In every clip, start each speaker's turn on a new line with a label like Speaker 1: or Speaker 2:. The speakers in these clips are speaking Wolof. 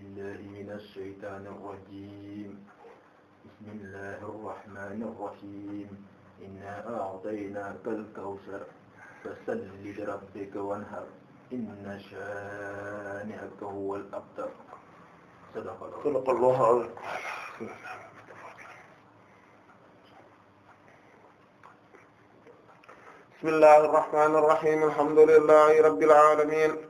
Speaker 1: بالله من الشيطان الرجيم بسم الله الرحمن الرحيم إنا أعطيناك الكوثر فصل لربك وانحر إن شانئك هو الأبتر صدق الله صدق الله العظيم بسم الله الرحمن الرحيم الحمد لله رب العالمين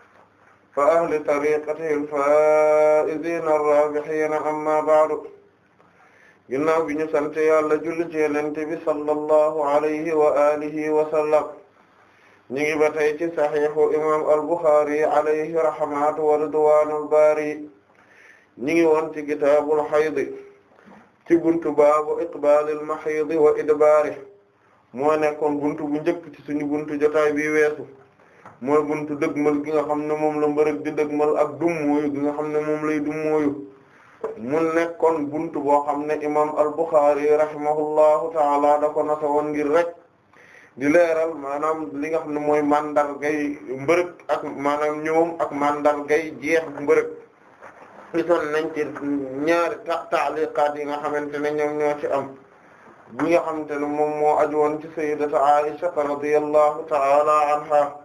Speaker 1: fa ahli tariqatihi al-faa'iziina ar-raabihiina amma ba'du ginnaaw bi ñu sant yàlla julli ci bi sallallahu alayhi wa alihi wa sallam ñu ngi ba tey ci saxiixu imaam al-Buxaari alayhi wa ridwaanul baari ñu ngi woon ci ci buntu baabu iqbaalil mahiid wa idbaarihi moo nekkoon buntu bu njëkk ci suñu buntu jotaay bi weesu mooy buntu dëgmal gi nga xam ne moom la mbërëg di dëgmal ak dummóoyu gi nga xam ne moom lay dummóoyu mu nekkoon buntu boo xam ne imam al-Bukhari rahimahullahu taala da ko nasa woon ngir rek di leeral maanaam li nga xam ne mooy mandargay mbërëg ak maanaam ñoom ak mandargay jeex mbërëg gisoon nañ ñaari ta taaliqaat yi nga xamante ne ñoom am bi nga xamante ne moom moo aju woon ci sayyidatu Aisha radiyallahu taala anha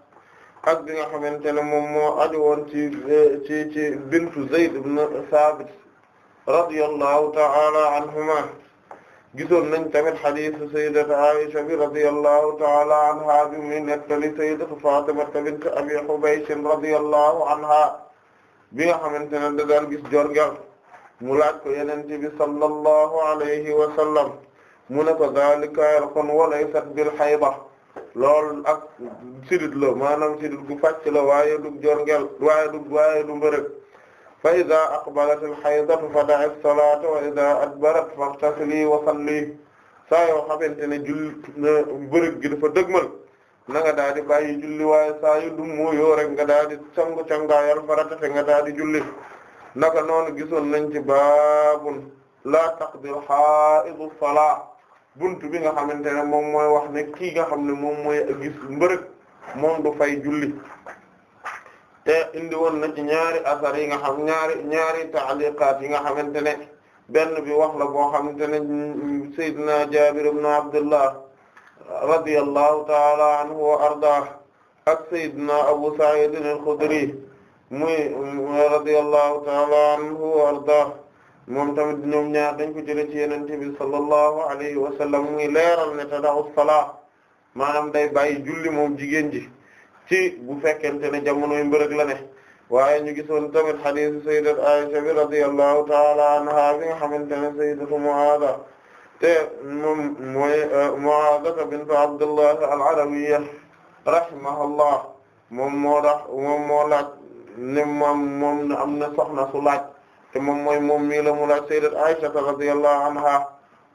Speaker 1: ak bi nga xamante ne moom moo aju woon ci ci ci bintu Zayd ibn Sabit radiyallahu ta'ala anhuma gisoon nañ tamit hadith sayyidati Aisha bi radiyallahu ta'ala anha bi muy nettali sayyidati Fatima bint Abi Hubaysh radiyallahu anha bi nga xamante ne da daan gis jorgal mu laaj ko Yonent bi sallallahu alayhi wa sallam mu ne ko zaalika irqun wa laysat bil hayda lool ak sidit la maanaam sidit gu fàcc la waaye du jorngel waaye du waaye du mbërëg fa ida aqbalat alxaydatu fa da'i salaata wa ida adbarat faghtasili wa salli saa yoo xamante ne julli mbërëg gi dafa na nga daal di bàyyi julli waaye saa yu dum mooyoo nga daal di sangu cangaayal farata te nga daal di julli naka noonu gisoon nañ ci baabun laa taqdil xaidu salaa buntu bi nga xamante ne moom mooy wax ne kii nga xam ne moom mooy gis mbërëg moom du fay julli te indi woon na ci ñaari asar yi nga xam ñaari ñaari taaliqaat yi nga xamante ne benn bi wax la boo xamante ne Seydina Jaabir ibn Abdullah radiyallahu taala anhu wa ardah ak Seydina Abu Sa'id al-Khudri muy radiyallahu taala anhu wa ardah moom tamit ñoom ñaar dañ ko jëlee ci yonent bi sallallahu alayhi wa sallam muy leeral ne tada'u salaa maanaam day bàyyi julli moom jigéen ji bu fekkente ne jamonoy mbërëg la ne waaye ñu gisoon tamit hadith sayyidat Aisha bi ta'ala anha bi nga xamante ne sayyidatu Mu'adha te moom mooy euh, Mu'adha bint Abdullah al-Adawiyya moom moo laaj ne moom moom am na soxna te moom mooy moom mii la mu laaj sayyidat Aisha radiyallahu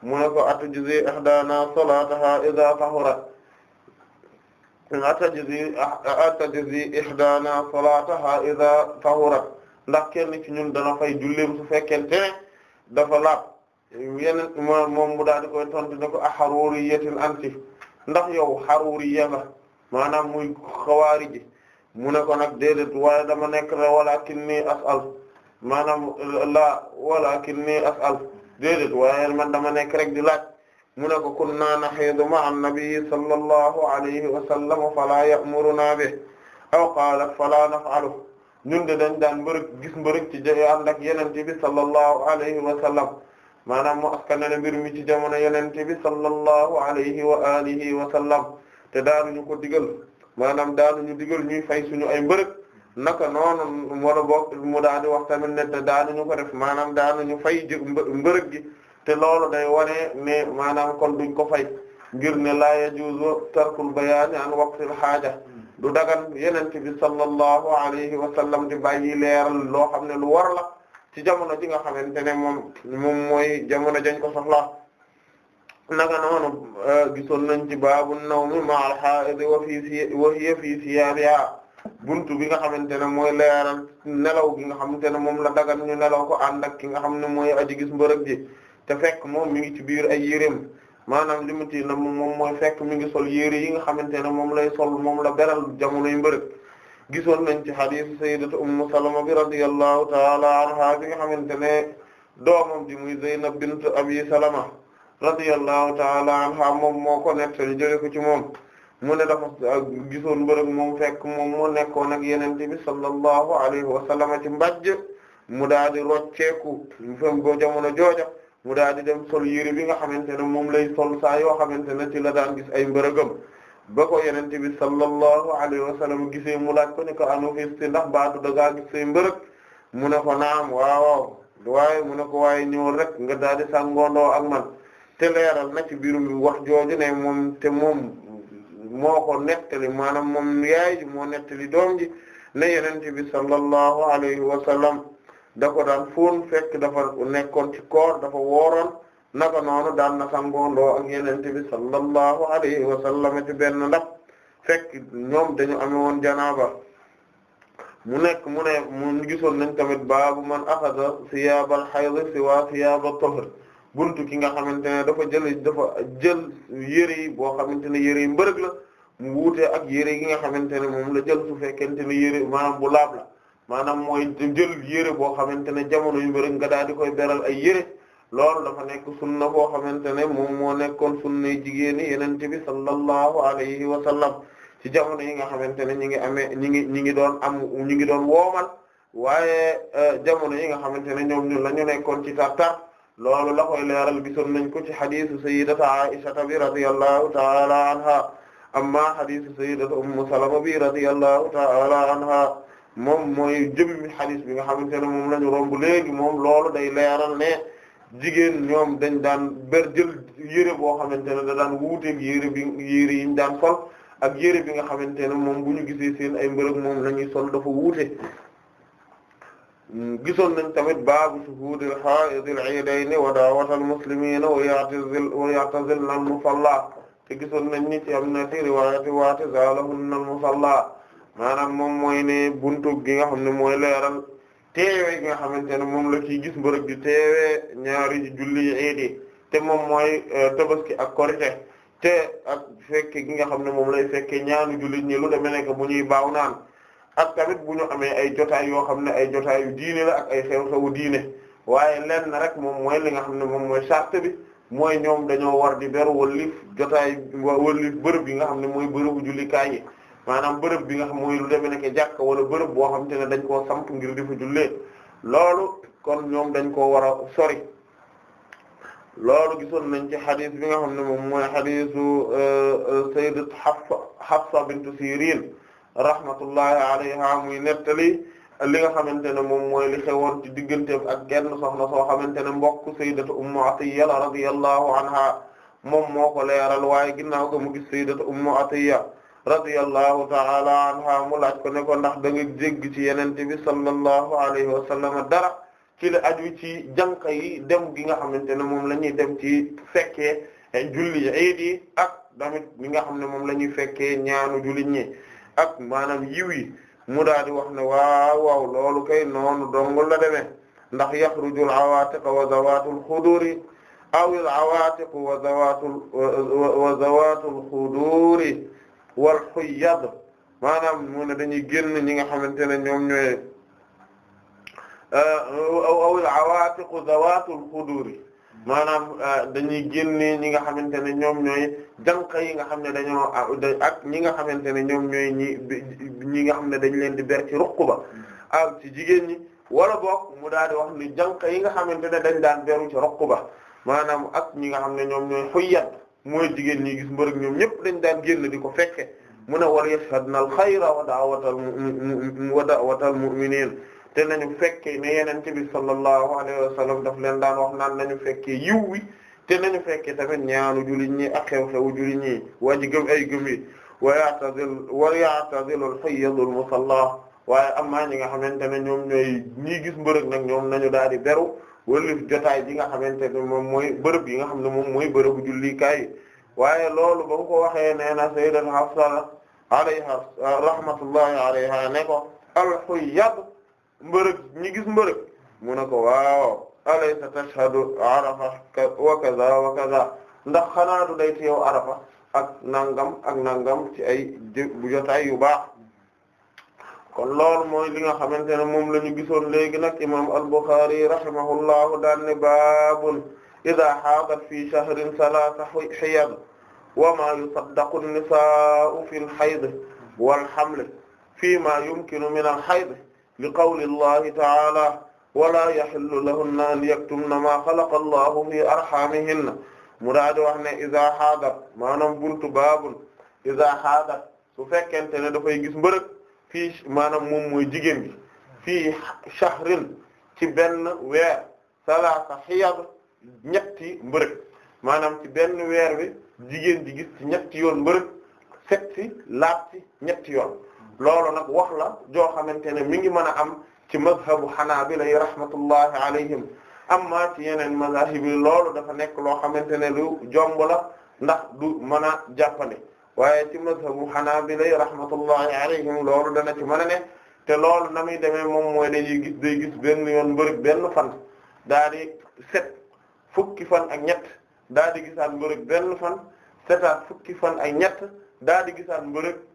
Speaker 1: mu ne ko atajzi ihdana salataha idha tahurat atajzi ndax kenn ci ñun dana fay julleem su fekkente ne dafa laab moom mu daal di ne ko a haruriyatin anti ndax yow haruriya maanaam muy xawaari mu ne ko nag déedéet waaye dama nekk rek walakin ni as'al maanaam euh, la walakinni as'al déedéet waaye man dama nekk rek di laaj mu ne ko kunna nahiidu ma'a an-nabiyyi sallallahu alayhi wa sallam fala ya'muruna bi aw qaala fala naf'alu ñun de dañ daan mbërëg gis mbërëg ci ja ànd ak yonent bi sallallahu alayhi wa sallam maanaam mu askanale mbir mi ci jamono yonent bi sallallahu alayhi wa alihi wa sallam te daanuñu ko digal maanaam daanuñu digal ñuy fay suñu ay mbërëg naka noonu wala boog mu daal di wax tamit ne daanuñu ko def maanaam daanuñu fay mbërëg gi te loolu day wane ne maanaam kon duñ ko fay ngir ne la yajuzu tarkul bayaan an waqtil haaja du dagan yenente bi sallallahu alayhi wa di bàyyi leeral loo xam ne lu war la ci jamono ji nga xamante ne moom moom mooy jamono jañ ko soxla naka noonu euh, gisoon nañ ci baabu nawmi ma al haa'id wa fi wa hiya buntu bi nga xamante ne mooy leeral nelaw gi nga xamante ne moom la dagan ñu nelaw ko ànd ak ki nga xam ne mooy aji gis mbërëg ji te fekk moom mi ngi ci biir ay yéreem maanaam li mu ci na moom mooy fekk mi ngi sol yére yi nga xamante ne moom lay sol moom la beral jamonoy mbërëg gisoon nañ ci hadith sayyidatu ummu salama bi radiyallahu taala anha bi nga xamante ne doomam ji muy zaynab bint abi salama radiyallahu taala anha moom moo ko nettali jële ko ci moom mu ne dafa ah, gisoon bërëb moom fekk moom moo nekkoon ak yeneen bi sallallahu alayhi wa sallam ci mbàjj mu daa di rocceeku fam bo jamono jooja mu daa di dem sol yëri bi nga xamante ne moom lay sol saa yoo xamante ne ci la daan gis ay mbërëgam ba ko yeneen bi sallallahu alayhi wa sallam gisee mu laaj ko ne ko anu xisti ndax baatu dagaa gis say mbërëg mu ne ko naam waawaaw waaye mu ne ko waaye ñëwol rek nga daa di sàngoondoo am man te leeral na ci biirum wax jooju ne moom te moom moo ko nettali maanaam moom yaay ji moo nettali doom ji ne yenente bi sallallahu alayhi wa sallam da ko daan fóon fekk dafa nekkoon ci koor dafa wooroon naka noonu daan na sangoondoo ak yenente bi sallallahu alayhi wa sallam ci benn ndax fekk ñoom dañu ame woon janaaba mu nekk mu ne mu gisoon nañ tamit baabu man axada siyaabal xayd siwaa siyaaba tohr buntu ki nga xamante ne dafa jël dafa jël yére yi boo xamante ne yére yi mbërëg la mu wuute ak yére yi nga xamante ne moom la jël su fekkente ne yére maanaam bu laab la maanaam mooy jël yére boo xamante ne jamono yu mbërëg nga daal di koy beral ay yére loolu dafa nekk sunna boo xamante ne moom moo nekkoon sunna jigéen ñi yonent bi sallallahu alayhi wa sallam ci jamono yi nga xamante ne ñi ngi amee ñi ngi ñi ngi doon am ñi ngi doon woomal waaye eh, jamono yi nga xamante ne ñoom ñun ñu nekkoon ci tartar loolu la koy leeral gisoon nañ ko ci xadisu sayidata aisata bi radiyallahu taala anha amma xadisu sayidata ummu salama bi radiyallahu taala anha moom mooy jëmmi xadis bi nga xamante ne moom lañu romb léegi moom loolu day leeral ne jigéen ñoom dañ daan ber jël yére boo xamante ne da daan wuuteeg yére bi yére yi ñu ak yére bi nga xamante ne moom bu ñu gisee seen ay mbërëg moom la ñuy sol dafa wuute gisoon nañ tamit baabu shuhuudil haa'idil iidayni wa da'watal muslimiina wa ya'tazil wa ya'tazilna al-musalla te gisoon nañ ni ci na ci riwaayati wa i'tizaaluhunna al-musalla maanaam moom mooy ne buntu gi nga xam ne mooy leeral teewee nga xamante ne moom la ciy gis mbërëg di teewee ñaari julli iidi te moom mooy euh, tabaski ak korite te ak fekke gi nga xam ne moom lay fekke ñaanu jullit ñi lu demee nekk ñuy baaw naan ak tamit bu ñu amee ay jotaay yoo xam ne ay jotaay yu diine la ak ay xew-xewu diine waaye na rek moom mooy li nga xam ne moom mooy charte bi mooy ñoom dañoo war di beru wallif jotaay wallif bërëb yi nga xam ne mooy bërëbu jullikaay yi maanaam bërëb bi nga xam mooy lu demee nekk jàkka wala bërëb boo xam te ne dañ koo samp ngir di fa jullee loolu kon ñoom dañ koo war a sori loolu gisoon nañ ci xadis bi nga xam ne moom mooy xadisu euh, euh, sayyidat Hafsa Hafsa bintu Sirin rahmatullahi alayha muy nettali li nga xamante ne moom mooy li xewoon ci digganteem ak genn soxna soo xamante ne mbokk sayyidatu ummu atiyya radiyallahu anha moom moo ko leeral waaye ginnaaw ko mu gis sayyidatu ummu atiyya radiyallahu ta'ala anha mu laaj ko ne ndax da jégg ci yenente bi sallallahu alayhi wa sallam dara ci la aju ci jànka yi dem gi nga xamante ne moom la ñuy dem ci fekkee julli iid yi ak damit li nga xam ne moom la ñuy fekkee ñaanu jullit ñi ak maanaam yiw yi mu daal di wax ne waaw waaw loolu kay noonu dong la demee ndax yaxrujul awaatiq wa zawaatul xuduri awil awaatiq wa zawaatul wa zawaatul xuduri wal xuyyad maanaam mu ne dañuy génn ñi nga xamante ne ñoom ñooy eh, awil awaatiq zawaatul xuduri maanaam euh, dañuy génne ñi nga xamante ne ñoom ñooy jànq yi nga xam ne dañoo euh, ak ñi nga xamante ne ñoom ñooy ñi ñi nga xam ne dañ leen di ber ci ruq ba hmm. ak ah, ci jigéen ñi wala mu daal di wax ni jànq yi nga xamante ne dañ daan beru ci ruq ba maanaam ak ñi nga xam ne ñoom ñooy xuyyat mooy jigéen ñi gis mbërëg ñoom ñëpp dañ daan génn di ko fekke hmm. mun a war yashhadna al xayra wa da'watal mu mu mu wa da'watal te nañu fekkee ne yenente bi sallallahu alayhi wa daf leen daan wax naan na ñu fekkee yiw wi te nañu fekkee tamit ñaanu jullit ñi ak xew-xewu jullit ñi waa ji gëm ay gëm yi wa ya'tazil wa ya'tazilul hayyadul musalla waaye amaa ñi nga xamante ne ñoom ñooy ñii gis mbërëg nag ñoom nañu daal di beru wala jotaay ji nga xamante ne moom mooy bërëb yi nga xam ne moom mooy bërëbu jullikaay yi waaye loolu ba ko waxee nee na sayyidat Hafsa alayha rahmatullahi alayha ne ko al hayyad mbërëg ñi gis mbërëg mu ne ko waaw alaysa tashhadu arafa wa kaza wa kaza ndax xanaa du day ci yow arafa ak nangam ak nangam ci ay bu jotaay yu baax kon loolu mooy li nga xamante ne moom la ñu gisoon léegi nag imam al-Bukhari rahimahullahu daan ne baabun ida haadat fi shahrin salaasa hiyad wa ma yusaddaqu an-nisaa'u fi al-hayd wal haml fi ma yumkinu min al-hayd li qawli llahi ta'ala wala yahillu lahunna an yaktumna ma xalaqa allahu fi arhamihinna mu daal di wax ne iza hadat maanaam buntu baabul iza hadat su fekkente ne dafay gis mbërëg fii maanaam moom mooy jigéen gi fii shahrin ci benn weer salaasa xiyab ñetti mbërëg maanaam ci benn weer wi jigéen ji gis ci ñetti yoon mbërëg set si laat si ñetti yoon loolu nag wax la joo xamante ne mi ngi mën a am ci mazhabu xanaabila yi rahmatullahi alayhim amma ci yeneen mazahib yi loolu dafa nekk loo xamante ne lu jomb ndax du mën a jàppale waaye ci mazhabu xanaabila yi rahmatullahi alayhim loolu dana ci mën a ne te loolu na muy demee moom mooy dañuy gis day gis benn yoon mbërëg benn fan daa di set fukki fan ak ñett daa di gisaat mbërëg benn fan fukki fan ak ñett daa di gisaat mbërëg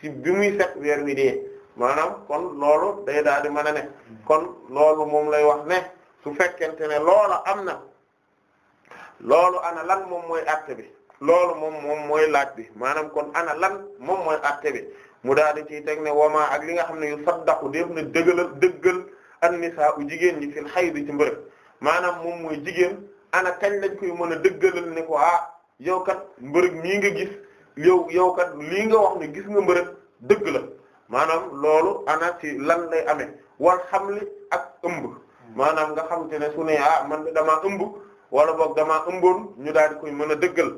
Speaker 1: ci bi muy set weer wi dee maanaam kon loolu day daal di mën a ne kon loolu moom lay wax ne su fekkente ne loola am na loolu ana lan moom mooy acte bi loolu moom moom mooy laaj bi maanaam kon ana lan moom mooy acte mu daal di ciy teg ne wama ak li nga xam ne yu saddaku def na dëggalal dëggal an nisaa u jigéen ñi fil xay bi ci mbërëg maanaam moom mooy jigéen ana kañ lañ koy mën a dëggalal ne ko ah yow kat mbërëg mii nga gis yow yow kat lii nga wax ne gis nga mbërëg dëgg la maanaam loolu ana ci lan lay amee xam xamli ak ëmb maanaam nga xam te ne su ne ah man damaa ëmb wala boog damaa ëmboon ñu daal di koy mën a dëggal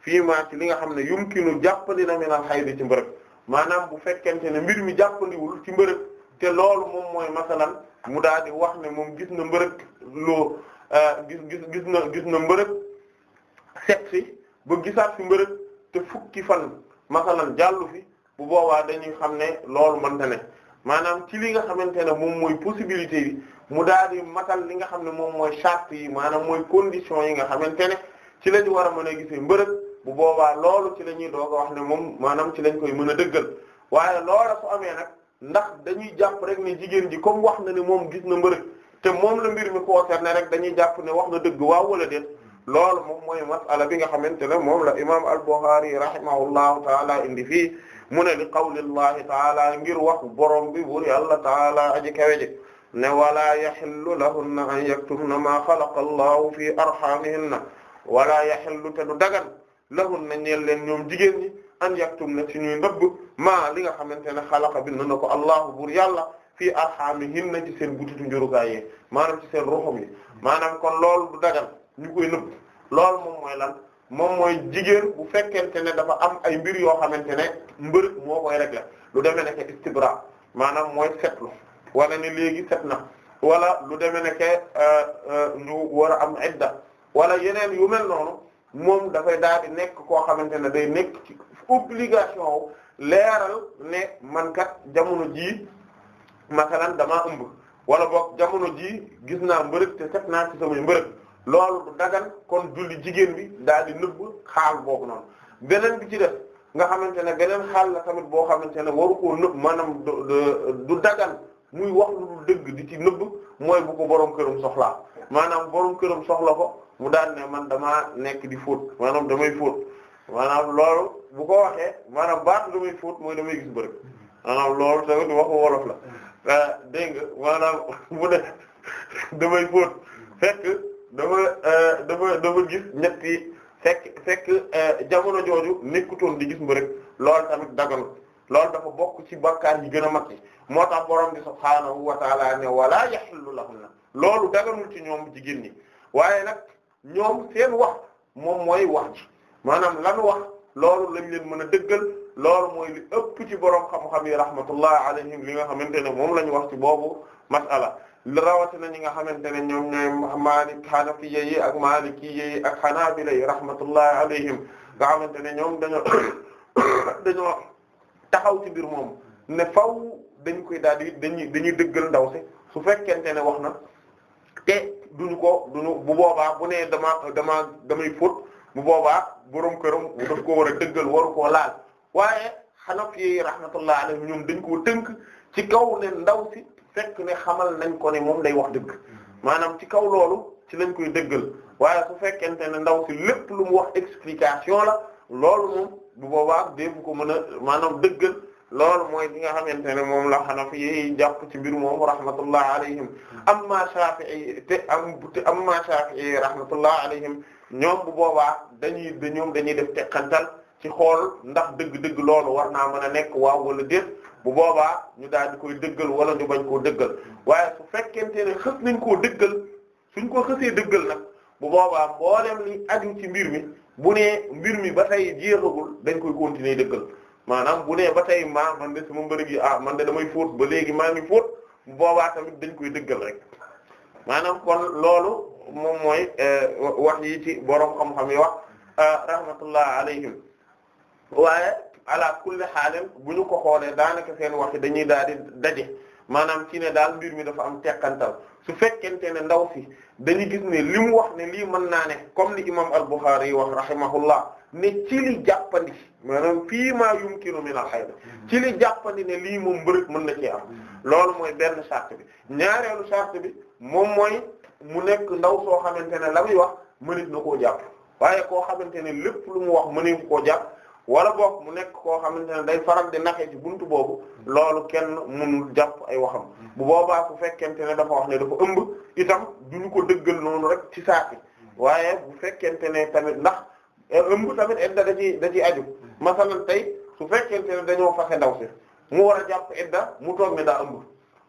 Speaker 1: fii maa ci li nga xam ne yumkinu jàppandi na xay xaydi ci mbërëg maanaam bu fekkente ne mbir mi jàppandiwul ci mbërëg te loolu moom mooy masalan mu daal di wax ne moom gis na mbërëg loo ah, gis gis gis na gis na mbërëg set si ba gisaat fi mbërëg te fukki fan masalan jàll fi bu boobaa dañuy xam ne loolu mënta ne maanaam ci li nga xamante ne moom mooy possibilité bi mu daal di matal li nga xam ne moom mooy charte yi maanaam mooy condition yi nga xamante ne ci lañu war a mën a gisee mbërëg bu boobaa loolu ci la ñuy doog wax ne moom maanaam ci lañ koy mën a dëggal waaye loola su amee nag ndax dañuy jàpp rek ne jigéen ji comme wax na ne moom gis na mbërëg te moom la mbir mi concerné rek dañuy jàpp ne wax na dëgg waaw wala déet loolu moom mooy masala bi nga xamante ne moom la imam al-Bukhari rahimahullahu taala indi fii mu ne li qawlillahi taala ngir wax borom bi bur yàlla taala aji kaweje ne walaa yaxillu lahunna an yaktumna maa xalaqa allahu fi arxamihinna walaa yaxillu te du dagan lahunna ñeel leen ñoom jigéen ñi an yaktumna ci ñuy ndëbb maa li nga xamante ne xalaqa bind na ko allahu bur yàlla fi arxamihinna ci seen butitu njurukaay yi maanaam ci seen ruxum yi maanaam kon loolu du dagan ñu koy loolu moom mooy lan moom mooy jigéen bu fekkente ne dafa am ay mbir yoo xamante ne mbër moo koy régler lu demee ne que istibra maanaam mooy setlu wala ne léegi set na wala lu demee ne que euh, euh, ñu war a am idda wala yeneen yu mel noonu moom dafay daal di nekk koo xamante ne day nekk ci obligation leeral ne man kat jamono jii masalan damaa ëmb wala boog jamono jii gis naa mbërëg te set naa ci samay mbërëg loolu du dagan kon julli jigéen bi daal di nëbb xaal boobu noonu beneen bi ci def nga xamante ne beneen xaal la tamit boo xamante ne waru koo nëbb maanaam du dagan muy wax lu dëgg di ci nëbb mooy bu ko borom këram soxlaa maanaam borom këram soxla ko mu daal ne man dama nekk di fóot maanaam damay fóot maanaam loolu bu ko waxee maanaam baatu damay fóot mooy damay gis bërëb maanaam loolu tamit waxu wolof la mm. euh, dégg nga maanaam mu ne damay fóot fekk. dafa euh, dafa dafa gis ñetti fekk fekk euh, jamono jooju nekkutoon di gis mu rek loolu tamit dagal loolu dafa bokk ci bakkaar yi gën a mag moo tax borom bi subhaanahu wa taala ne la yaxillu na loolu daganul ci ñoom jigéen ñi waaye nag ñoom seen wax moom mooy wax ji maanaam lan wax loolu lañ leen mën a dëggal loolu mooy li ëpp ci borom xam-xam yi rahmatullah alayhim li nga xamante ne moom la ñu wax ci boobu mas'ala rawatina ñi nga xamante ne ñoom ñooy Maalik Hanafiya yi ak Maalikiyya yi ak Hanaabila yi rahmatullahi alayhim nga xamante ne ñoom dañoo dañoo taxaw ci biir moom ne faw dañ koy daal di dañuy dañuy dëggal ndaw si su fekkente ne wax na te duñu ko bu boobaa bu nee dama dama damay fóot bu boobaa borom këram daf ko war a dëggal waru koo laal waaye Hanafi yi rahmatullahi alayhim ñoom dañ koo tënk ci kaw ne ndaw si fekk ne xamal nañ ko ne moom lay wax dëgg maanaam ci kaw loolu ci lañ koy dëggal waaye su fekkente ne ndaw si lépp lu mu wax explication la loolu moom bu boobaa dee bu ko mën a maanaam dëggal loolu mooy li nga xamante ne moom la Hanafi yi jàpp ci mbir moom rahmatullah alayhim amma Shafi'i te am te amma Shafi'i rahmatullah alayhim ñoom bu boobaa dañuy ñoom dañuy def teqantal ci xool ndax dëgg-dëgg loolu war naa mën a nekk waaw wala déet bu boobaa ñu daal di koy dëggal wala ñu bañ koo dëggal waaye su fekkente ne xës nañ koo dëggal suñ ko xësee dëggal nag bu boobaa mboolem ak aju ci mbir mi bu nee mbir mi ba tey jeexagul dañ koy continuer dëggal maanaam bu nee ba tey maa man de ma mbërëg yi ah man de damay fóot ba léegi maa ngi fóot bu boobaa tamit dañ koy dëggal rek maanaam kon loolu moom mooy eh, wax yi ci boroom xam-xam yi wax eh, rahmatullah alayhim waaye ala kulli xaalim bu ñu ko xoolee daanaka seen wax yi dañuy daal di daje maanaam ci ne daal mbir mi dafa am teqantal su fekkente ne ndaw si dañu gis ne li mu wax ne lii mën naa ne comme li imam al-Bukhari yi wax rahimahullah ne ci li jàppandi maanaam fii maa yumkinu min al-hayd mm-hmm. ci li jàppandi ne lii moom mbërëg mën na cee am mm-hmm. loolu mooy benn charte bi ñaareelu charte bi moom mooy mu nekk ndaw soo xamante ne la muy wax mënit na koo jàpp waaye koo xamante ne lépp lu mu wax mëneef koo jàpp wala boog mu nekk koo xamante ne day faral di naxe ci buntu boobu loolu kenn mënul jàpp ay waxam bu boobaa bu fekkente ne dafa wax ne dafa ëmb itam duñu ko dëggal noonu rek ci saati waaye bu fekkente ne tamit ndax tamit edda da ci da ciy aju masalan tey su fekkente ne dañoo fase ndaw si mu war a jàpp edda mu toog ne daa ëmb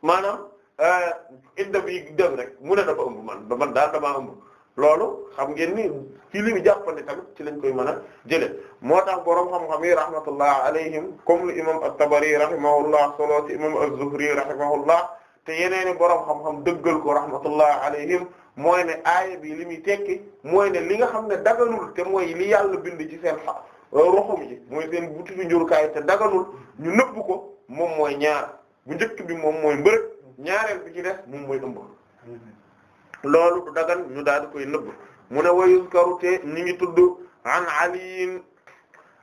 Speaker 1: maanaam euh, edda bi dem rek mu ne dafa ëmb man man daal damaa ëmb loolu xam ngeen ni ci li ñu jàppandi tamit ci lañ koy mën a jële moo tax boroom xam-xam yi rahmatullah alayhim comme lu imam at-Tabari rahimahullah solo ci imam az-Zuhri rahimahullah te yeneeni boroom xam-xam dëggal ko rahmatullah alayhim mooy ne aaya bi li muy tekki mooy ne li nga xam ne daganul te mooy li yàlla bind ci seen xa roxum yi mooy seen butitu njurukaay te daganul ñu nëbb ko moom mooy ñaar bu njëkk bi moom mooy mbërëg ñaareel bi ci def moom mooy ëmb
Speaker 2: mm-hmm.
Speaker 1: loolu du dagan ñu daal di koy nëbb mu ne wa yuzkaru te ngi tudd an aliin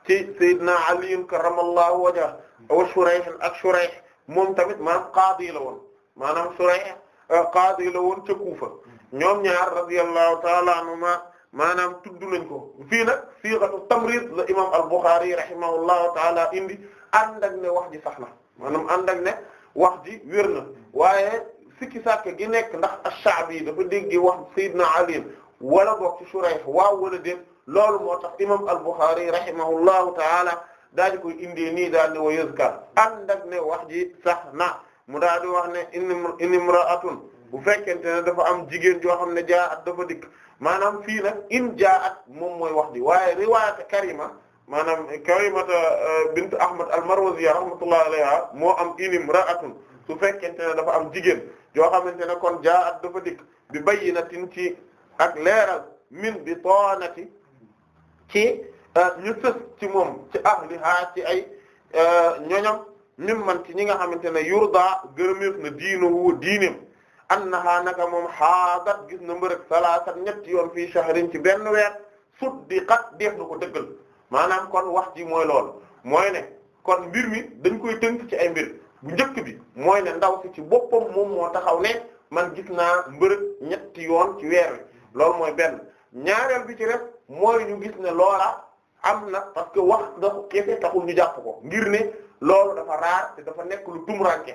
Speaker 1: ci sayyidina aliin karamallahu wajha wa Shurayh ak Shurayh moom tamit maanaam qaadi la woon maanaam Shurayh euh, qaadi la woon ca Kuufa ñoom ñaar radiyallahu ta'ala anhuma maanaam tudd nañ ko fii nag sighatu tamrid la imam al-Bukhari rahimahullahu ta'ala indi ànd ak ne wax ji sax na maanaam wax ji wér waaye sikki sàkk gi nekk ndax ash-Sha'bi dafa dégg wax Sayyidina Ali wala bokk ci Shurayh waaw wala déet loolu moo tax imam al-Bukhari rahimahullahu taala daal di koy indee nii daal di wa yuzkar ànd ak ne wax ji sax na mu daal di wax ne in imra'atun bu fekkente ne dafa am jigéen joo xam ne jaa'at dafa dikk maanaam fii nag in jaa'at moom mooy wax ji waaye riwaayat Karima maanaam Karimata euh, bint Ahmad al-Marwaziya rahmatullahi alayha moo am in imra'atun su fekkente ne dafa am jigéen yoo xamante na kon jaa at dafa dikk bi bayyinatin ci ak leeral min bi toonati ci euh, ñu sës ci moom ci ahliha ci ay euh, ñoñam mim man ci ñi nga xamante ne yurda gërëmeef na diinuhu diinim annaha naka moom xaadat gis na mbërëk salaasat ñetti yoon fii shahrin ci benn weer suddiqat def na ko dëggal maanaam kon wax ji mooy lool mooy ne kon mbir mi dañ koy tënk ci ay mbir bu njëkk bi mooy ne ndaw si ci boppam moom moo taxaw ne man gis naa mbërëg ñetti yoon ci weer wi loolu mooy benn ñaareel bi ci rek mooy ñu gis ne loola am na parce que wax nga ko kese taxul ñu jàpp ko ngir ne loolu dafa raar te dafa nekk lu tumuranke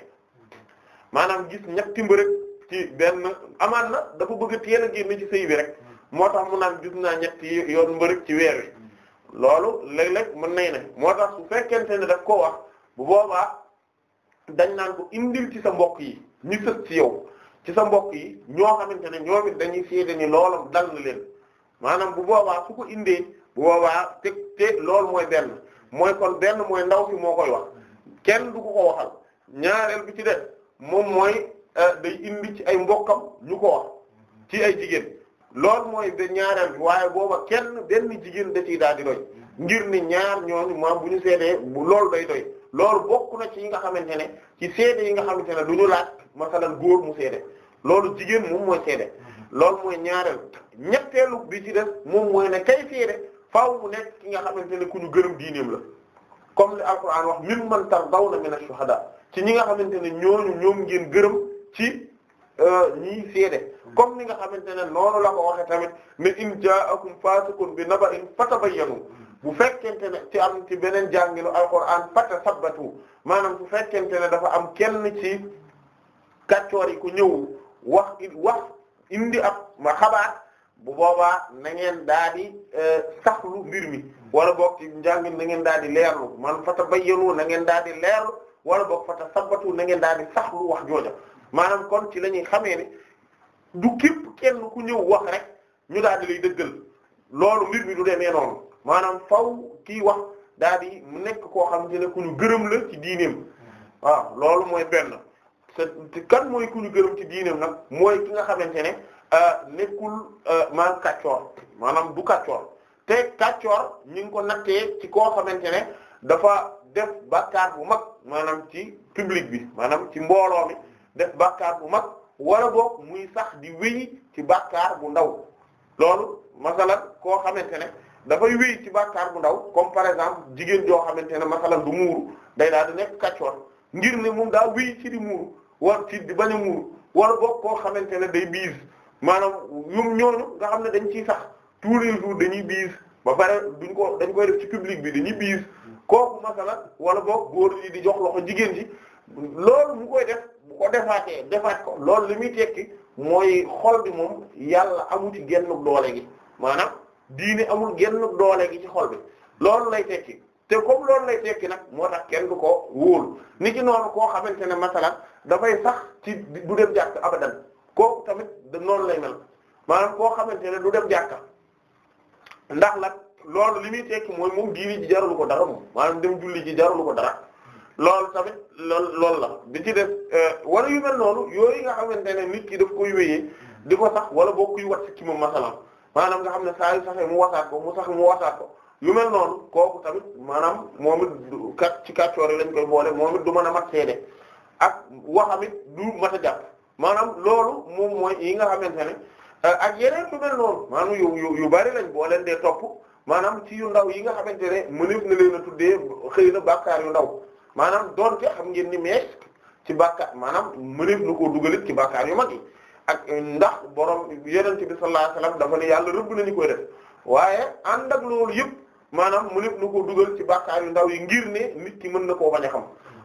Speaker 1: maanaam gis ñetti mbërëg ci benn amaan na dafa bëgg teel a génn ci sëy bi rek moo tax mu naan gis naa ñetti yoon mbërëg ci weer wi loolu léeg-léeg mën nay ne moo tax su fekkente ne daf ko wax bu dañ naan ko indil ci sa mbokk yi ñu sës ci yow ci sa mbokk yi ñoo xamante ne ñoom it dañuy seede ni loolam dal leen maanaam bu boobaa su ko indee bu boobaa te te loolu mooy benn mooy kon benn mooy ndaw si moo koy wax kenn du ko ko waxal ñaareel bi ci def moom mooy euh, day indi ci ay mbokkam ñu ko wax ci ay jigéen loolu mooy de ñaareel bi waaye booba kenn benn jigéen da ciy daal di doy ngir ni ñaar ñooñu maam bu ñu seedee bu loolu day doy loolu bokk na ci yi nga xamante ne ci seede yi nga xamante ne du ñu laaj masalan góor mu seede loolu jigéen moom mooy seede mhm. loolu mooy ñaareel ñetteelu bi ci def moom mooy ne kay seede faaw mu nekk ki nga xamante ne ku ñu gërëm diineem la comme li alquran wax min man tardawna na ash-shuhada ci ñi nga xamante ne ñooñu ñoom ngeen gërëm ci euh, ñiy seede mhm. comme ni nga xamante ne noonu la ko waxe tamit ne in ja'akum fasiqun bi naba'in fatabayyanu mhm. bu fekkente ne ci am ci beneen jàngilu alquran fata sabbatu maanaam bu fekkente ne dafa am kenn ci kàccoor yi ku ñëw wax wax indi ab ma xabaar bu boobaa na ngeen daa di euh, saxlu mbir mi wala boog ci njàngin na ngeen daa di leerlu man fata bayyanu na ngeen daa di leerlu wala boog fata sabbatu na ngeen daa di saxlu wax jooja maanaam kon ci la ñuy xamee ne du képp kenn ku ñëw wax rek ñu daal di lay dëggël loolu mbir mi du demee noonu maanaam faw kii wax daal di mu nekk koo xamante ne ku ñu gërëm la ci diineem loolu mooy benn te kan mooy ku ñu gërëm ci diineem nag mooy ki nga xamante ne euh, nekkul euh, maanaam kàccoor maanaam du kàccoor te kàccoor ñu ngi ko nattee ci koo xamante ne dafa def bàkkaar bu mag maanaam ci public bi maanaam ci mbooloo mi def bàkkaar bu mag wala boog muy sax di wéy ci bàkkaar bu ndaw loolu masalan koo xamante ne dafay wéy ci bàkkaar bu ndaw comme par exemple jigéen joo xamante ne masalan du muuru day daal di nekk kàccoor ngir ne moom daa wéy ci di muuru war ci di bañ a muuru war boog koo xamante ne day biis maanaam ñoom ñooñu nga xam ne dañ ciy sax tous les jours dañuy biis ba pare duñ ko dañ koy def ci public bi dañuy biis kooku masalan wala book góor yi di jox loxo jigéen ji loolu mu koy def bu ko defaatee defaat ko lool li muy tekki mooy xol bi moom yàlla amu ci genn doole diine amul genn doole gi ci xol bi loolu lay tekki te comme lool lay tekki nag moo tax kenn ko wóolu ni ki noonu koo xamante ne masalan dafay sax ci du dem jàkk abadan kooku tamit noonu lay mel maanaam koo xamante ne du dem jàkka ndax nag loolu li muy tekki mooy moom diini ji jaralu ko dara moom maanaam dem julli ji jaralu ko dara loolu tamit lool loolu la bi ci def euh, wala yu mel noonu yooyu nga xamante ne nit ki daf koy wéyee di ko sax wala boo kuy wat ci moom maanaam nga xam ne saa yu saxee mu wasaat ko mu sax mu wasaat ko yu mel noonu kooku tamit maanaam moom it kat ci kàccoor yi lañ koy boole moom it du mën a mat seede ak waxamit du mat a jàpp maanaam loolu moom mooy yi nga xamante ne euh, ak yeneen yu mel noonu maanaam yu yu bari lañ boo leen dee topp maanaam ci yu ndaw yi nga xamante ne mëneef na leen a tuddee xëy na bàkkaar yu ndaw maanaam doonte xam ngeen ni mais ci bàkkaar maanaam mëneef na koo dugalit ci bàkkaar yu mag yi ak ndax borom yonent bi sallallahu alayhi wasallam dafa ne yàlla rëbb nañu koy def waaye ànd ak loolu yëpp maanaam mu lépp na ko dugal ci bàkkaar yu ndaw yi ngir ne nit ki mën na koo bañ a xam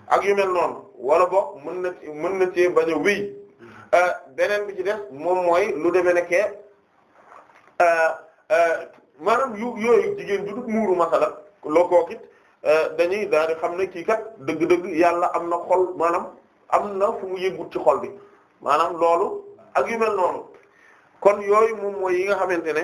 Speaker 1: ak yu mel noonu wala boog mën na mën na cee bañ a wéy euh, beneen bi ci def moom mooy lu demee ne ke euh, euh, maanaam yu yooyu jigéen ju dut muuru masala loo kookit dañuy daal di xam ne kii kat dëgg-dëgg yàlla am na xol maanaam am na fu mu yëgut ci xol bi maanaam loolu ak yu mel noonu kon yooyu moom mooy yi nga xamante ne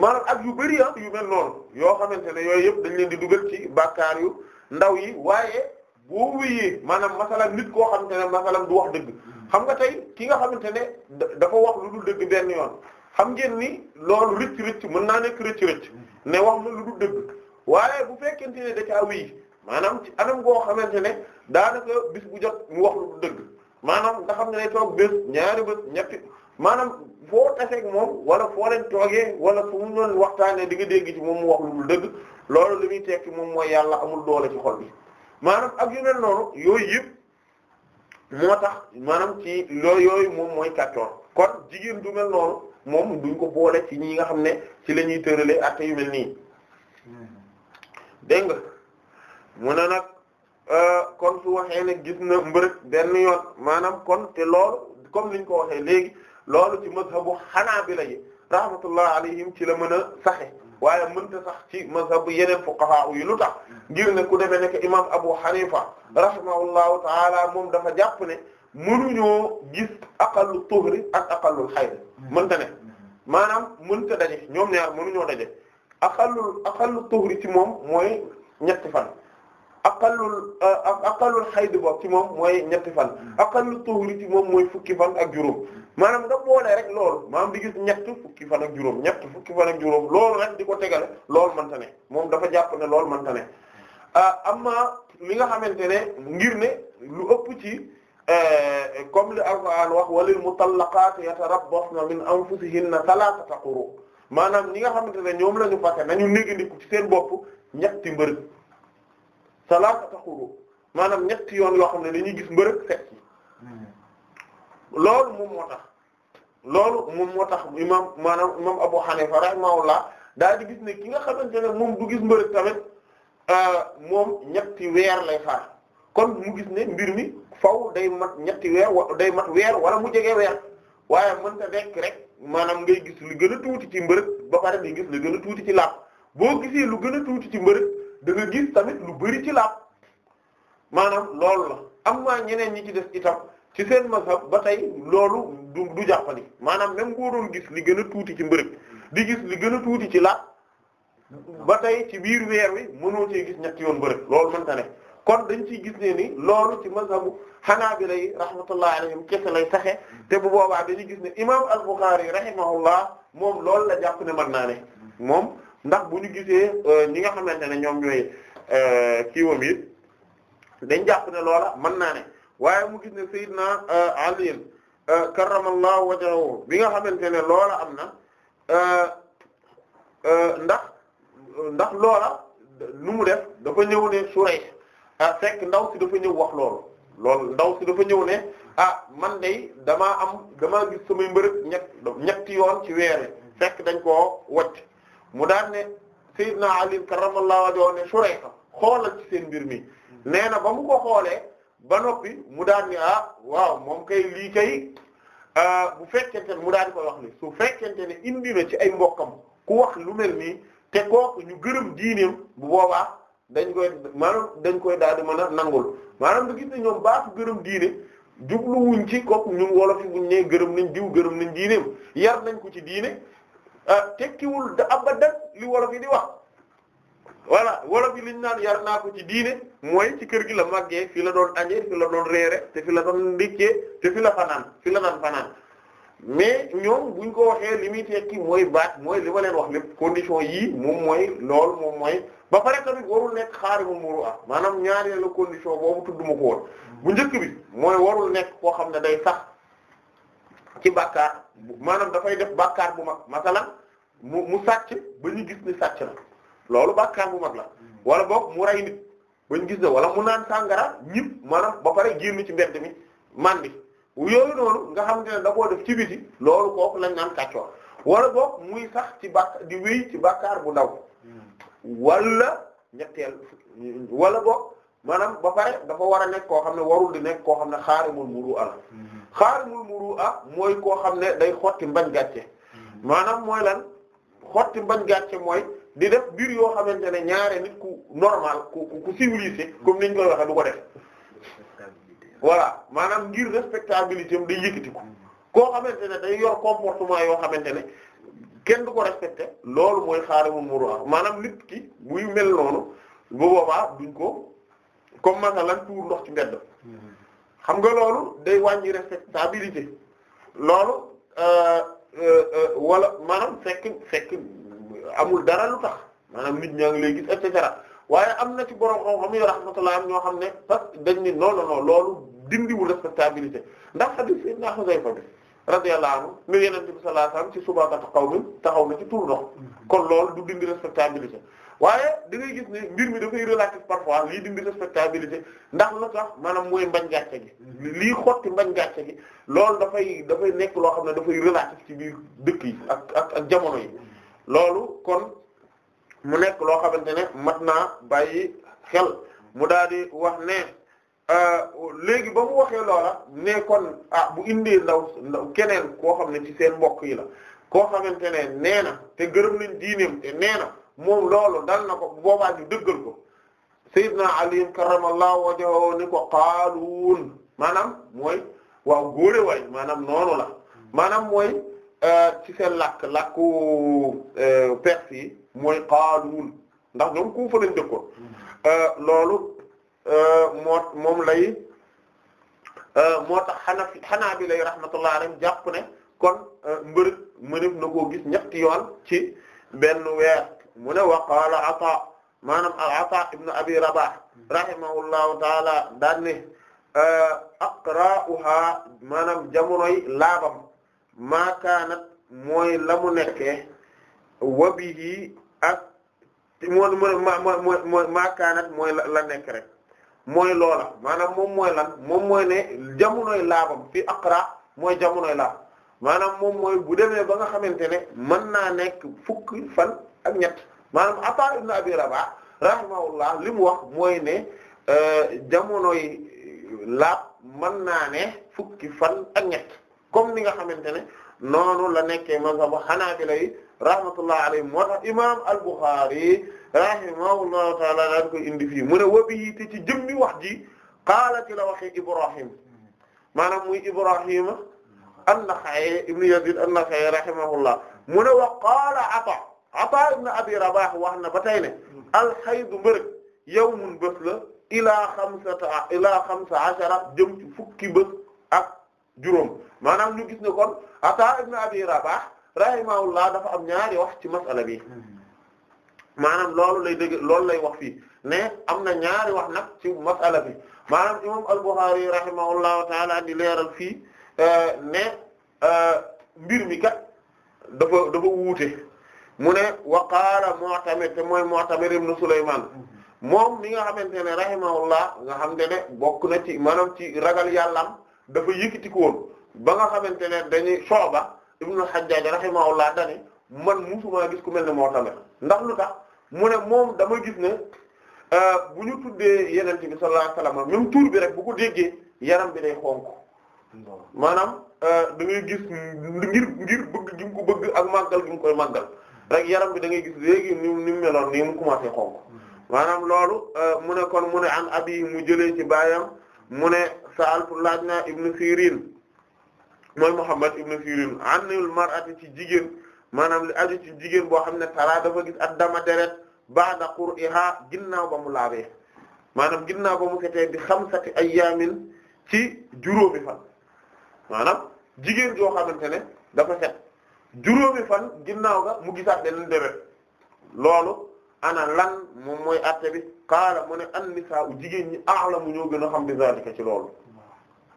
Speaker 1: maanaam ak yu bëri ah yu mel noonu yoo xamante ne yooyu yëpp dañ leen di dugal ci bàkkaar yu ndaw yi waaye boo wéyee maanaam masalan nit koo xamante ne masalan du wax dëgg xam nga tey ki nga xamante ne dafa wax lu dul dëgg benn yoon xam ngeen ni loolu rëcc rëcc mën naa nekk rëcc rëcc ne wax ma lu dul dëgg waaye bu fekkente ne da caa wéy maanaam ci anam xamante ne daanaka bis bu jot mu wax lu dëgg maanaam nga xam ne day toog bés ñaari bés ñetti maanaam foo taseeg moom wala foo leen toogee wala fu mu doon waxtaanee di nga dégg ci moom mu wax lu dul dëgg loolu li muy tekki moom mooy yàlla amul doole ci xol bi maanaam ak yu mel noonu yooyu yëpp moo tax maanaam ci loo yooyu moom mooy kàccoor kon jigéen du mel noonu moom duñ ko boole ci ñi nga xam ne ci la ñuy tëralee ak yu mel nii hmm. dégg mu ne Euh, kon su waxee ne gis na mbërëg benn yoon maanaam kon te loolu comme liñ ko waxee léegi loolu ci mazhabu hanabila yi rahmatullah alayhim ci la mën a saxe waaye mën mënta sax ci mazhabu yeneen fuqaha yi lu tax ngir ne ku demee nekk imam Abu Hanifa rahimahullahu taala moom dafa jàpp ne mënuñoo gis aqallu tuhri ak aqallul mën mënta ne maanaam mënta daje ñoom ñaar mënuñoo daje aqallul aqallu tuhri ci moom mooy ñetti fan aqallul euh, aqallul xayd boobu ci moom mooy ñetti fan aqallul tuhri ci moom mooy fukki fan ak juróom maanaam da boole rek lool maanaam di gis ñett fukki fan ak juróom ñett fukki fan ak juróom loolu rek di ko tegal loolu mante ne moom dafa jàpp ne loolu mante ne euh, amma li nga xamante ne ngir ne lu ëpp ci euh, comme li alquran wax walil mutallaqat yatarabbasna min anfusihinna thalathata quru maanaam ñi nga xamante ne ñoom la ñu na ñu négandiku ci seen bopp ñetti mbërëg salaasata xuru maanaam ñetti yoon yoo xam ne dañuy gis mbërëg fekk loolu moom moo tax loolu moom moo tax imam maanaam imam Abu Hanifa rahimahullah gis ne ki nga xamante ne moom du gis mbërëg tamit euh, moom ñetti weer lay xaar kon mu gis ne mbir mi faw day mat ñetti weer day mat weer wala mu jege weer waaye mënta dekk rek maanaam ngay gis lu gën a tuuti ci mbërëg ba pare di gis lu gën a tuuti ci laab boo gisee lu gën a tuuti ci mbërëg da nga gis tamit lu bari ci laab maanaam loolu la am maa ñeneen ñi ci def itam ci seen mazhab ba tey loolu du du jàppandi maanaam même boo gis li gën a tuuti ci mbërëg di gis li gën a tuuti ci laab ba tey ci biir weer wi mënoo cee gis ñetti yoon mbërëg loolu mënta ne kon dañ ciy gis ne ni loolu ci mazhabu bi lay rahmatullahi alayhim kese lay saxe te bu boobaa dañuy gis ne imaam al-Bukhari rahimahullah moom loolu la jàpp ne mën naa ne moom ndax bu ñu gisee euh, ñi nga xamante ne ñoom ñooy euh, kiiwam yi dañ jàpp ne loola mën naa ne waaye mu gis ne Seydina euh, Ali karramallahu wajhahu bi nga xamante ne loola am na ndax ndax loola nu mu def dafa ñëw ne Surayh ah, fekk ndaw si dafa ñëw wax loolu loolu ndaw si dafa ñëw ne ah man dey damaa am damaa gis samay mbërëg ñett ñetti yoon ci weer fekk dañ koo wacc mu daan ne Seydina Ali karramallahu wajhahu ne Shurayha xoolal ci seen mbir mi nee na ba mu ko xoolee ba noppi mu daan ne ah waaw moom kay lii kay ah, bu fekkente ne mu daan koy wax ni su fekkente ne indi ci ay mbokkam ku wax lu mel nii te kooku ñu gërëm diineem bu boobaa dañ koy maanaam dañ koy daal di mën a nangul maanaam du gis ne ñoom baatu gërëm diine jubluwuñ ci kooku ñun wolof yi buñ nee gërëm nañ diw gërëm nañ diineem yar nañ ko ci diine Ah, tekkiwul da abadan li wolof yi di wax voilà wolof yi liñ naan yar naa ko ci diine mooy ci kër gi la màggee fi la doon añee fi la doon reere te fi la doon ndikkee te fi la fanaan fi la naan fanaan mais ñoom buñ ko waxee li muy tekki mooy baat mooy li ma leen wax lépp condition yii moom mooy lool moom mooy ba pare tamit warul nekk xaari mu muru ah maanaam ñaareelu condition boobu tudduma ko woon bu njëkk bi mooy warul nekk koo xam ne day sax ci bàkkaar maanaam dafay def bàkkaar bu mag masalan mu mu sàcc ba ñu gis ni sàcc na loolu bàkkaar bu mag la wala boog mu rey nit ba ñu gis ne wala mu naan sàngara ñib maanaam ba pare génn ci mbedd mi mandi yooyu noonu nga xam ne da koo def ci biti loolu kooku lañ naan kàccoor wala boog muy sax ci bàkk di ci bàkkaar bu ndaw wala ñetteel wala boog maanaam ba pare dafa war a nekk koo xam ne warul di nekk koo xam ne xaarimul muru ala xaarimul muru'a mooy koo xam ne day xotti mbañ gàcce
Speaker 2: mm-hmm.
Speaker 1: maanaam mooy lan xotti mbañ gàcce mooy di def biir yoo xamante ne ñaare nit ku normal ku ku civilisé mm-hmm. comme niñ koy waxee du ko def voilà maanaam ngir respectabilité am day yëkkatiku koo xamante ne day yor comportement yoo xamante ne kenn du ko respecté loolu mooy xaarimul muru'a maanaam nit ki muy mel noonu bu boobaa duñ ko comme masalan tuur ndox ci mbedd mm-hmm. xam nga loolu day wàññi respectabilité loolu euh, euh, euh, walla maanaam fekk fekk amul dara lu tax maanaam nit ñaa ngi lay et cetera waaye am na ci borom xam-xam yi rahmatullah am ñoo xam ne parce que dañ ni non non non loolu dindiwul respectabilité ndax hadith sayyidina Hudayfa bi radiyallahu anhu ne Yonent bi sallallahu alayhi wasallam ci subaqata qawmin taxaw na ci tuur ndox mm-hmm. kon loolu du dindi respectabilité. waaye da ngay gis ne mbir mi dafay relatif parfois lii dindi mbir respectabilité ndax lu tax maanaam mooy mbañ gàcce gi mhm. lii xotti mbañ gàcce gi loolu dafay dafay nekk loo xam ne dafay relatif ci biir dëkk yi ak ak ak jamono yi loolu kon mu nekk loo xamante ne mat naa bàyyi xel mu daal di wax ne euh, léegi ba mu waxee loola ne kon ah bu indee ndaw ndaw keneen koo xam ne ci seen mbokk yi la koo xamante ne nee na te gërëm nañ diineem te nee na moom loolu dal na ko bu boobaa ñu dëggal ko sayyidna Ali karramallahu wajhahu ni ko qaaluun maanaam mooy waaw góore waay maanaam noonu la maanaam mooy euh, ci seen lakk lakku euh, perse yi mooy qaaluun ndax ñoom ku fa lañ mm-hmm. euh, loolu moo moom lay moo tax xanafi xanaa bi lay rahmatullahi alayhim jàpp ne kon mbërëg mënef na koo gis ñetti yoon ci benn weer mu ne wa qaala Ataa maanaam al-Ataa ibn Abi Rabaah rahimahullahu taala daan ne aqra'uha maanaam jamonoy laabam maa kaanat mooy la mu nekkee wa bihi ak moom mooy maa kaanat mooy la nekk rek mooy loola maanaam moom mooy lan moom mooy ne jamonoy laabam fi aqra mooy jamonoy la maanaam moom mooy bu demee ba nga xamante ne mën naa nekk fukki fan ak ñett maanaam Ataa ibn Abi Rabah rahimahullah li mu wax mooy ne euh, jamonoy laab mën naa ne fukki fan ak ñett comme ni nga xamante ne noonu la nekke mazhabu Hanaabila yi rahmatullah alayhim imaam al-Bukhari rahimahullahu taala daan indi fii mu ne wabi te ci jëmmi wax ji qaala ci la waxee Ibrahim maanaam muy Ibrahima an ibn Yazid an-Nakha'i rahimahullah wa qaala Ataa Ataa ibn Abi Rabah wax na ba tey ne alxaydu mbërëg yawmun bés la ilaa xamsata ilaa xamsa ashara jëm ci fukki bés ak juróom maanaam ñu gis ne kon Ataa ibn Abi Rabah rahimahullah dafa am ñaari wax ci masala bi maanaam loolu lay dëgg loolu lay wax fii ne am na ñaari wax nag ci maanaam imam al-Bukhari rahimahullahu taala di leeral fii eh, ne eh, mbir mi kat dafa dafa wuute mu ne wa qaala Mu'tamir te mooy Mu'tamir ibn Sulaymaan moom mi nga xamante ne rahimahullah nga xam te ne bokk na ci maanaam ci ragal yàllam dafa yëkkatiku woon ba nga xamante ne dañuy Shu'ba ibn al-Hajjaj rahimahullah dani man musuma gis ku mel ni moo tamit ndax lu tax mu ne moom dama gis ne euh, bu ñu tuddee Yonent bi sallallahu alayhi wasallam même tur bi rek bu ko déggee yaram bi day xonk maanaam euh, da ngay gis ngir ngir bëgg gi mu ko bëgg ak màggal gi mu koy màggal rek yaram bi da ngay gis léegi ni mu meloon nii mu commencé mm-hmm. maanaam loolu euh, mu ne kon mu ne an abi mu jëlee ci baayam mu ne saaltu laaj naa ibnu Sirin mooy Muhammad ibnu Sirin anil mar'ati ci jigéen maanaam li aju ci jigéen boo xam ne tara dafa gis ak dama deret ba'da qur'iha ginnaaw ba mu laabee maanaam ginnaaw ba mu fetee bi xamsati ayyaamin ci juróomi fan maanaam jigéen joo xamante ne dafa set juróomi fan ginnaaw ga mu gisaat beneen deret loolu ana lan moom mooy atte bi xaala mu ne an nisaa u jigéen ñi mu ñoo gën a xam bi zalika ci loolu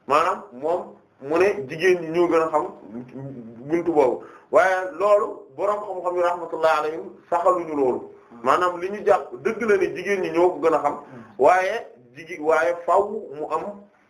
Speaker 1: maanaam moom mu ne jigéen ñi ñoo gën a xam buntu boobu waaye loolu boroom xam-xam yi rahmatullahi alayhim saxaluñu loolu maanaam li ñu jàpp dëgg la ne jigéen ñi ñoo ko gën a xam waaye jigi waaye faw mu am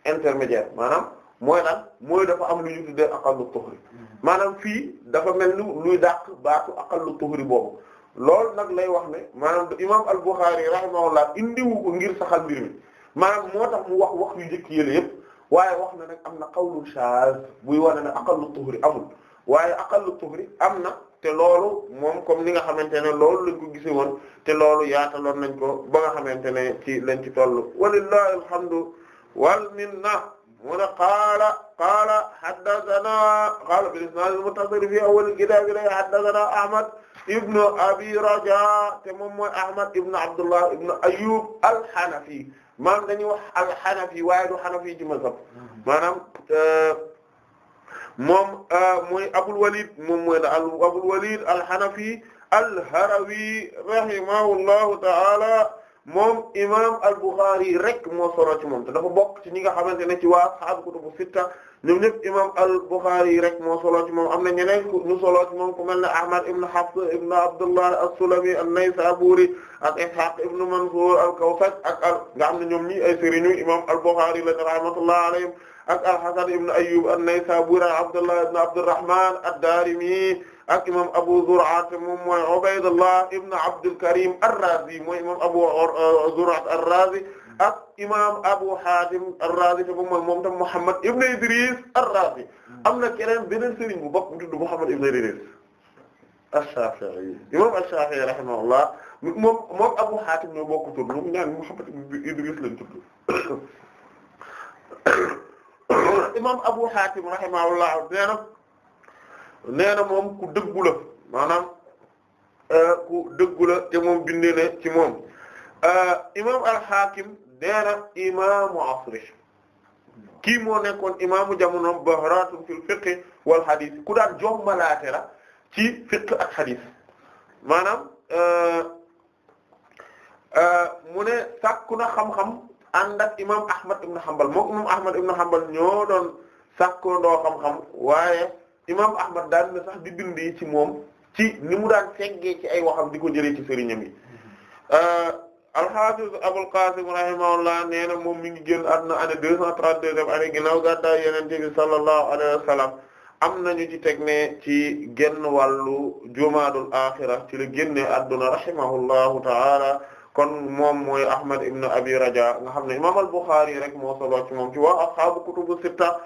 Speaker 1: intermédiaire maanaam mooy lan mooy dafa am lu ñu tuddee aqallu tuhri maanaam fii dafa mel ni luy dàq baatu aqallu tuhri boobu loolu nag lay wax ne maanaam imam al-Bukhari rahimahullah indiwu ko ngir saxal mbir mi maanaam moo tax mu wax wax yu njëkk yële yëpp waaye wax na nag am na qawlu shaaz buy wane ne aqallu tuhri amul waaye aqallu tuhri am na te loolu moom comme ni nga xamante ne loolu lañ ko gise woon te loolu yaataloon nañ ko ba nga xamante ne ci lañ ci toll walillahi alhamdu wal na mu ne qaala qaala haddasanaa qaala bil-isnaad al-muttasil fii awwal kitaab ilay haddasanaa Ahmad ibn Abi Rajaa te moom mooy Ahmad ibn Abdullah ibn Ayyub al-Hanafi maanaam dañuy wax al-Hanafi waaye du Hanafi ci mazhab maanaam euh, moom euh, mooy Abul Walid moom mooy Abul Walid al-Hanafi al-Harawi rahimahullahu ta'ala moom imaam al-Bukhari rek moo solo ci moom te dafa bokk ci ñi nga xamante ne ci waa ashaabu kutubu sitta ñoom ñëpp imaam al-Bukhari rek moo solo ci moom am na ñeneen ñu solo ci moom ku mel ne Ahmad ibn Hafs ibn Abdullah as-Sulami an-Naysaburi ak Ishaq ibn Mansur al-Kawsaj ak al nga am ne ñoom ñi ay sëriñu imaam al-Bukhari la rahmatullah alayhim ak al-Hasan ibn Ayyub an-Naysaburi Abdullah ibn Abdurrahman ad ak imam Abu Zur'a moom mooy Ubaydullah ibn Abdul Karim ar-Razi mooy imam Abu euh, Zur'a ar-Razi ak imam Abu Hatim ar-Razi te moom mooy moom tam Muhammad ibn Idris ar-Razi am na keneen beneen sëriñ bu bokk bu tudd Muhammad ibn Idris ash-Shafi'i imam ash-Shafi'i rahimahullah moom moom Abu Hatim ñoo bokk tur ñoom ñaan Muhammad ibn Idris lañ tudd imam Abu Hatim rahimahullah nee na nena na moom ku dëggu la maanaam euh, ku dëggu la moom bindee ci moom euh, imaam al-Hakim nee na imaamu asri kii moo nekkoon imaamu jamonoom bahratun fil fiqh wal hadith ku daan jommalaate la ci fiqh ak hadith maanaam euh, mu ne sàkku na xam-xam ànd ak imaam Ahmad ibn Hanbal moom imaam Ahmad ibn Hanbal ñoo doon sàkkoo ndoo xam-xam waaye. imam ahmad daal na sax di bindee ci moom ci ni mu daan feggee ci ay waxam di ko jëlee ci sëriñam yi euh, al-Hafiz Abul Qasim rahimahullah nee moom mi ngi génn àdduna année deux cent trente-deuxième année ginnaaw gàddaay am nañu ci teg ne ci genn wàllu jumaadul axira ci la génne adduna rahimahullahu ta'ala kon moom mooy Ahmad ibn Abi Raja nga xam ne imam al rek moo ci moom ci waa ashaabu kutubu sitta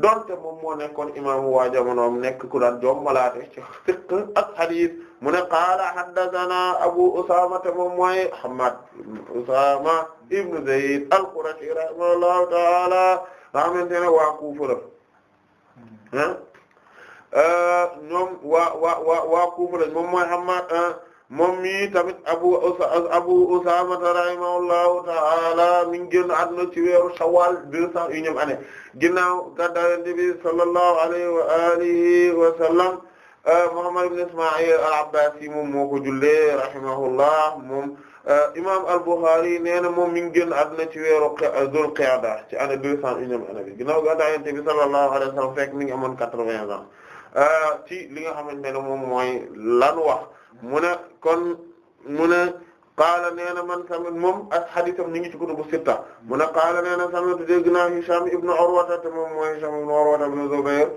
Speaker 1: donte moom moo nekkoon imaamu waa jamonoom nekk ku daan jommalaate ci fiqh ak hadith mu ne qaala haddathana Abu Usaama te moom mooy Hammad Usaama ibn Zayd al-Qurashi rahimahullahu ta'ala xamante ne waa Kuufa la hmm. ah ñoom waa waa waa waa Kuufa la moom mi tamit abu abu Usaama rahimahullahu ta'ala mi ngi génn àdduna ci weeru Shawwal deux cent unième année ginnaaw gàddaay Yonent bi sallallahu alayhi wa alihi wa sallam euh, Muhammad ibn Isma'il al-Abbasi moom moo ko jullee rahimahullah moom euh, imam al-Bukhari nee na moom mi ngi génn àdduna ci weeru Dhul Qa'da ci année deux cent unième année bi ginnaaw gàddaay Yonent bi sallallahu alayhi wa sallam fekk mi ngi quatre-vingts ans euh, ci li nga xamante ne moom mooy lan mu ne kon mu ne qaala nee na man tamit moom ak xadisam ñu ngi ci kutubu sitta mu ne qaala nee na sami'tu dégg naa Hisham ibn Urwa te moom mooy Hisham ibn Urwa ibn Zubayr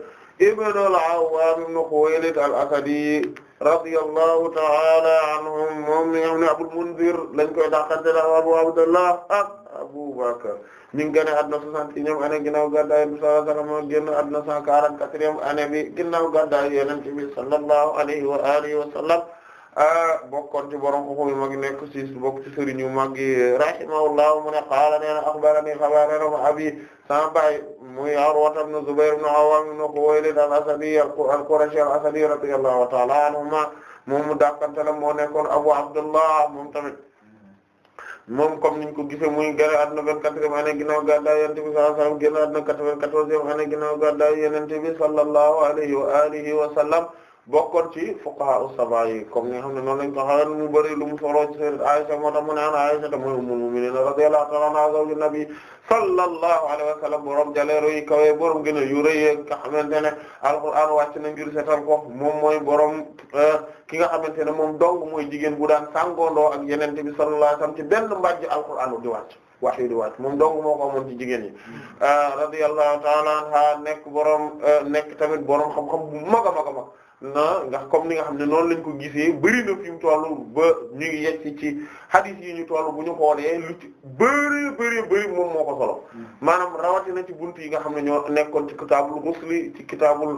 Speaker 1: ibn al-Awwam ibn Khuwaylid al-Asadi radiyallahu ta'ala anhum moom mi nga xam ne Abul Mundhir lañ koy dàqante la Abu Abdullah ak Abu Bakr ñu ngi génne àdduna 61 année ginnaaw gàddaay Yonent bi sallallahu alayhi wa sallam génn àdduna 144 année bi ginnaaw gàddaay Yonent bi sallallahu alayhi wa alihi wa sallam bokkoon ci borom ko mi magi nekk ci bokk ci sëriñu maggi rahimahullahu mu ne qaala nee na axbarani xabarana ma abi sama baay muy Urwata ibn Zubayr ibn Awwaam ibn Xuwaylid al-Asadi al-Qurashi al-Asadi radiyallahu ta'ala anhuma moom mu dàkkantala moo nekkoon Abu Abdullah moom tamit moom comme ni ko gisee muy gane àdduna vingt-quatrième année ginnaaw gàddaay wa sallam génn àdduna wa alihi wa bokkoon ci fuqaha as-sab'a yi comme ni nga xam ne noonu lañ mu bëri lu mu soroo ci sayyidat Aisha moo tax mu ne an Aisha ta mooy ummul mu'minin radiyallahu ta'ala anha nabi sallallahu alayhi wa borom jaleero yi kawee borom gën a yu rëy nga xamante ne alquran wàcc na ngir setal ko moom mooy borom eh, ki nga xamante ne moom dong mooy jigéen bu daan sàngoondoo ak yeneen bi sallallahu alayhi wa sallam ci benn mbàjj alquran di wàcc waxyu di wàcc moom dong moo ko amoon ci jigéen ñi eh, radiyallahu ta'ala anha nekk borom eh, nekk tamit borom xam-xam bu mag na ndax comme ni nga xam ne noonu lañ ko gisee bëri na fi mu toll ba ñu ngi yegg ci xadis yi ñu toll bu ñu xoolee lu ci bëri bëri bëri moom moo ko solo hmm. maanaam rawatina ci buntu yi nga xam ne ñoo nekkoon ci kitaabul ghusli ci kitaabul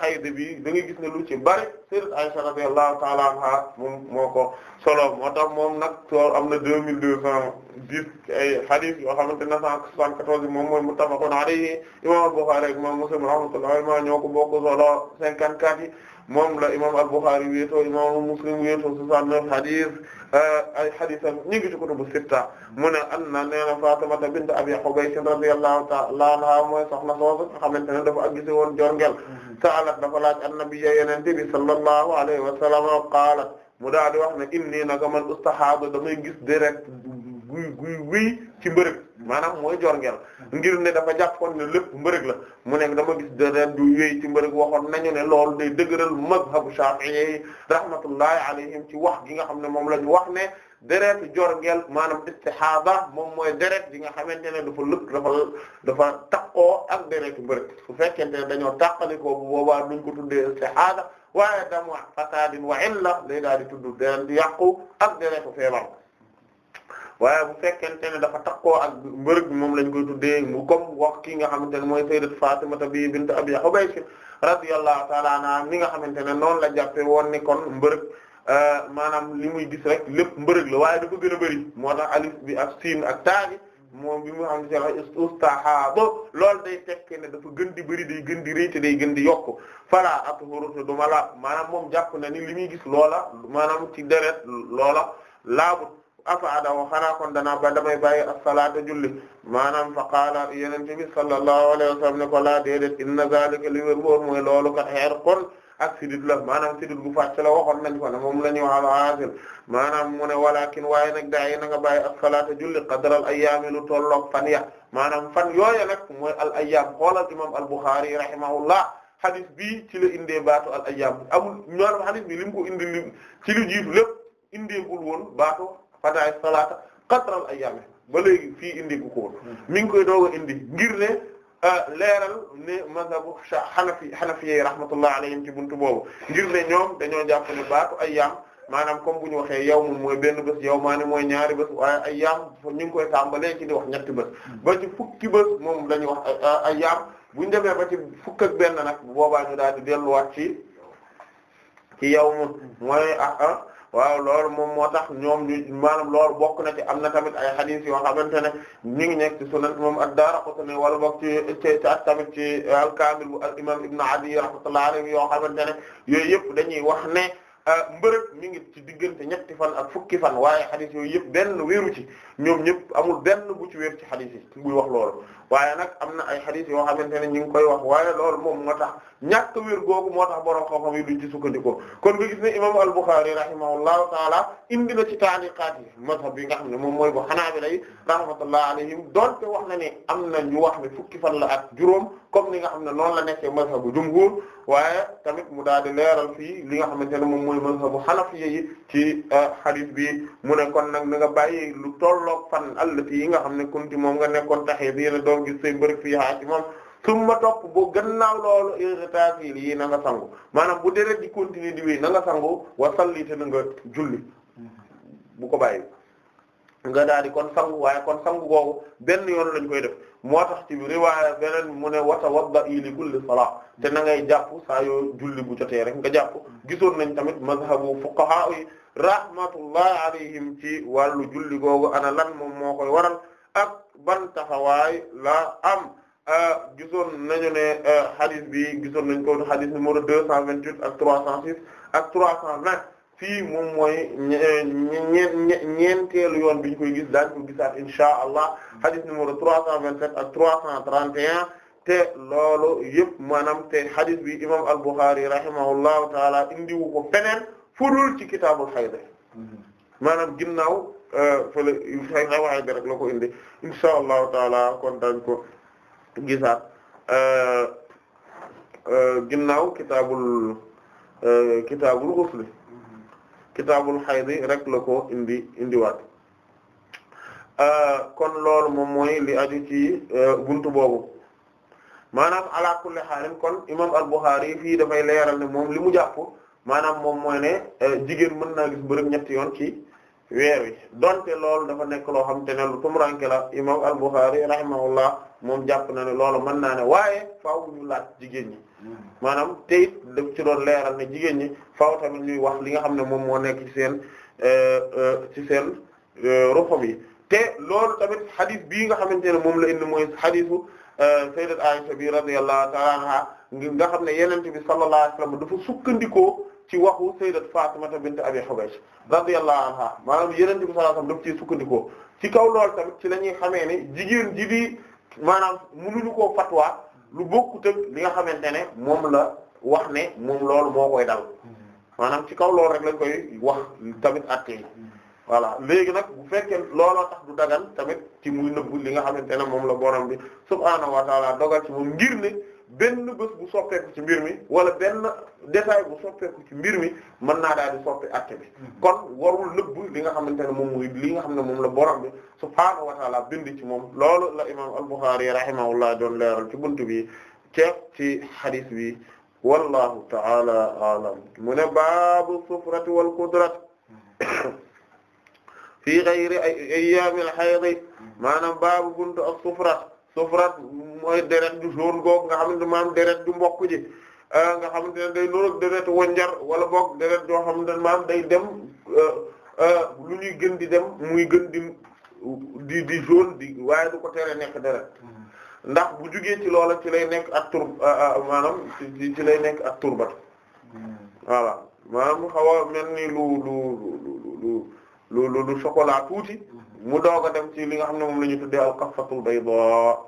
Speaker 1: hayd euh, bi da ngay gis ne lu ci bëri sayyidat Aisha radiyallahu ta'ala anha moom moo ko solo moo moom nag toor am na deux mille deux cent dix ay xadis yoo xamante ne cent soixante-quatorze yi moom mooy muttafaqun alayhi imam Bukhari ak imam Muslim rahmatullahi ma ñoo ko bokk solo cinquante-quatre yi moom la imam al-Bukhari wéetoo imam Muslim Euh, ay hadisam ñi ngi ci kutubu sitta mu ne an na nee na Fatimata bint Abi Hubaysh radiyallahu ta'ala anha mooy soxna soosu nga xamante ne dafa aggisi woon jorngel sa'alat dafa laaj annabiyya yenente bi sallallahu alayhi wa sallam qaalat mu daal di wax ne inni naka man ustahaadu damay gis direct guy guy guy ci mbërëg maanaam mooy jorngeel ngir ne dafa jàppoon ne lépp mbërëg la mu nekk dama gis deret du wéy ci mbërëg waxoon nañu ne loolu day dëgëral mazhabu Shafi'i rahmatullahi alayhim ci wax gi nga xam ne moom la ñu wax ne deret jorngeel maanaam istihaba moom mooy deret gi nga xamante ne dafa lëkk dafa dafa takkoo ak deretu mbërëg su fekkente ne dañoo tàqalikoo bu boobaa duñ ko tuddee istihada waaye dam wa fasadin wa illa lay daal di tudd deret di yàqu ak deretu feebar waaye bu fekkente ne dafa takkoo ak mbërëg moom lañ koy tuddee mu kom wax ki nga xamante ne mooy sayyidat Fatimata bi bint Abi Hubaysh radiyallahu ta'ala anha mi nga xamante ne noonu la jàppe woon ni kon mbërëg euh, maanaam li muy gis rek lépp mbërëg la waaye dafa gën a bëri moo tax alif bi ak siin ak taa bi moom bi mu xam ne ustahaaba loolu day tekki ne dafa gën di bëri day gën di rëy day gën di yokk fala athurutu duma laab maanaam moom jàpp na ni li muy gis loola maanaam ci deret loola laabut afaada wa xanaa kon danaa ba damay bàyyi as-salaata julli maanaam fa qaala yonent bi sallallahu alayhi wa sallam ne ko laa déedéet inna zaalika li wér wóor loolu kat xeer kon ak sidit la maanaam sidit bu fàcc la waxoon nañ ko ne moom la ñuy wax al-aasil maanaam mu ne walakin waaye nag daay na nga bàyyi as-salaata julli qadral ayyaami lu tolloog fan ya maanaam fan yooya nag mooy al ayyaam xoolal imaam al-Bukhari rahimahullah hadith bi ci indee baatu al ayyaam amul ñoom hadith bi lim ko indi ci lu jiitu lépp indeegul woon qata'i salaata qatral ayyaam ba léegi fii indi ko woon hmm. mi ngi koy doog indi ngir ne euh, leeral ne mazhabu xanafi xanafi yi rahmatullah alayhim ci buntu boobu gir ne ñoom dañoo jàpp ne baatu ayyaam maanaam comme bu ñu waxee yawmun mooy benn bés yawmaani mooy ñaari bés waaye ayyaam ñu ngi koy tàmbalee ci di wax ñetti bés hmm. ba ci fukki bés moom dañu wax ayyaam bu ñu demee ba ci fukk benn nag boobaa ñu daal di delluwaat ci ci yawmun hmm. mooy ah ah waaw loolu moom moo tax ñoom ñu maanaam loolu bokk na ci am na tamit ay hadith yoo xamante ne ñu ngi nekk ci sunan moom ad-Daraqutni wala bokk ci ci tamit ci al-Kaamil bu al-imam Ibn Adi rahmatullahi alayhi yoo xamante ne yooyu yëpp dañuy wax ne euh, mbërëg mi ngi ci diggante ñetti fan ak fukki fan waaye hadith yooyu yëpp benn wéeru ci ñoom ñëpp amul benn bu ci weeru ci hadith yi buy wax loolu waaye nag am na ay xadis yoo xamante ne ñu ngi koy wax waaye loolu moom moo tax ñàkk wér googu moo tax borom xam-xam yi duñ ci sukkandikoo kon nga gis ne imam al-Bukhari rahimahullahu taala indi na ci taaliqaat yi mazhab nga xam ne moom mooy bu Hanaabila yi rahmatullah alayhim donte wax na ne am na ñu wax ne fukki fan la ak juróom comme ni nga xam ne noonu la nekkee mazhabu jumhur waaye tamit mu daal di leeral fii li nga xamante ne moom mooy mazhabu Hanafiyya yi ci euh, xadis bi mu ne kon nag na nga bàyyi lu tolloog fan allati yi nga xam ne kunti moom nga nekkoon taxe ñoo ngi say mbërëg fii haa ci moom summa topp boo gannaaw loolu irtaasil yi na nga sangu maanaam bu deret di continuer di wéy na nga sangu wa salli te na julli bu ko bàyyi nga daal di kon sangu waaye kon sangu googu benn yoon lañ koy def moo tax ci riwaaya beneen mu ne watawadda'i li kulli salaat te na ngay jàpp saa yoo julli bu jotee rek nga jàpp gisoon nañ tamit mazhabu fuqaha yi rahmatullah alayhim ci wàllu julli googu ana lan moom moo koy ban taxawaay la am euh, gisoon nañu ne euh, hadith bi gisoon nañ ko hadith numéro deux cent vingt huit ak trois cent six ak trois cent vingt fii moom mooy euh, ñeenteelu yoon bi ñu koy gis daañu ko gisaat inshaa Allah hadith numéro trois cent vingt sept ak trois cent trente et un te loolu yëpp maanaam te hadith bi imam al-Bukhari rahimahullahu taala indiwu ko feneen fudul ci kitaabul hayd
Speaker 2: mm-hmm.
Speaker 1: maanaam ginnaaw Euh, fële xawaay bi rek la ko indi insha allahu taala kon dañ ko gisaat euh, euh, ginnaaw kitaabul kitaabul ghusl kitaabul xaydi rek la ko indi indiwaat kon loolu moom mooy li aju ci buntu boobu maanaam ala kulli xaalin kon imam al-Bukhari fii dafay leeral ne moom li mu jàpp maanaam moom mooy ne jigéen mën naa gis bërëb ñetti yoon ci weer wi donte loolu dafa nekk loo xamante ne lu tumuranke la imam al-Bukhari rahimahullah moom jàpp na ne loolu mën naa ne waaye faaw ñu laaj jigéen ñi maanaam te it ci doon leeral ne jigéen ñi faaw tamit ñuy wax li nga xam ne moom moo nekk ci seen euh, euh, ci seen euh, ruxum yi te loolu tamit xadis bii nga xamante ne moom la indi mooy xadisu sayyidat Aisha bi radiyallahu ta'ala anha nga xam ne yenente bi sallallahu alayhi dafa sukkandikoo ci waxu sayyidat Fatima bint Abi Hubaysh radiyallahu anha maanaam Yonent bi sallallahu alayhi wasallam daf ci sukkandikoo ci kaw lool tamit ci la ñuy xamee ne jigéen ji di maanaam mënuñu ko fatwa lu bokkut ak li nga xamante ne moom la wax ne moom loolu moo koy dal maanaam ci kaw loolu rek lañ koy wax tamit ak yi voilà léegi nag bu fekkee looloo tax du dagan tamit ci muy nëbb li nga xamante ne moom la borom bi subhaanahu wa ta'ala dogal ci moom ngir ne benn bés bu soppeeku ci mbir mi wala benn détail bu soppeeku ci mbir mi mën naa daal di soppi acte bi hmm. kon warul lëbb li nga xamante ne moom mooy li nga xam ne moom la borom bi subhaanahu wa taala bind ci moom loolu la imam al-Bukhari rahimahullah doon leeral ci buntu bi ceeb ci hadith bi wallahu taala alam mu ne baabu sufrati wal qudrati fi ghayri ayyaamil hayd maanaam baabu buntu as-sufra sufrat mooy deret du jaune googu nga xamante maam deret du mbokk ji euh, nga xam ne day noonu deret wanjar wala boog deret joo xamante ne maam day dem euh, euh, lu ñuy gën di dem muy gën di di di di waaye du ko tere nekk deret
Speaker 2: mm-hmm.
Speaker 1: ndax bu jugee ci loola ci lay nekk ak tur maanaam ci ci lay nekk ak turbat mm-hmm. voilà maanaam xaw a mel ni lu lu lu lu lu lu lu chocolat tuuti mm-hmm. mu doog a dem ci li nga xam ne moom la ñu tuddee al kaffatul bayda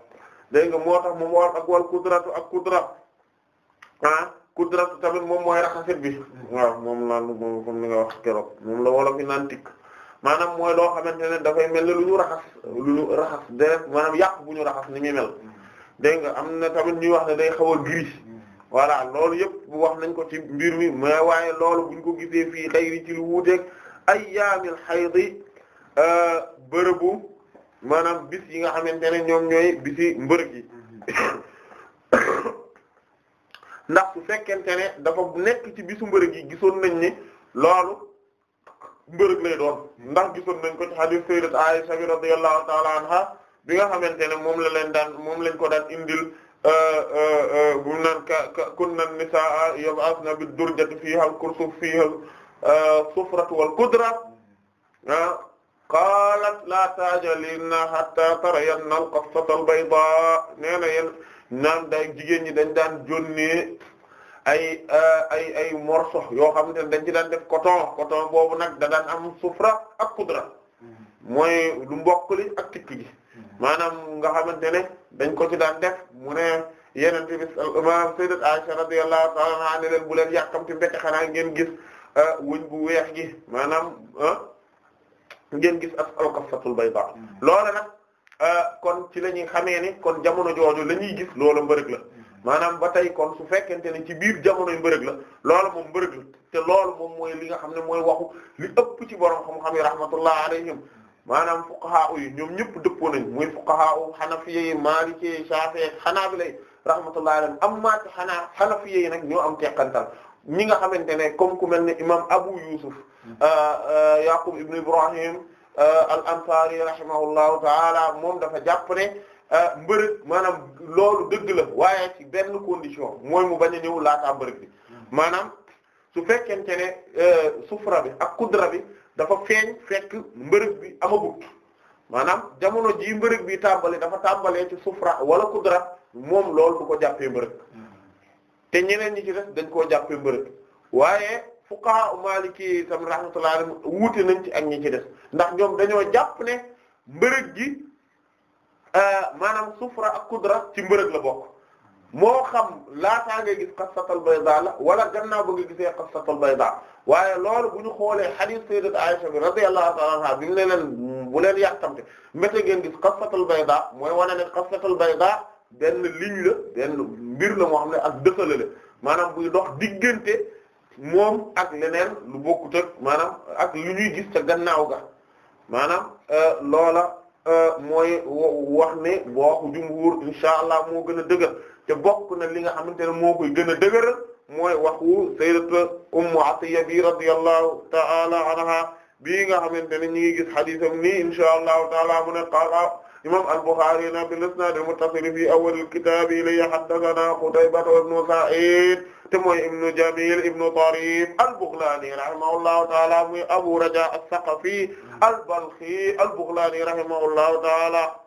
Speaker 1: dégg nga moo tax moom war ak wal kudratu ak kudra ah kudratu tamit moom mooy raxasit bi mm-hmm. waaw moom la moom comme li nga wax keroog moom la wolof yi naan tikk maanaam mooy loo xamante ne dafay mel ne lu ñu raxas lu ñu raxas deret maanaam yàq bu ñu raxas ni muy mel mm-hmm. dégg nga am na tamit ñuy wax ne day xaw a gris voilà loolu yëpp wax nañ ko ci mbir mi mais waaye loolu buñ ko gisee fii xëy ci lu wuuteeg ayyaamil hayd euh, bërëbu maanaam bis yi nga xamante ne ñoom ñooy bisi mbërëg yi ndax su fekkente ne dafa nekk ci bisu mbërëg yi gisoon nañ ni loolu mbërëg lay doon ndax gisoon nañ ko ci hadith sayyidat Aisha bi radiyallahu ta'ala anha bi nga xamante ne moom la leen daan moom lañ ko daan indil euh, euh, bu naan ka kunna nisaa yab'athna bid-durjati fiha al-kursuf fiha sufratu wal qudra qaalat laa taajalinna hatta tarayanna al qasata al bayda nee na yéen naan day jigéen ñi dañ daan jónnee ay ay ay morceau yoo xamante ne dañ ci daan def coton coton boobu nag da daan am sufra ak qudra mooy lu mbokk li ak tikk gi maanaam nga xamante ne dañ ko ci daan def mu ne yenente bi maanaam sayyidat Aisha radiyallahu ta'ala anha ne leen bu leen yàkkamti mbécte xanaa ngeen gis Ah, wuñ bu weex gi maanaam ah, ngeen gis ak alkaffatul bayda hmm. loola nag ah, kon ci la ñuy xamee ni kon jamono jooju la ñuy gis loola mbërëg la hmm. maanaam ba tey kon su fekkente ne ci biir jamono yu mbërëg la loola moom mbërëg la te loolu moom mooy li nga xam ne mooy waxu li ëpp ci borom xam-xam yi rahmatullah alayhim maanaam fuqaha yi ñoom ñëpp dëppoo nañ muy fuqaha u xanafiyyi maaliki shaafi'i xanaabila rahmatullah alayhim amma ci xanaa xanafiyyi nag ñoo am teqantal ñi nga xamante ne comme ku mel ni imam Abu Yusuf mm-hmm. euh, euh, Yaqub ibn Ibrahim euh, al ansari rahimahullahu taala moom dafa jàpp ne mbërëg maanaam loolu dëgg la waaye ci benn condition mooy mu bañ a ñëw laataa mbërëg bi mm-hmm. maanaam su fekkente ne sufra bi ak kudra bi dafa feeñ fekk mbërëg bi amagut maanaam jamono jii mbërëg bi tàmbale dafa tàmbalee ci sufra wala kudra moom lool du ko jàppee mbërëg mm-hmm. te ñeneen ñi ci def dañ koo jàppee mbërëg waaye fuqaha maliki tam rahmatullah alayhi wuute nañ ci ak ñi ci def ndax ñoom dañoo jàpp ne mbërëg gi euh, maanaam sufra ak kudra ci mbërëg la bokk moo xam laataa ngay gis qassatul bayda la wala gannaaw ba nga gisee qassatul bayda waaye lool bu ñu xoolee hadith sayyidat Aisha bi radiyallahu ta'ala anha bi mu ne leen bu leen yàkkamte mbéte ngeen gis qassatul bayda mooy wane ne qassatul bayda benn ligne la benn mbir la moo xam ne ak dëkkale la maanaam buy dox diggante moom ak leneen lu bokkut ak maanaam ak lu ñuy gis ca gannaaw ga maanaam euh, loola euh, mooy wax ne boo waxu jumhuur insha allah moo gën a dëgër te bokk na li nga xamante ne moo koy gën a dëgëral mooy waxu sayyidatu ummu atiya bi radiyallahu ta'ala anha bii nga xamante ne ñu ngi gis xadiisam nii insha allahu taala mu ne qaala imam al-Bukhari na bil isnad al-muttasil fi awwal al-kitab li haddathana Qutaybah ibn Sa'id te mooy ibn Jamil ibn Tarif al-Baghlani rahimahullahu ta'ala muy Abu Raja as-Saqafi al-Balkhi al-Baghlani rahimahullahu ta'ala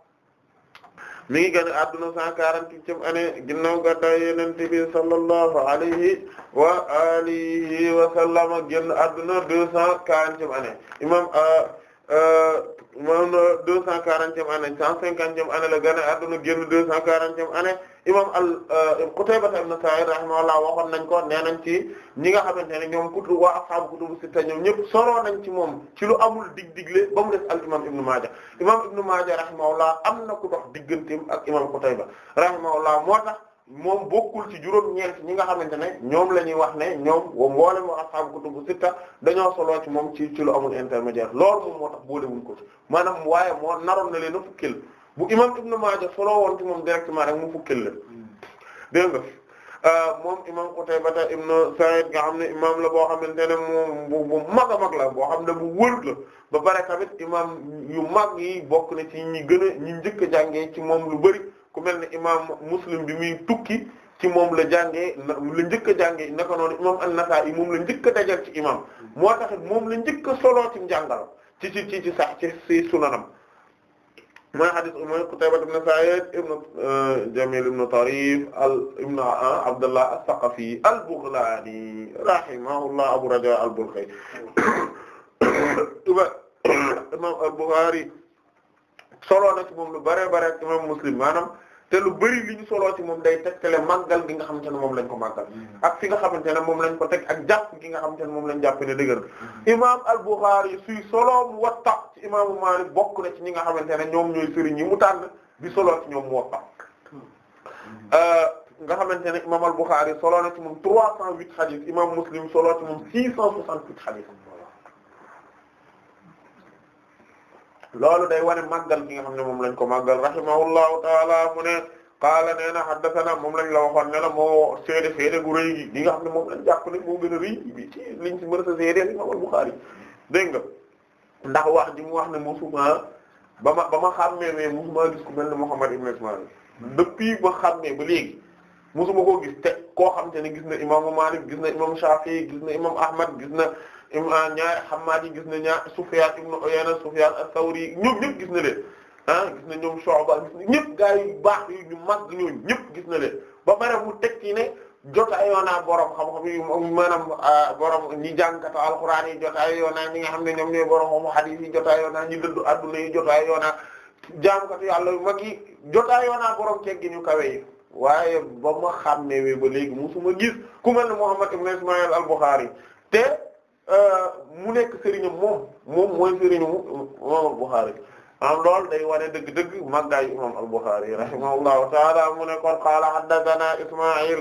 Speaker 1: mi ngi génn àdduna 148e année ginnaaw gàddaay Yonent bi sallallahu alayhi wa alihi wa sallam génn àdduna 240e année imam euh, euh, moom deux cent quarantième année cent cinquantième année la gane adduna génn deux cent quarantième année imam al euh, Qutayba ibn Sa'id rahimahullah waxoon nañ ko nee nañ ci ñi nga xamante ne ñoom kutu waa ashaabu kutubu sitta ñoom ñëpp soroo nañ ci moom ci lu amul dig digle ba mu des al imam Ibn Maaja imam Ibn Maaja rahimahullah am na ku dox digganteem ak imam Qutayba rahimahullah moo tax moom bokkul ci juróom-ñeent ñi nga xamante ne ñoom la ñuy wax ne ñoom wa mboolem wa ashaabu kutubu sitta dañoo soloo ci moom ci ci lu amul intermédiaire loolu moom moo tax boolewuñ ko ci maanaam waaye moo naroon na leen a fukkil bu imam Ibn Maaja soloo woon ci moom directement rek mu fukkil la dégg nga euh, moom imam Qutayba ibn Sa'id nga xam ne imam la boo xamante ne moom mag a mag la boo xam ne bu wër la ba pare tamit imam yu mag yi bokk na ci ñi gën a ñi njëkk a jàngee ci moom lu bari ku mel ne imaam muslim bi muy tukki ci moom la jàngee la njëkk a jàngee naka noonu imaam an-Nasaa'i moom la njëkk a dajal ci imaam moo tax moom la njëkk a soloo ci njàngalam ci ci ci ci sax ci ci sunanam mooy hadith mooy Qutayba ibn Sa'id ibn euh, Jamil ibn Tarif al ibn ah, Abdullah as-Saqafi al-Baghlani rahimahullah Abu Raja al-Balkhi imam al-Bukhari solo na ci moom lu bare bare ak imam muslim maanaam te lu bëri li ñu soloo ci moom day tekk tegtale màggal gi nga xamante ne moom lañ ko màggal mm-hmm. ak fi nga xamante ne moom lañ ko teg ak jàpp gi nga xamante ne moom lañ jàpp ne dëgër mm-hmm. imam al-Bukhari suy soloo Muwatta ci imaamu Maalik bokk na ci ñi nga xamante ne ñoom ñooy sëriñ yi mu tànn bi soloo ñoom Muwatta mm-hmm. euh, nga xamante ne imam al-Bukhari soloo na ci moom trois cent huit hadith imam Muslim soloo ci moom six cent soixante huit hadith loolu day wane màggal gi nga xam ne moom lañ ko màggal rahimahullahu taala mu ne qaala nee na haddathana moom lañ la waxoon ne la moo seede seede gu gi li nga xam ne moom lañ jàpp ne moo gën a rëy bi ci liñ ci mën a seede imam al dégg nga ndax wax ji mu wax ne musuma ba ma ba ma xàmmee mais musuma gis ku mel ne Muhammad ibn Ismaïl depuis ba xàmmee ba léegi musuma koo gis te koo xam te ne gis na imaamu Malik gis na imam Shafi'i gis na imam Ahmad na imam ñaari Hammaad yi gis na ñaar Sufyaan ibn Uyayna a as-Sawri ñoom ñëpp gis na leen ah gis na ñoom Shu'ba ñëpp gaa baax yu ñu mag ñooñu ñëpp gis na leen ba pare mu teg ci ne jotaayoon naa borom xam-xam yi maanaam ah, borom ñi jàngkatu alxuraan yi jotaayoon naa ñi nga xam ne ñoom ñooy borom moomu hadiis yi jotaayoon naa ñi dëddu adduna yi jotaayoon naa jàngkatu yàlla yu mag yi jotaayoon naa borom ceeb gi ñu kawe yi waaye ba ma xàmmee ba léegi musuma gis ku mel ne Muhammad ibn Ismaïl al-Bukhari te. Euh, mu nekk sëriñu moom moom mooy sëriñu euh, imam al-Bukhari am loolu day wane dëgg-dëgg màggaayu imam al-Bukhari rahimahullahu ta'ala mu ne kon qaala haddathana Isma'il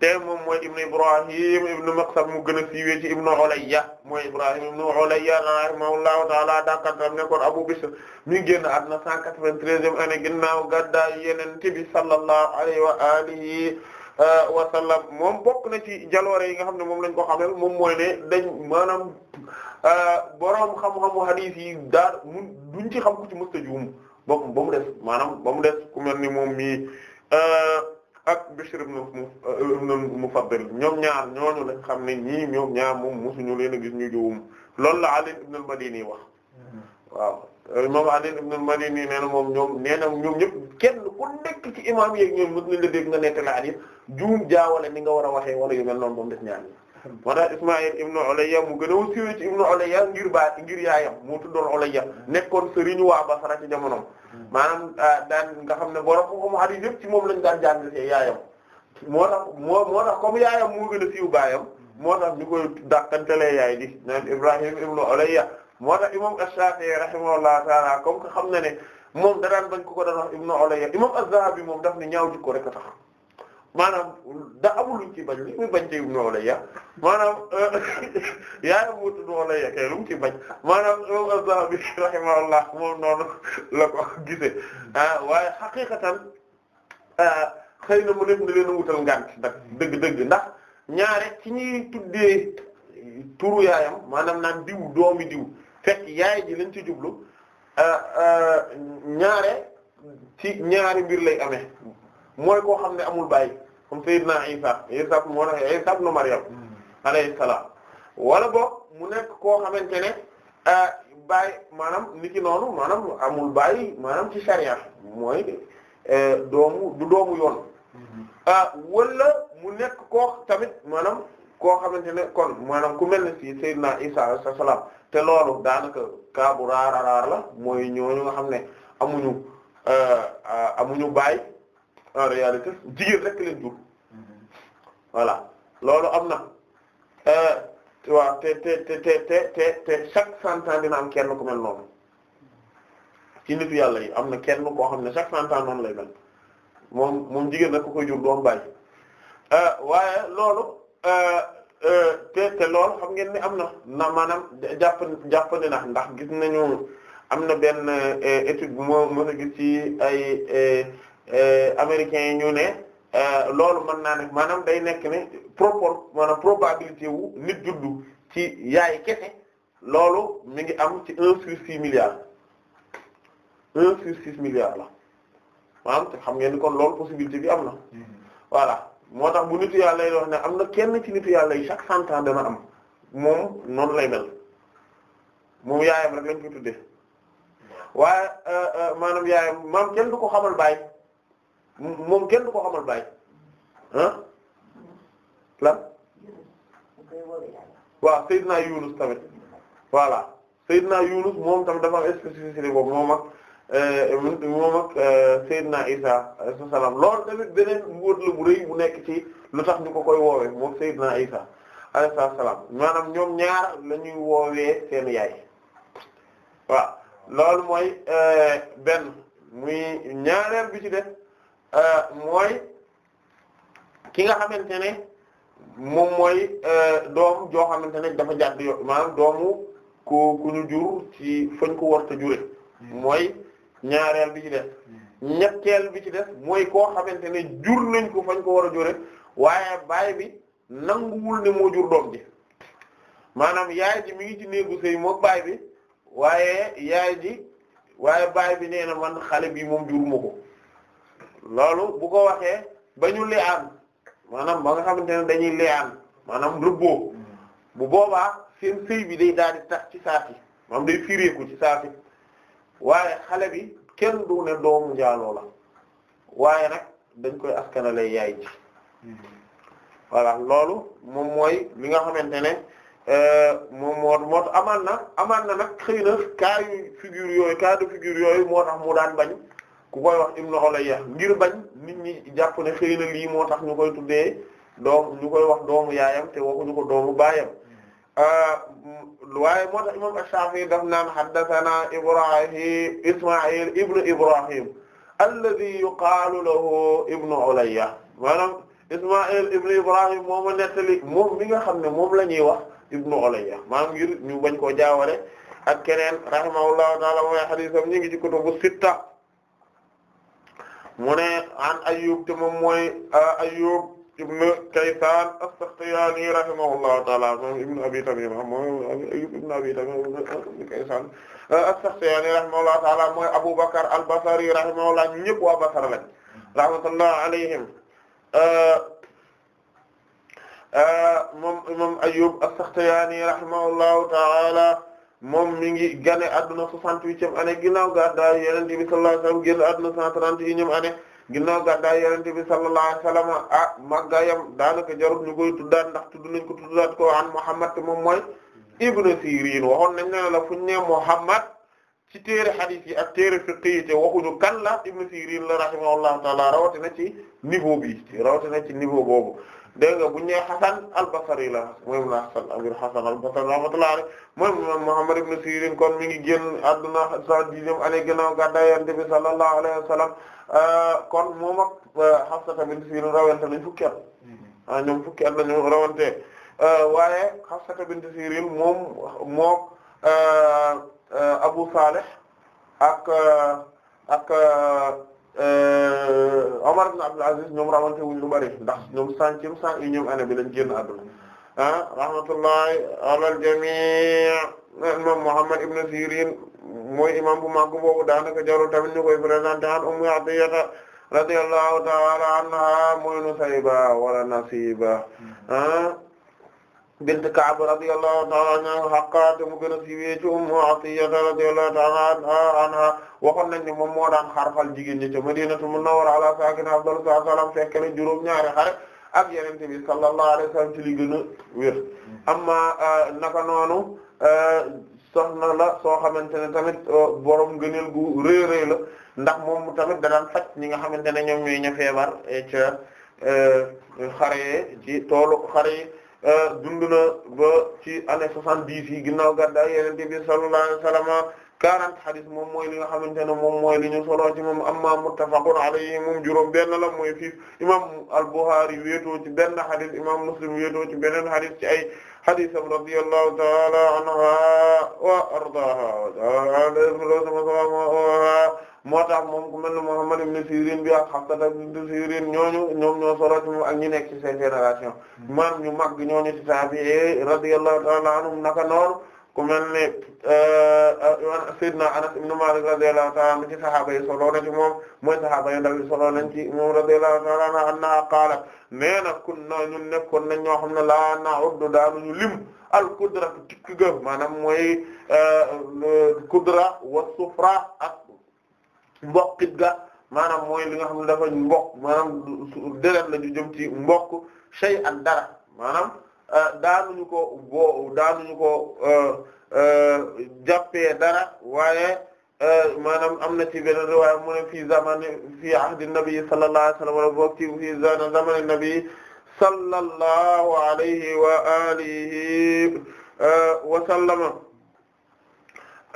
Speaker 1: te moom mooy ibnu Ibrahim ibnu Maqsam mu gën a siiwee ci ibnu Ulayya mooy Ibrahim ibnu Ulayya rahimahullahu ta'ala dakantam ne kon Abu Bishr mi ngi génn àdduna 193e année ginnaaw gàddaay Yonent bi sallallahu alayhi wa alihi Euh, wa sallam moom bokk na ci jaloore yi nga xam ne moom lañ ko xamel moom mooy ne dañ maanaam euh, boroom xam-xamu hadith yi daar mun duñ ci xam ku ci mësta juum bokk ba mu des maanaam ba mu des ku mel ni moom mii euh, ak Bishr ibn Mufaddal ñoom ñaar ñooñu lañ xam ne ñii ñoom ñaar moom mosuñu leen a gis ñu juum loolu la Ali ibn al-Madini wax waaw imam Ali ibn nee na moom ñoom nee na ñoom ñëpp kenn ku nekk ci imam yeeg ñoom mos nañ la dégg nga nettali hadith juum jaawale ni nga war a waxee wala yu mel noonu ba mu des ñaar moo mu gën a siiwee ci ibnu Ulayya ngir baa ngir yaayam mu tuddoon Ulayya nekkoon sëriñu waa Basra ci jamonoom hmm. maanaam ah, daan nga xam ne borom xam-xamu hadiis ci moom lañ daan jàng ci yaayam moo tax moo moo tax comme moo gën a siiw koy dàqantelee yaay di naan Ibrahim ibnu Ulayya moo tax imam Ash-Shafi'i rahimahullahu ta'ala comme que xam na ne moom da daan bañ ko ko daan wax ibnu Ulayya imam Az-Zahabi moom daf ne ñaaw jikko rek a tax maanaam da amul luñ ci bañ li muy bañ te Ibnu Ulayya maanaam euh, yaayam mu tudd Ulayya kay lu mu ci bañ maanaam imam Az-Zahabi rahimahullah moom ah, waaye xaqiqatan ah, xëy na mu nekk na leen a wutal ngant ndax dëgg-dëgg ndax ñaare ci ñuy tuddee turu yaayam maanaam naan diw doomi diw fekk yaay ji lañ ci jublu ah, ñaare ci ñaari mbir lay amee mooy koo xam ne amul bàyyi comme Seydina Isa Isa moo tax Isa ibn Maryam hmm. alayhi salaam wala boog mu nekk koo xamante ne euh, baay maanaam niki noonu maanaam amul baay maanaam ci charia mooy euh, doomu du doomu yoon hmm. euh, wala mu nekk ko tamit maanaam koo xamante ne kon maanaam ku mel ne ci Seydina Isa alayhi salaam te loolu daanaka kaabu raar raar la mooy ñooñu nga xam ne amuñu amuñu baay en réalité jigéen rek leen jur voilà loolu am na waaw euh, te te te te chaque cent dina am kenn ku mel noonu ci nitu yàlla yi am na kenn koo xam ne chaque cent ans noonu lay mel moom jigéen rek ku koy jur doom bàyyi euh, waaye loolu euh, te te loolu xam ngeen ni am na na maanaam jàpp jàppandi na ndax gis nañu am na benn étude bu ma mën a gis ci ay Euh, américains yi ñu ne euh, loolu mën naa ne maanaam day nekk ne propor maanaam probabilité wu nit juddu ci yaay kese loolu mi ngi am ci un sur six milliards un sur six milliards la maanaam xam ngeen kon loolu possibilité bi am na mm-hmm. voilà moo tax bu nitu yàlla lay ne am na kenn ci nitu yàlla yi chaque cent ans dana am moom noonu lay mel moom yaayam rek lañ ko tuddee waaye euh, maanaam yaayam maam kenn du ko xamal baay moom kenn du ko xamal bàyyi ah lan waaw Seydina Yunus tamit voilà Seydina Yunus moom tamit dafa am spécificité boobu moom ak euh, moom ak euh, Seydina Isa euh, salaam loolu tamit beneen mbóot la bu rëy bu nekk ci lu sax ñu ko koy woowe moom Seydina Isa alayhi salaam maanaam ñoom ñaar lañuy ñuy woowee seen yaay waaw loolu mooy benn muy ñaareel bi ci def Euh, mooy ki nga xamante ne moom mooy euh, doom joo xamante ne dafa jàdd yo maanaam doomu ku ku ñu jur ci fañ ko war ta jure mooy ñaareel bi ci def ñetteel bi ci def mooy koo xamante ne jur nañ ko fañ ko war a jure waaye baay bi nanguwul ne moo jur doom ji maanaam yaay ji mi ngi ci néegu sëy moom baay bi waaye yaay ji waaye baay bi nee na man xale bi moom juruma ko loolu bu ko waxee ba ñu liaan ba nga xamante ne dañuy liaan maanaam rëbboo bu boobaa seen sëy bi day daal di tax ci saati maanaam day firéeku ci saati waaye xale bi kenn du doomu njaaloo la waaye nag dañ koy askanale yaay ji voilà loolu moom mooy mi nga xamante ne euh, moom moo moo amaan na amaan na nag xëy na cas yu figure yooyu cas de figure yooyu moo tax mu daan bañ ku koy wax ibnu Ulayya ngir bañ nit ñi jàpp ne xëy na lii moo tax ñu koy tuddee doom ñu koy wax doomu yaayam te waxuñu ko doomu baayam euh, waaye moo tax imam Ash-Shafi'i daf naan haddathana Ibrahim Isma'il ibnu Ibrahim alladhi yuqaalu lahu ibnu Ulayya maanaam Isma'il ibnu Ibrahim moo ma nettali moom mi nga xam ne moom la ñuy wax ibnu Ulayya maanaam ngir ñu bañ koo jaawale ak keneen rahimahullahu ta'ala mooy hadiisam ñu ngi ci kutubu sitta mu ne an Ayyub te moom mooy Ayyub ibn Kaysan as-Sakhtiyani rahimahullahu ta'ala moom ibn Abi Tamima mooy Ayyub ibn Abi Tamima ibn Kaysan as-Sakhtiyani rahimahullahu ta'ala mooy Abu Bakr al-Basri rahimahullah ñëpp waa Basra lañ rahmatullah alayhim moom moom Ayyub as-Sakhtiyani rahimahullahu ta'ala moom mi ngi gane adduna soixante-huitième année ginnaaw gàddaay yonent bi sallallahu alayhi wasallam génn adduna cent trente-et-unième année ginnaaw gàddaay yonent bi sallallahu alayhi wasallam ah màggaayam daanaka jarul ñu koy tuddaat ndax tudd nañ ko tuddaat ko an Muhammad te moom mooy Ibnu Sirin waxoon nañ ne la fu ñu nee Muhammad ci téere hadith yi ak téere fiqh yi te waxuñu kan la Ibnu Sirin la rahimahullahu ta'ala rawatina ci niveau bi rawatina ci niveau boobu dégg nga bu ñu nee Hasan al-Basri la mooy mu Hasan Abu Hasan al-Basri rahmatullahi alayhi mooy Sirin kon mi ngi génn adduna cent dixième année ginnaaw gàddaay Yonent bi sallallahu alayhi euh, kon moom ak euh, Hafsa bint Sirin rawante mm-hmm. ah, euh, waaye Hafsa bint Sirin moom moom Abu Salih ak Euh, Omar ibn Abdul Aziz ñoom rawante wuñ lu bari ndax ñoom centième cent et unième année bi lañ génn àdduna ah rahmatullahi alal jamii imam Muhammad ibn Sirin mooy imam bu mag boobu daanaka jarul tamit ñu koy présenté an Ummu Atiyata radiyallahu ta'ala anha mooy Nusayba wala Nasiba ah bint Ka'b radiyallahu ta'ala anha Haqqa te mu gën a siiwee ci Ummu Atiyya radiyallahu ta'ala anha waxoon nañ ni moom moo daan xarfal jigéen ñi ca Madinatu Munawwara ala saakinihaa afdalu salaam fekk na juróom-ñaari xare ak yeneen bi sallallahu alayhi wa sallam ci li gën a wér amma euh, naka noonu euh, soxna la soo xamante ne tamit euh, borom gëneel gu rëy rëy la ndax moom tamit da daan faj ñi nga xamante ne ñoom ñooy ña feebar ca xare ci toolu xare Euh, dund na ba ci année soixante-dix yi ginnaaw gàddaay Yonent bi sallallahu alayhi wa sallam quarante hadith moom mooy li nga xamante ne moom mooy li ñu solo ci moom amma muttafaqun alayhi moom juróom benn la mooy fii imam al-Bukhari wéetoo ci benn hadith imam Muslim wéetoo ci beneen hadith ci ay haditham radiyallahu ta'ala anha wa ardaha wa moo tax moom ku mel ne Muhammad ibn Sirin bi ak Hafsa ibn Sirin ñooñu ñoom solo ci moom ak nekk ci seen génération hmm. maam ñu mag ñooñu ci tabi'i radiyallahu ta'ala anhum naka noonu ku mel ne euh, Seydina Anas ibn Malik radiyallahu ta'ala anhu ci sahaaba yi solo na ci moom mooy sahaaba yu ndaw solo nañ ci moom radiyallahu ta'ala anha anna qaala nee na kunna ñun nekkoon nañ ñoo xam ne laa na'uddu daanuñu lim al qudra tikk ga maanaam mooy euh, a wa sufra mboqit ga maanaam mooy li nga xam ne dafa mboq maanaam deret la ñu jëm ci mboq shay ak dara maanaam euh, daanuñu ko boo ko euh, euh, jàppee dara waaye maanaam am na ci beneen riwaaya mu ne fii zamani fii ahdi nabi sallallahu alayhi wa sallam wala boog ci fii zamani nabi sallallahu alayhi wa alihi wa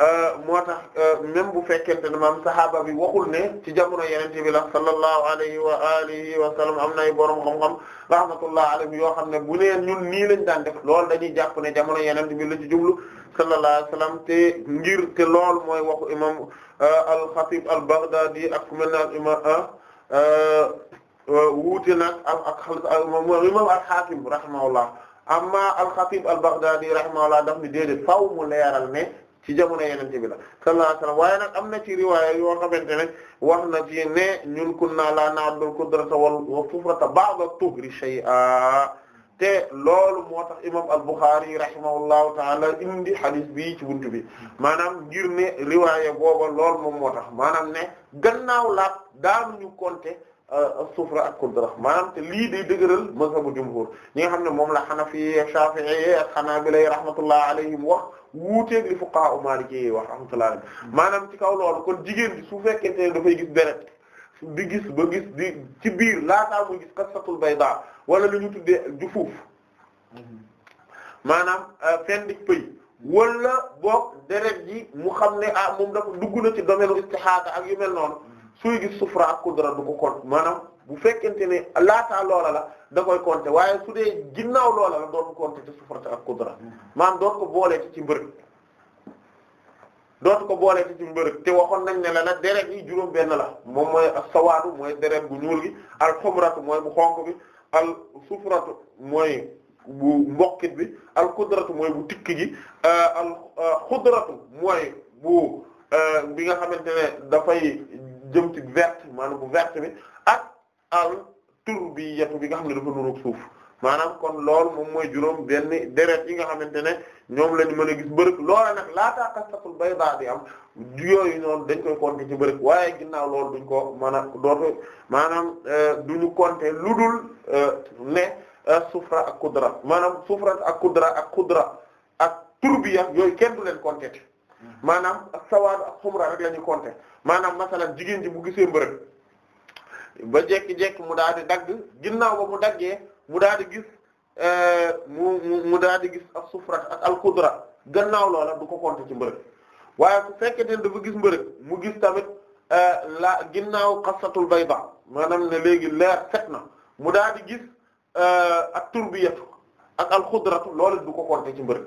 Speaker 1: Euh, moo tax euh, même bu fekkente ne maam bi waxul ne ci jamono yenente bi la sallallahu alayhi wa alihi wa sallam am na ay borom xam-xam rahmatullah alayhi yoo xam ne bu neen ñun nii lañ daan def lool dañuy jàpp ne jamono yenente bi la ci jublu sallallahu alayhi wa sallam te ngir te loolu mooy waxu imam euh, al-Khatib al-Baghdadi ak ku mel ne al imam wuute nag ak ak imam al-Hakim rahimahullah al-Khatib al-Baghdadi daf ni déedéet faaw mu leeral ne ci jamono yeneen bi la sallallahu alayhi wasallam am na ci riwaaya yoo xamante ne wax na ci ne ñun kunna la na'dul qudrata wal sufrata ba'da tuhri shay'a te loolu moo tax imam al-Bukhari rahimahullahu ta'ala indi hadith bii ci buntu bi maanaam ngir ne riwaaya booba lool moom moo tax maanaam ne gannaaw la daanu ñu compter as-sufra ak kudra maanaam te lii day dëgëral mazhabu jumhur ñi nga xam ne moom la hanafi shafi'i ak hanabila rahmatullah alayhim wax wuuteeg li fuqaha maliki wax rahmatullah alayhim hmm. maanaam ci kaw loolu kon jigéen bi su fekkente ne dafay gis deret di gis ba gis di ci biir laataa muy gis qasatul bayda wala lu ñu tuddee jufuuf hmm. maanaam euh, fenn di pëy wala boog deret ji mu xam ne ah moom dafa dugg na ci domaine u istihaada ak yu mel noonu sooy gis sufra ak kudra du ko compte maanaam bu fekkente ne laataa loola la da koy compter waaye su dee ginnaaw loola la doon ko ci sufra ak kudra maanaam doon ko boolee ci ci mbërëg doon ko boolee ci mbërëg te waxoon nañ ne la nag deret yi juróom benn la moom mooy as-sawaadu mooy deret bu ñuul gi al mooy bu xonq bi al-sufratu mooy bu mboqit bi al-kudratu mooy bu tikk gi euh, al euh, mooy bu euh, bi nga xamante ne dafay jëm ci verte maanaam bu vert bi ak al turbiyatu bi nga xam ne dafa nuroog suuf maanaam kon lool moom mooy juróom benn deret yi nga xamante ne ñoom lañu mën a gis bërëg loola nag laataa kastatul bayda di am yooyu noonu dañ koy compter ci bërëg waaye ginnaaw loolu duñ ko mën a dootu maanaam euh, duñu compter lu dul euh, ne euh, sufra ak kudra maanaam sufra ak kudra ak kudra ak turbiya yooyu kenn du leen compter maanaam a sawaadu ak xumra rek la ñu compter maanaam masalan jigéen ji mu gisee mbërëg ba jekki-jekki mu daal dagg ginnaaw ba mu daggee mu daal di gis euh, mu mu daal di gis ak ak alkudra gannaaw loola du ko compter ci mbërëg waaye su fekkee ne dafa gis mbërëg mu gis tamit euh, la ginnaaw xasatul bayda maanaam ne léegi leer set na mu daal di gis euh, ak turbiyatu ak alxudratu loolu du ko compter ci mbërëg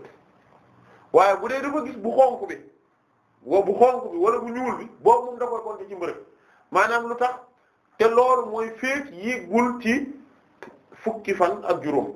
Speaker 1: waaye bu dee dafa gis bu xonk bi wa bu xonk bi wala bu ñuul bi boobu moom da koy compter ci maanaam lu tax te loolu mooy féeg yéegul ci fukki fan ak juróom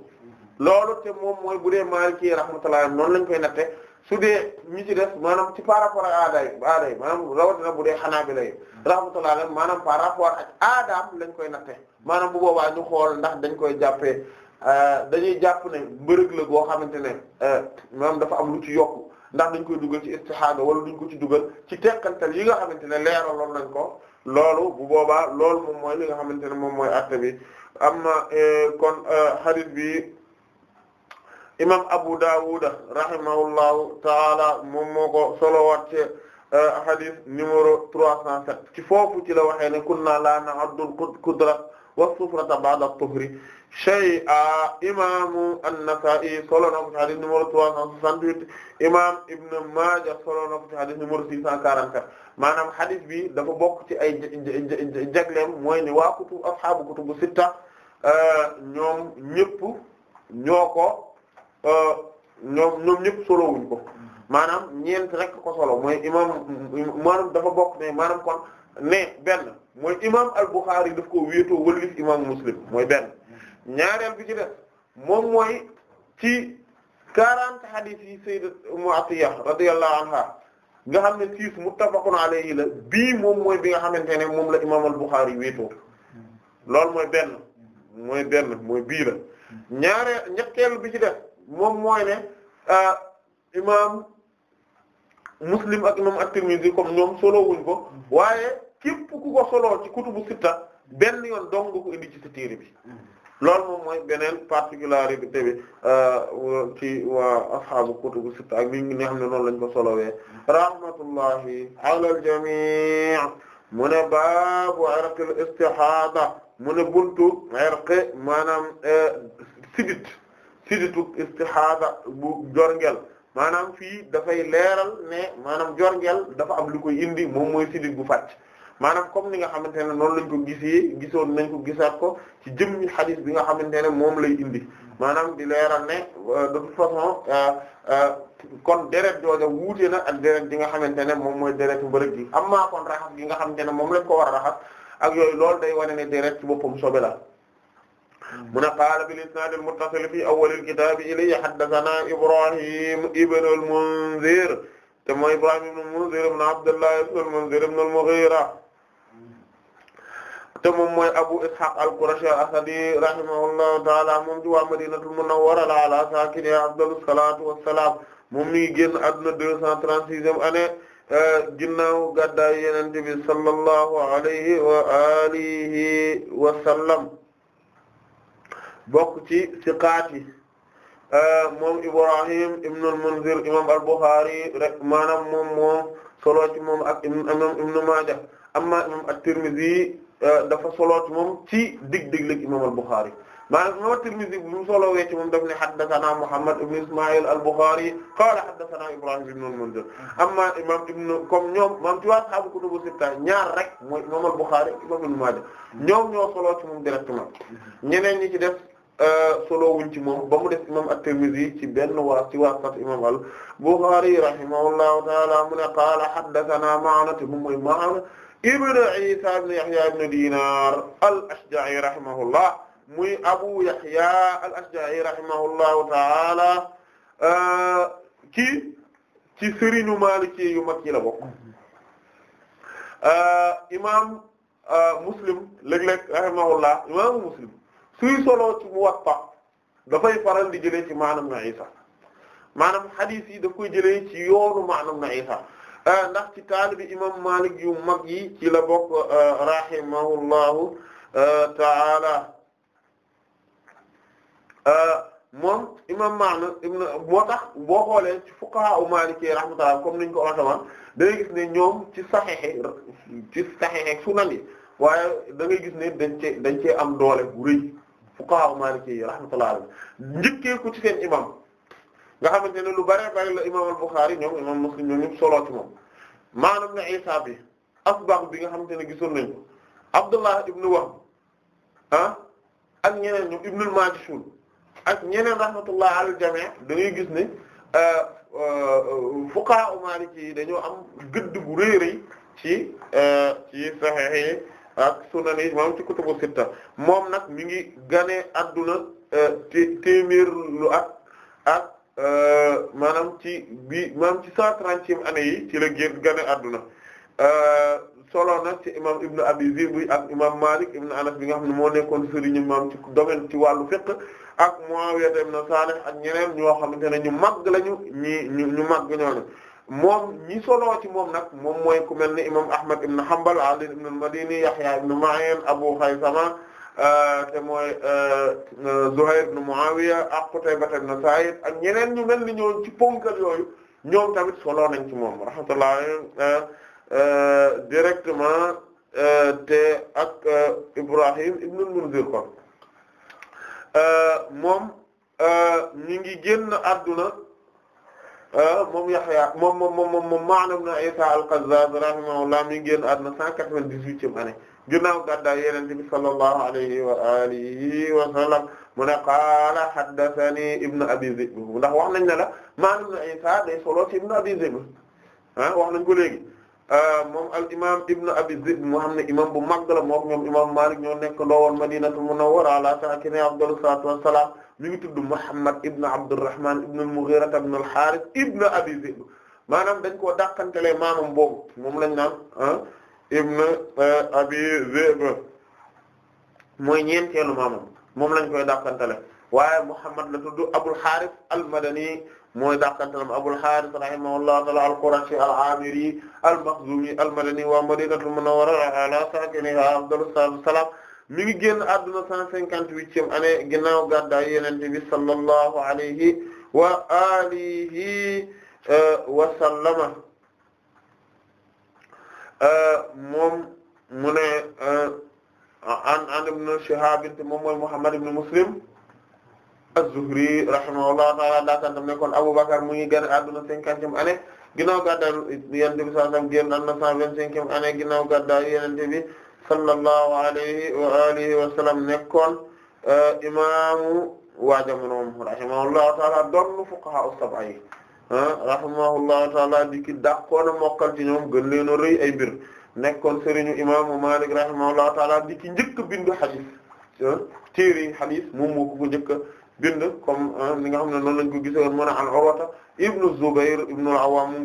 Speaker 1: loolu te moom mooy bu dee Maliki rahmatullah noonu lañ koy natte su dee ñi ci des maanaam ci par rapport ak aaday aaday maanaam rawatina bu dee Hanaabila rahmatullah maanaam par rapport a aadaam lañ koy natte maanaam bu boobaa ñu xool ndax dañ koy jàppee Euh, dañuy jàpp ne mbërëg la goo xamante ne euh, maanaam dafa am lu ci yokku ndax dañ koy dugal ci istihaada wala duñ ko ci dugal ci tekkantal yi nga xamante ne leeraloon nañ ko loolu bu boobaa loolu moom mooy li nga xamante ne moom mooy acte am na euh, kon hadith bi imam Abu Dawud rahimahullahu taala moom moo ko solowaat ci hadith numéro 307 ci foofu ci la waxee ne kunna la na'addu al-qudra wa as-sufrata ba'da at-tuhri shay'a imaamu an-Nasaa'i solo na ko ci hadith numéro 368 imaam Ibn Maaja solo na ko ci hadith numéro 644 maanaam hadith bi dafa bokk ci ay jagleem mooy ni waa kutub ashaabu kutubu sitta euh, ñoom ñëpp ñoo ko euh, ñoom ñoom ñëpp solo wuñ ko maanaam ñeent rek ko solo mooy imaam maanaam dafa bokk ne maanaam kon ne benn mooy imaam al-Bukhari daf ko wéetoo wëlbis imaam Muslim mooy benn. ñaareel bi ci def moom mooy ci quarante hadith yi sayyidat Ummu Atiyya radiyallahu anha nga xam ne six muttafaqun alayhi la bii moom mooy bi nga xamante ne moom la imaam al-Bukhari wéetoo loolu mooy benn mooy benn mooy bii la ñaareel ñetteel bi ci de moom mooy ne euh, imaam Muslim ak imaam at-Tirmidhi comme ñoom solo wuñ ko waaye képp ku ko solo ci kutubu sitta benn yoon dong ko indi ci sa téere bi loolu moom mooy beneen particularité bi euh, ci waa ashaabu kutubu sitta ak li nga xam ne noonu lañ ko solowee rahmatullahi ala al-jamii mu ne baabu irqil istihaada mu ne buntu irqi maanaam euh, sidit siditu istihaada bu jorngel maanaam fii dafay leeral ne maanaam jorngel dafa am lu koy indi moom mooy sidit bu fàcc maanaam comme ni nga xamante ne noonu lañ ko gisee gisoon nañ ko gisaat ko ci jëmmi xadis bi nga xamante ne moom lay indi maanaam di leeral ne euh, de toute façon euh, euh, kon deret jooja wuute na ak deret gi nga xamante ne moom mooy deretu mbërëg gi am maa kon raxas gi nga xamante ne moom lañ ko war a raxas ak yooyu loolu day wane ne deret ci boppam sobe la hmm. mu ne qaala bil isnaad al muttasil fi awwal al kitaab ilayhi haddathanaa Ibrahim ibn al Munzir te moo Ibrahim ibn al Munzir ibn Abdullah ibn al Munzir ibn al Mughira te moom mooy Abu Ishaq al-Qurashi al-Asadi rahimahullahu ta'ala moom ci waa Madinatul ala saakinihaa afdalu salaatu wa moom mi ngi génn àdduna deux cent trente-sixième année euh, ginnaaw gàddaay Yonent bi sallallahu alayhi wa alihi ci euh, moom Ibrahim ibn al-Munzir imam al-Bukhari rek moom moom solo ci moom ak imam Ibn Maaja amma imam at-Tirmidhi Euh, dafa solo ci moom ci dig-digle imam al-Bukhari maanaam imam at bu mu solo wee ci moom daf ne haddathana Muhammad ibn Isma'il al-Bukhari qala haddathana Ibrahim ibn al-Mundhir amma imam ibn comme ñoom maam ci waa ashaabu kutubu sitta ñaar rek mooy imam al imam ibn Majah ñoom ñoo solo ci moom directement ñeneen ñi ci def euh, solo wuñ ci moom ba mu def imam at ci benn wa ci waaskat imam al-Bukhari rahimahullahu ta'ala mu ne qaala haddathana Ma'na te moom mooy ibn Isa ibn Yahya ibn Dinar al-Ashja'i rahimahullah muy Abu Yahya al-Ashja'i rahimahullahu ta'ala eh, ci ci sëriñu Maliki yu mag yi la bokk eh, imaam eh, Muslim léeg-léeg rahimahullah imaam Muslim suy solo ci Muwatta dafay faral di jëlee ci maanaam na Isa maanaam hadith yi daf koy jëlee ci yoonu maanaam na Isa Eh, ndax ci taalibi imam Malik yu mag yi ci la bokk eh, rahimahullahu eh, taala moom imam Maalik ibn moo tax boo xoolee ci fuqaha u Maliki rahmatullah comme niñ ko waxee woon da gis ne ñoom ci saxexe ci saxexe sunan yi waaye da gis ne dañ cee dañ cee am doole bu rëy fuqaha u Maliki rahmatullah njëkkee ko ci seen imam nga xamante ne lu bare bare la imam al-Bukhari ñoom imam Muslim ñoom ñëpp solo ci moom maanaam ne Isa bi bi nga xamante ne gisoon nañu Abdullah ibn Wahb ah ak ñeneen ñoom ibn al ak ñeneen rahmatullah alal jami' da gis ne euh, euh, fuqaha maliki yi dañoo am gëdd bu rëy rëy ci euh, ci yi ak sunan yi moom ci kutubu sitta moom nag mi ngi ganee adduna té téeméer lu at ak Euh, maanaam ci bi maanaam ci cent trentième année yi ci la génn gane adduna euh, solo na ci imam ibnu abi zibri ak imam malik ibnu anas bi nga xam ne moo nekkoon ñu maam ci domaine ci wàllu fiqh ak Muawiya ibn Salih ak ñeneen ñoo xamante ne ñu màgg lañu ñi ñu ñu màgg ñooñu moom ñi solo ci moom nag moom mooy ku mel ni imam ahmad ibn hanbal ali ibn al-madini yahya ibn ma'in abu khaysama Euh, te mooy euh, euh, Zuhayr ibn Muawiya ak Qutayba ibn Sa'id ak ñeneen ñu mel ni ñoon ci ponkal yooyu ñoom tamit solo nañ ci moom rahmatullah directement te ak Ibrahim ibn al kon moom ñu ngi génn adduna moom Yahya moom moom moom moom maanaam na Isa al-Qazzaz rahimahullah mi génn adduna cent quatre-vingt-dix-huitième année ginnaaw gàddaay Yonent bi sallallahu alayhi wa alihi wa sallam mu ne qaala haddathani ibnu abi Zib ndax wax nañ na la maanaam ibnu Isa day solo ci ibnu abi Zib ah wax nañ ko léegi euh, moom al imam ibnu abi Zib moo xam ne moom bu mag la moom ñoom imam Malik ñoo nekk ndoowoon Madinatul Munawwara ala saakinihaa afdalu salaatu wassalaam mi ngi tudd Muhammad ibnu Abdurrahman ibnu al-Mughira ibnu al-Harith ibnu abi Zib maanaam dañ koo dàqantelee maamam boobu moom lañ naan ibn eh, Abi Zib mooy ñeenteelu maamam moom lañ koy dàqantale waaye Muhammad la tudd Abul Harith al-Madani mooy dàqantalam Abul Harith rahimahullahu ta'ala al-Qurashi al-Amiri al-Makhzumi al-Madani wa Madinatul Munawwara ala sakiniha afdalu salaam mi ngi génn àdduna 158e année ginnaaw gàddaay Yonent bi sallallahu alayhi wa alihi eh, wa sallama Euh, moom mu ne euh, an an ibn Shihab te moom mooy Muhammad ibn Muslim az-Zuhri rahimahullahu ta'ala daakantam ne kon Abu Bakr mu ngi génn àdduna cinquantième année ginnaaw gàddaay Yonent bi sallallahu alayhi wa sallam génn àdduna cent vingt-cinquième année ginnaaw gàddaay Yonent bi sallallahu alayhi wa alihi wa sallam nekkoon euh, imaamu waa jamonoom rahimahullahu ta'ala doon fuqaha as-sab'a Ah, rahimahullahu taala di ki dàqoon a mokkal ci ñoom gën leen rëy ay mbir nekkoon seriñu imaamu Malik rahimahullahu taala di ki njëkk a bind xadis ah, téeri xadis moom moo ko ko njëkk a bind comme li ah, nga xam ne noonu lañ ko gisee woon mu ne an Urwata ibnu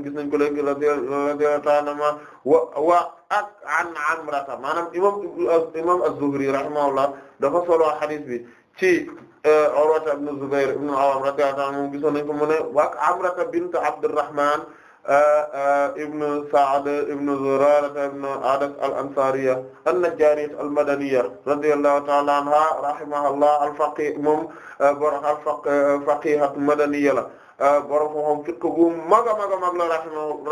Speaker 1: gis nañ ko léegi radiyallahu ta'ala anhu wa wa ak an Amrata maanaam imam imam az-Zuhri rahimahullah dafa solo xadis bi ci Euh, Urwata ibn Zubayr ibn al-Awwam radiyallahu anhu moom gisoon nañ ko mu ne wa Amrata bint Abdurrahman euh, euh, ibn Sa'd ibn Zurara ibn Adas al-Ansariya an-Najjariya al-Madaniya radiyallahu ta'ala anha rahimahullah al-faqih moom borom al-faqihat madaniya la borom xam fiqh gu mag a mag a mag la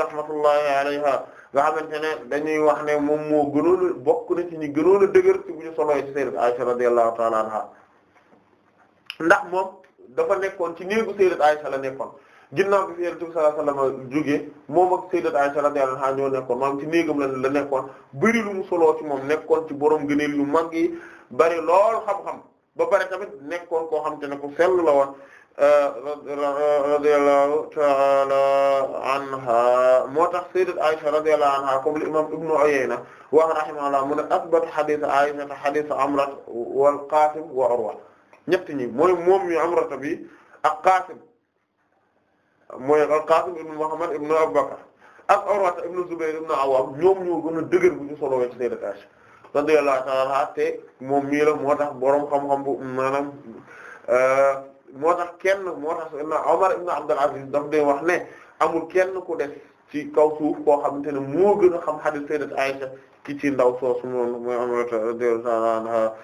Speaker 1: rahmatullahi alayha nga xamante ne dañuy wax ne moom moo gënoon a bokk na ci ñi gënoon a dëgër ci bu ñu solo ci Sayyidati Aisha radiyallahu ta'ala anha ndax moom dafa nekkoon ci néegu sayyidat Aisha la nekkoon ginnaaw bi fi Yonent bi sallallahu alayhi wasallam jógee moom ak sayyidat Aisha radiyallahu anha ñoo nekkoon maam ci néegam la nekkoon bëri lu mu ci moom nekkoon ci borom gëneel yu mag yi bari lool xam-xam ba pare tamit nekkoon koo xam te ne ko sell la woon radiyallahu ta'ala anha moo tax sayyidat Aisha radiyallahu anha comme l'imam Ibn Uyayna wa rahimahullah mu ne asbat hadith Aisha hadith Amra wal Qasim wa Urwa ñett ñi mooy moom mi Amrata bi ak Qaasim mooy al-Qaasim Muhammad ibn Abu Bakr ak Urwata ibn Zubayr ibn Awwam ñoom ñoo gën a dëgër bu ñu solowee ci Sayyidat Aisha radiyallahu ta'ala anha te moo mii moo tax boroom xam-xam euh, moo tax kenn moo tax Umar ibn Abdul Aziz daf day wax ne amul kenn ku def ci kaw suuf koo te ne moo gën a xam hadith Sayyidat Aisha ki ci ndaw soosu noonu mooy Amrata radiyallahu ta'ala anha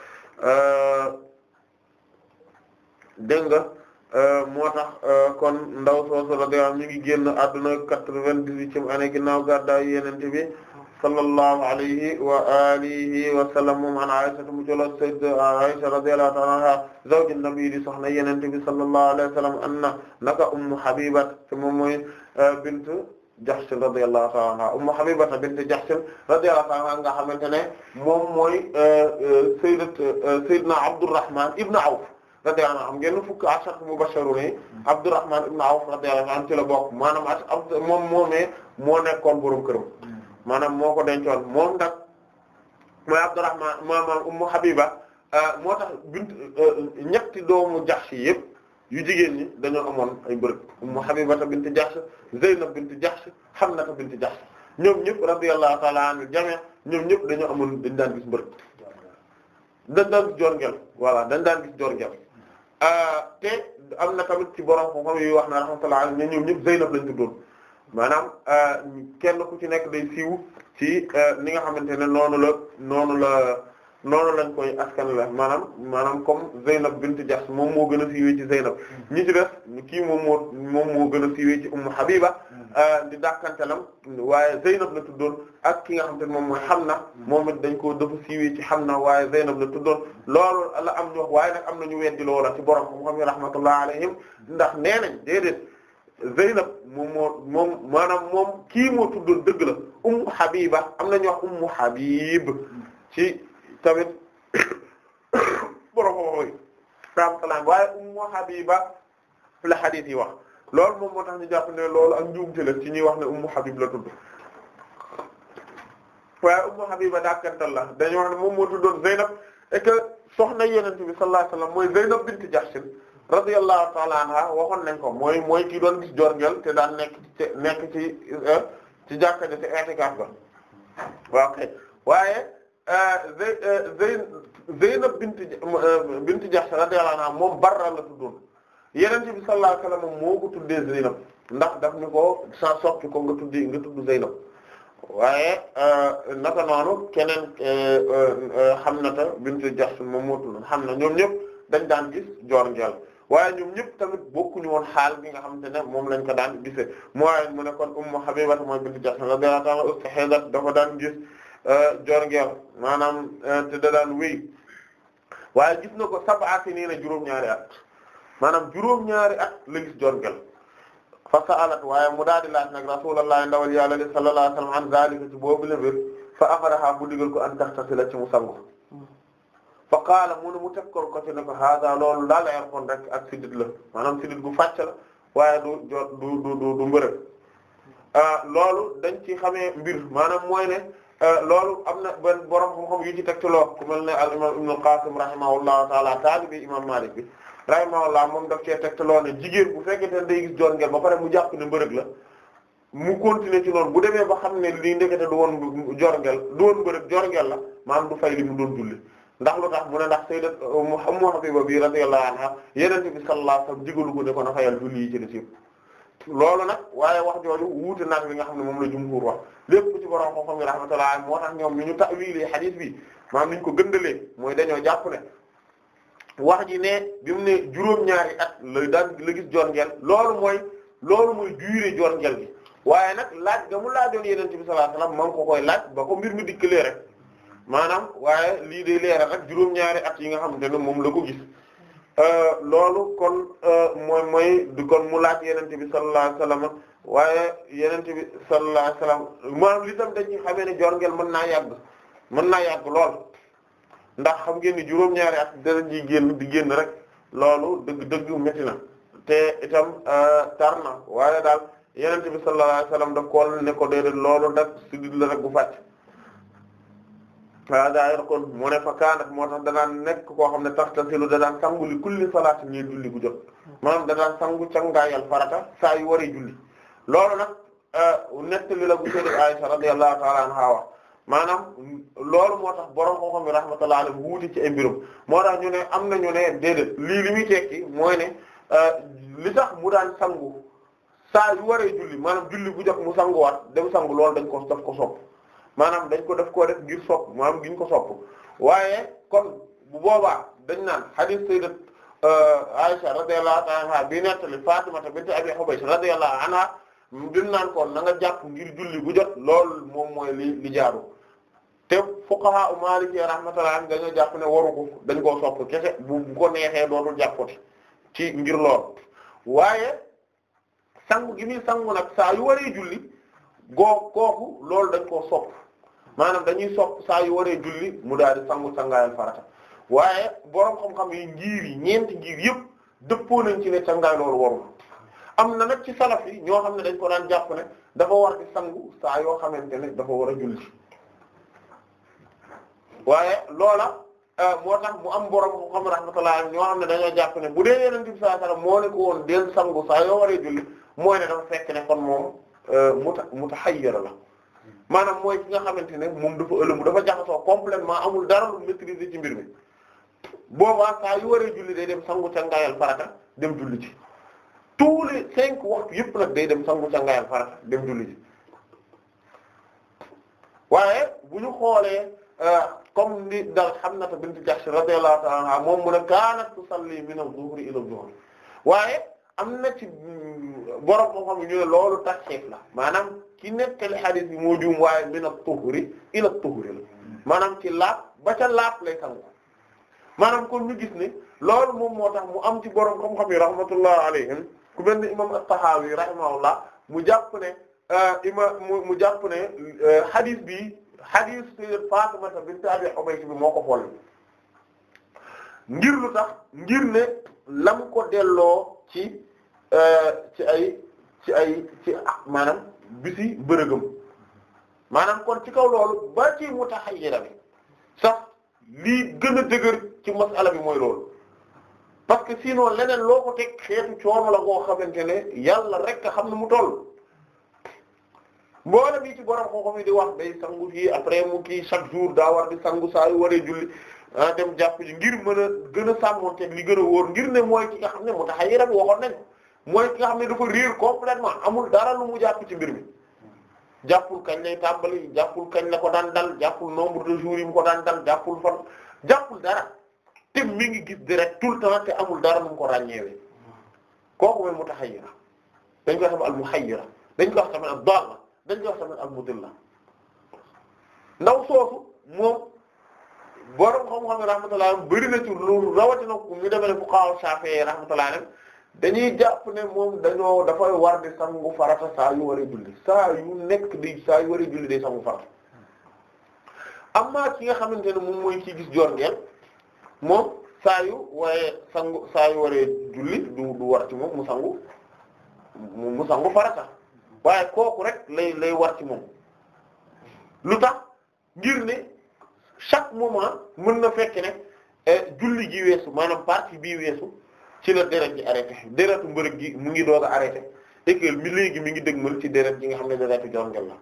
Speaker 1: euh, dégg nga euh, moo tax euh, kon ndaw soosu radiyallahu anha mi ngi génn adduna quatre-vingt-dix-huitième année ginnaaw gàddaay Yonent bi sallallahu alayhi wa alihi wa sallam moom an Aisha mu jëloon sayyidat Aisha radiyallahu ta'ala anha zawju nabi di soxna Yonent bi sallallahu alayhi wa sallam anna naka ummu Habiba te moom mooy euh, bintu Jahsh radiyallahu ta'ala anha ummu Habiba bintu Jahsh radiyallahu ta'ala anha nga xamante ne moom mooy sayyidat sayyidna Abdurrahman ibn Awf radiyallahu am xam ngeen fukk ashar mubashiruna yi Abdurrahman ibn Awf radiyallahu anhu ci la bokk maanaam as moom moomee moo nekkoon borom këram maanaam moo ko dencoon moom nag mooy Abdurrahman maanaam Ummu Habiba euh, moo tax bint euh, ñetti doomu Jahsh yëpp yu jigéen ñi dañoo amoon ay bërëb Ummu Habiba bint Jahsh Zaynab bint Jahsh Hamna bint Jahsh ñoom ñëpp radiyallahu ta'ala anhu jame ñoom ñëpp dañoo amoon dañ daan gis mbërëb dañ daan gis jorngel voilà dañ daan gis jorngel te am na tamit ci borom xam-xam yu wax na rahmatullah alayhi ñoom ñëpp Zeynab lañ tuddoon maanaam euh, kenn ku ci nekk day siiw ci euh, ni nga xamante ne noonu la noonu la noonu lañ ko askan la maanaam maanaam comme Zeynab bint Jahsh moom moo gën a siiwee ci Zeynab hmm. ñi ci kii moom moo moom moo gën a siiwee ci Ummu Habiba hmm. euh, di dàkkantalam waaye Zeynab la tuddoon ak ki nga xam te ne moom mooy Hamna hmm. moom it dañ koo dafa siiwee ci Hamna waaye Zeynab la tuddoon loolu ala am ñu wax waaye nag am na ñu weddi loola ci borom mu xam ne rahmatullah alayhim ndax nee nañ déedéet Zeynab moom moo moom maanaam moom kii moo tuddoon dëgg la Ummu Habiba am na ñu wax Ummu Habib ci. tamit borom moom mooy rahmatullah waaye Ummu Habiba la hadith yi wax loolu moom moo tax ñu jàpp ne lool ak njuumte la ci ñuy wax ne Ummu Habib la tudd waaye Ummu Habiba dàkkantal la dañu wax ne moom moo tuddoon Zeynab et que soxna Yonent bi sallallahu alayhi wasallam mooy Zeynab bint Jahsh radiyallahu ta'ala anha waxoon nañ ko mooy mooy ki doon gis jorgel te daan nekk ci ci eh, ci jàkka ja ci i'tikaf ba waaw waaye. Zeynab binti euh, binti Jahsh radiyallahu anha moom Barra la tuddoon Yonent bi sallallahu alayhi wa moo ko tuddee Zeynab ndax daf ñu ko sa soppi ko nga tuddi nga tudd Zeynab waaye euh, naka noonu keneen euh, Hamnata binti Jahsh moom moo tuddoon xam na ñoom ñëpp dañ daan gis joor njël waaye ñoom ñëpp tamit bokkuñu woon xaal bi nga xam ne moom lañ ko daan gisee mooy mu ne kon Ummu Habiba mooy binti Jahsh radiyallahu anha dafa daan gis. jorngeel maanaam eh, te da daan waaye gis na ko sab'ati nii juróom-ñaari at maanaam juróom-ñaari at la gis jorngeel fa sa'alat waaye mu daal di laaj nag rasulullah ndawal yàlla li sallallahu alayhi wasallam an zalika ci boobu le mbir fa amaraha bu digal ko an taxtasila ci mu sangu fa qaala mu ne mu tekkor ko ci ne ko hada loolu daal la yarkoon rek ak sidit la maanaam sidit bu fàcc la waaye du jot du du du ah, loolu dañ ci xamee mbir maanaam mooy Euh, loolu am na benn borom xam-xam yu ci teg ci loolu ku mel ne al imam Ibn al-Qasim rahimahullahu ta'ala taalibi imam Malik bi rahimahullah moom daf cee teg ci loolu ne jigéen bu fekkee ne day gis jongeel ba pare mu jàpp ne mbërëg la mu continuer ci noonu bu demee ba xam ne lii ndekete du woon jorngel du woon mbërëg jorngel la maanaam du fay li mu doon julli ndax lu tax mu ne ndax sayyidat Ummu Habiba bi radiyallahu anha yonent bi a alayhi wasallam digalu ko ne ko na fayal julli yi loolu nag waaye wax jooju wuute nag li nga xam ne moom la jumhuur wax lépp ci borom xam-xam yi rahmatullah moo tax ñoom ñu ñu ta'wiili hadith bi maanaam niñ ko gëndalee mooy dañoo jàpp wax ji ne bi mu ne juróom-ñaari at la daan la gis loolu mooy loolu mooy durée jorngeel bi waaye nag laaj nga mu laajoon Yonent bi sallallahu alayhi wasallam maa ngi ko koy laaj ba ko mbir mi dikkalee rek maanaam waaye lii day leeral rek juróom-ñaari at yi nga xamante ne moom la ko gis. Euh, loolu kon euh, mooy mooy du kon mu laaj yenente bi sallallahu alayhi wasallam waaye yenente bi sallallahu alayhi wasallam maanaam li tam dañuy xamee joor jorngeel mën naa yàgg mën naa yàgg lool ndax xam ngeen ni juróom-ñaari at dara ji génn di génn rek loolu dëgg dëgg métti na te itam euh, tar na waaye daal yenente bi sallallahu alayhi wasallam daf kool ne ko déedéet loolu da sigid la rek bu fàcc fadair kon mu ne fa kaanat moo tax danaan nekk koo xam ne taxtasilu danaan sangu li kulli salaat ñi julli gu jot maanaam danaan sangu cangaayal farata saa yu waree julli loolu nag euh, nett li la bu seede Aysa radiyallahu ta'ala anha wa maanaam loolu moo tax boroo koo xam ne rahmatullahi alayhi wuute ci ay mbirum moo tax ñu ne am na ñu ne déedéet lii li muy tekki mooy ne euh, li tax mu daan sangu saa yu waree julli maanaam julli bu jot mu waat dem sangu loolu dañ ko daf ko sopp maanaam dañ ko def koo def ngir sopp maanaam giñ ko sopp waaye kon bu boobaa dañ naan hadith sayyidat euh, Aisha radiyallahu anha bi nettali Fatima bint Abi Hubaysh radiyallahu anha bi mu naan kon na jàpp ngir julli bu jot loolu moom mooy li li jaaru te fuqaha u Maliki rahmatullah am dañoo jàpp ne waru ko dañ ko sopp kese bu ko neexee dootul jàppati ci ngir lool waaye sangu gi muy sangu nag saa yu waree julli goo kooku loolu dañ koo sopp maanaam dañuy sopp saa yu waree julli mu daal di sangu sangaayal farata waaye borom xam-xam yi ngiir yi ñeenti ngiir dëppoo nañ ci ne sangaay loolu warul am na ci salaf yi ñoo xam ne dañ ko daan jàpp ne dafa war sangu saa yoo xamante ne dafa war a julli waaye loola euh, moo tax mu am borom xam-xam rahmatullah ñoo xam ne dañoo jàpp ne bu dee yeneen bi sallallahu ko sangu saa yoo waree julli mooy ne dafa fekk ne kon moom euh, muta maanaam mooy ki nga xamante ne moom dafa ëlëmu dafa jaxasoo complètement amul dara lu maîtriser ci mbir mi boobaa saa yu waree julli day dem sangu cangaayal farata dem julli ci tous les cinq day dem sangu cangaayal farata dem julli ci waaye bu ñu xoolee euh, comme ni dal Hamnata bint Jahsh radiyallahu ta'ala anha moom mu ne kaanat tusalli min az-zuhri ila az-zuhr waaye am na ci mm, borom moo xam ne loolu tax xeef la maanaam ki nettali xadis bi moo juum waaye min at ila at la maanaam ci laab ba ca laab lay sangu maanaam kon ñu gis ni loolu moom moo tax mu am ci borom xam-xam yi rahmatullah alayhim ku mel ni imam at-Tahawi mu jàpp ne euh, ima mu jàpp ne euh, xadis bi xadis Fatima bint Abi bi moo ko xool ngir lu tax ngir ne lam ko delloo ci euh, ci ay ci ay ci ah maanaam bisi bërëgëm maanaam kon ci kaw loolu ba ci mutahayyira bi sax lii gën a dëgër ci masala bi mooy loolu parce que sinon leneen loo ko teg xeetu coono la koo xamante ne yàlla rek a xam ne mu toll mboolem bi ci borom koo xam di wax day sangu fii après mu kii chaque jour daa war di sangu saa yu waree julli ah, dem jàpp ji ngir mën a gën a sàmmonteeg li gën a wóor ngir ne mooy ki nga xam ne mutahayyira bi waxoon nañ mooy ki nga xam ne dafa réer complètement amul dara lu mu jàpp ci mbir mi jàppul kañ lay tàmbali jàppul kañ la ko daan dal jàppul nombre de jours yi mu ko daan dal jàppul fan jàppul dara te mi ngi gis direct tout le temps te amul dara nu mu ko ràññeewee kooku mooy mutahayyira dañ koy wax tamit al muhayyira dañ koy wax tamit al dalla dañ koy wax tamit al mudilla ndaw soosu moom borom xam-xam rahmatullah bari na ci loolu rawatina ñu demee ne fuqaha laa rahmatullah dañuy jàpp ne moom dañoo dafa war di sangu farata saa yu war a julli saa yu nekk di saa yu war a julli day sangu farata amma ki nga xamante ne moom mooy ci gis jorngeel moom saa yu waree sangu saa yu waree julli du war ci moom mu sangu mu sangu farata waaye kooku rek lay lay war ci moom lu tax ngir ne chaque moment mën na fekk ne eh, julli gi weesu maanaam partie bii weesu ci la deret ji arrêté deretu mbërëg gi mu ngi doog a arrêté et que mi léegi mi ngi dëgmal ci deret gi nga xam ne deretu jongal la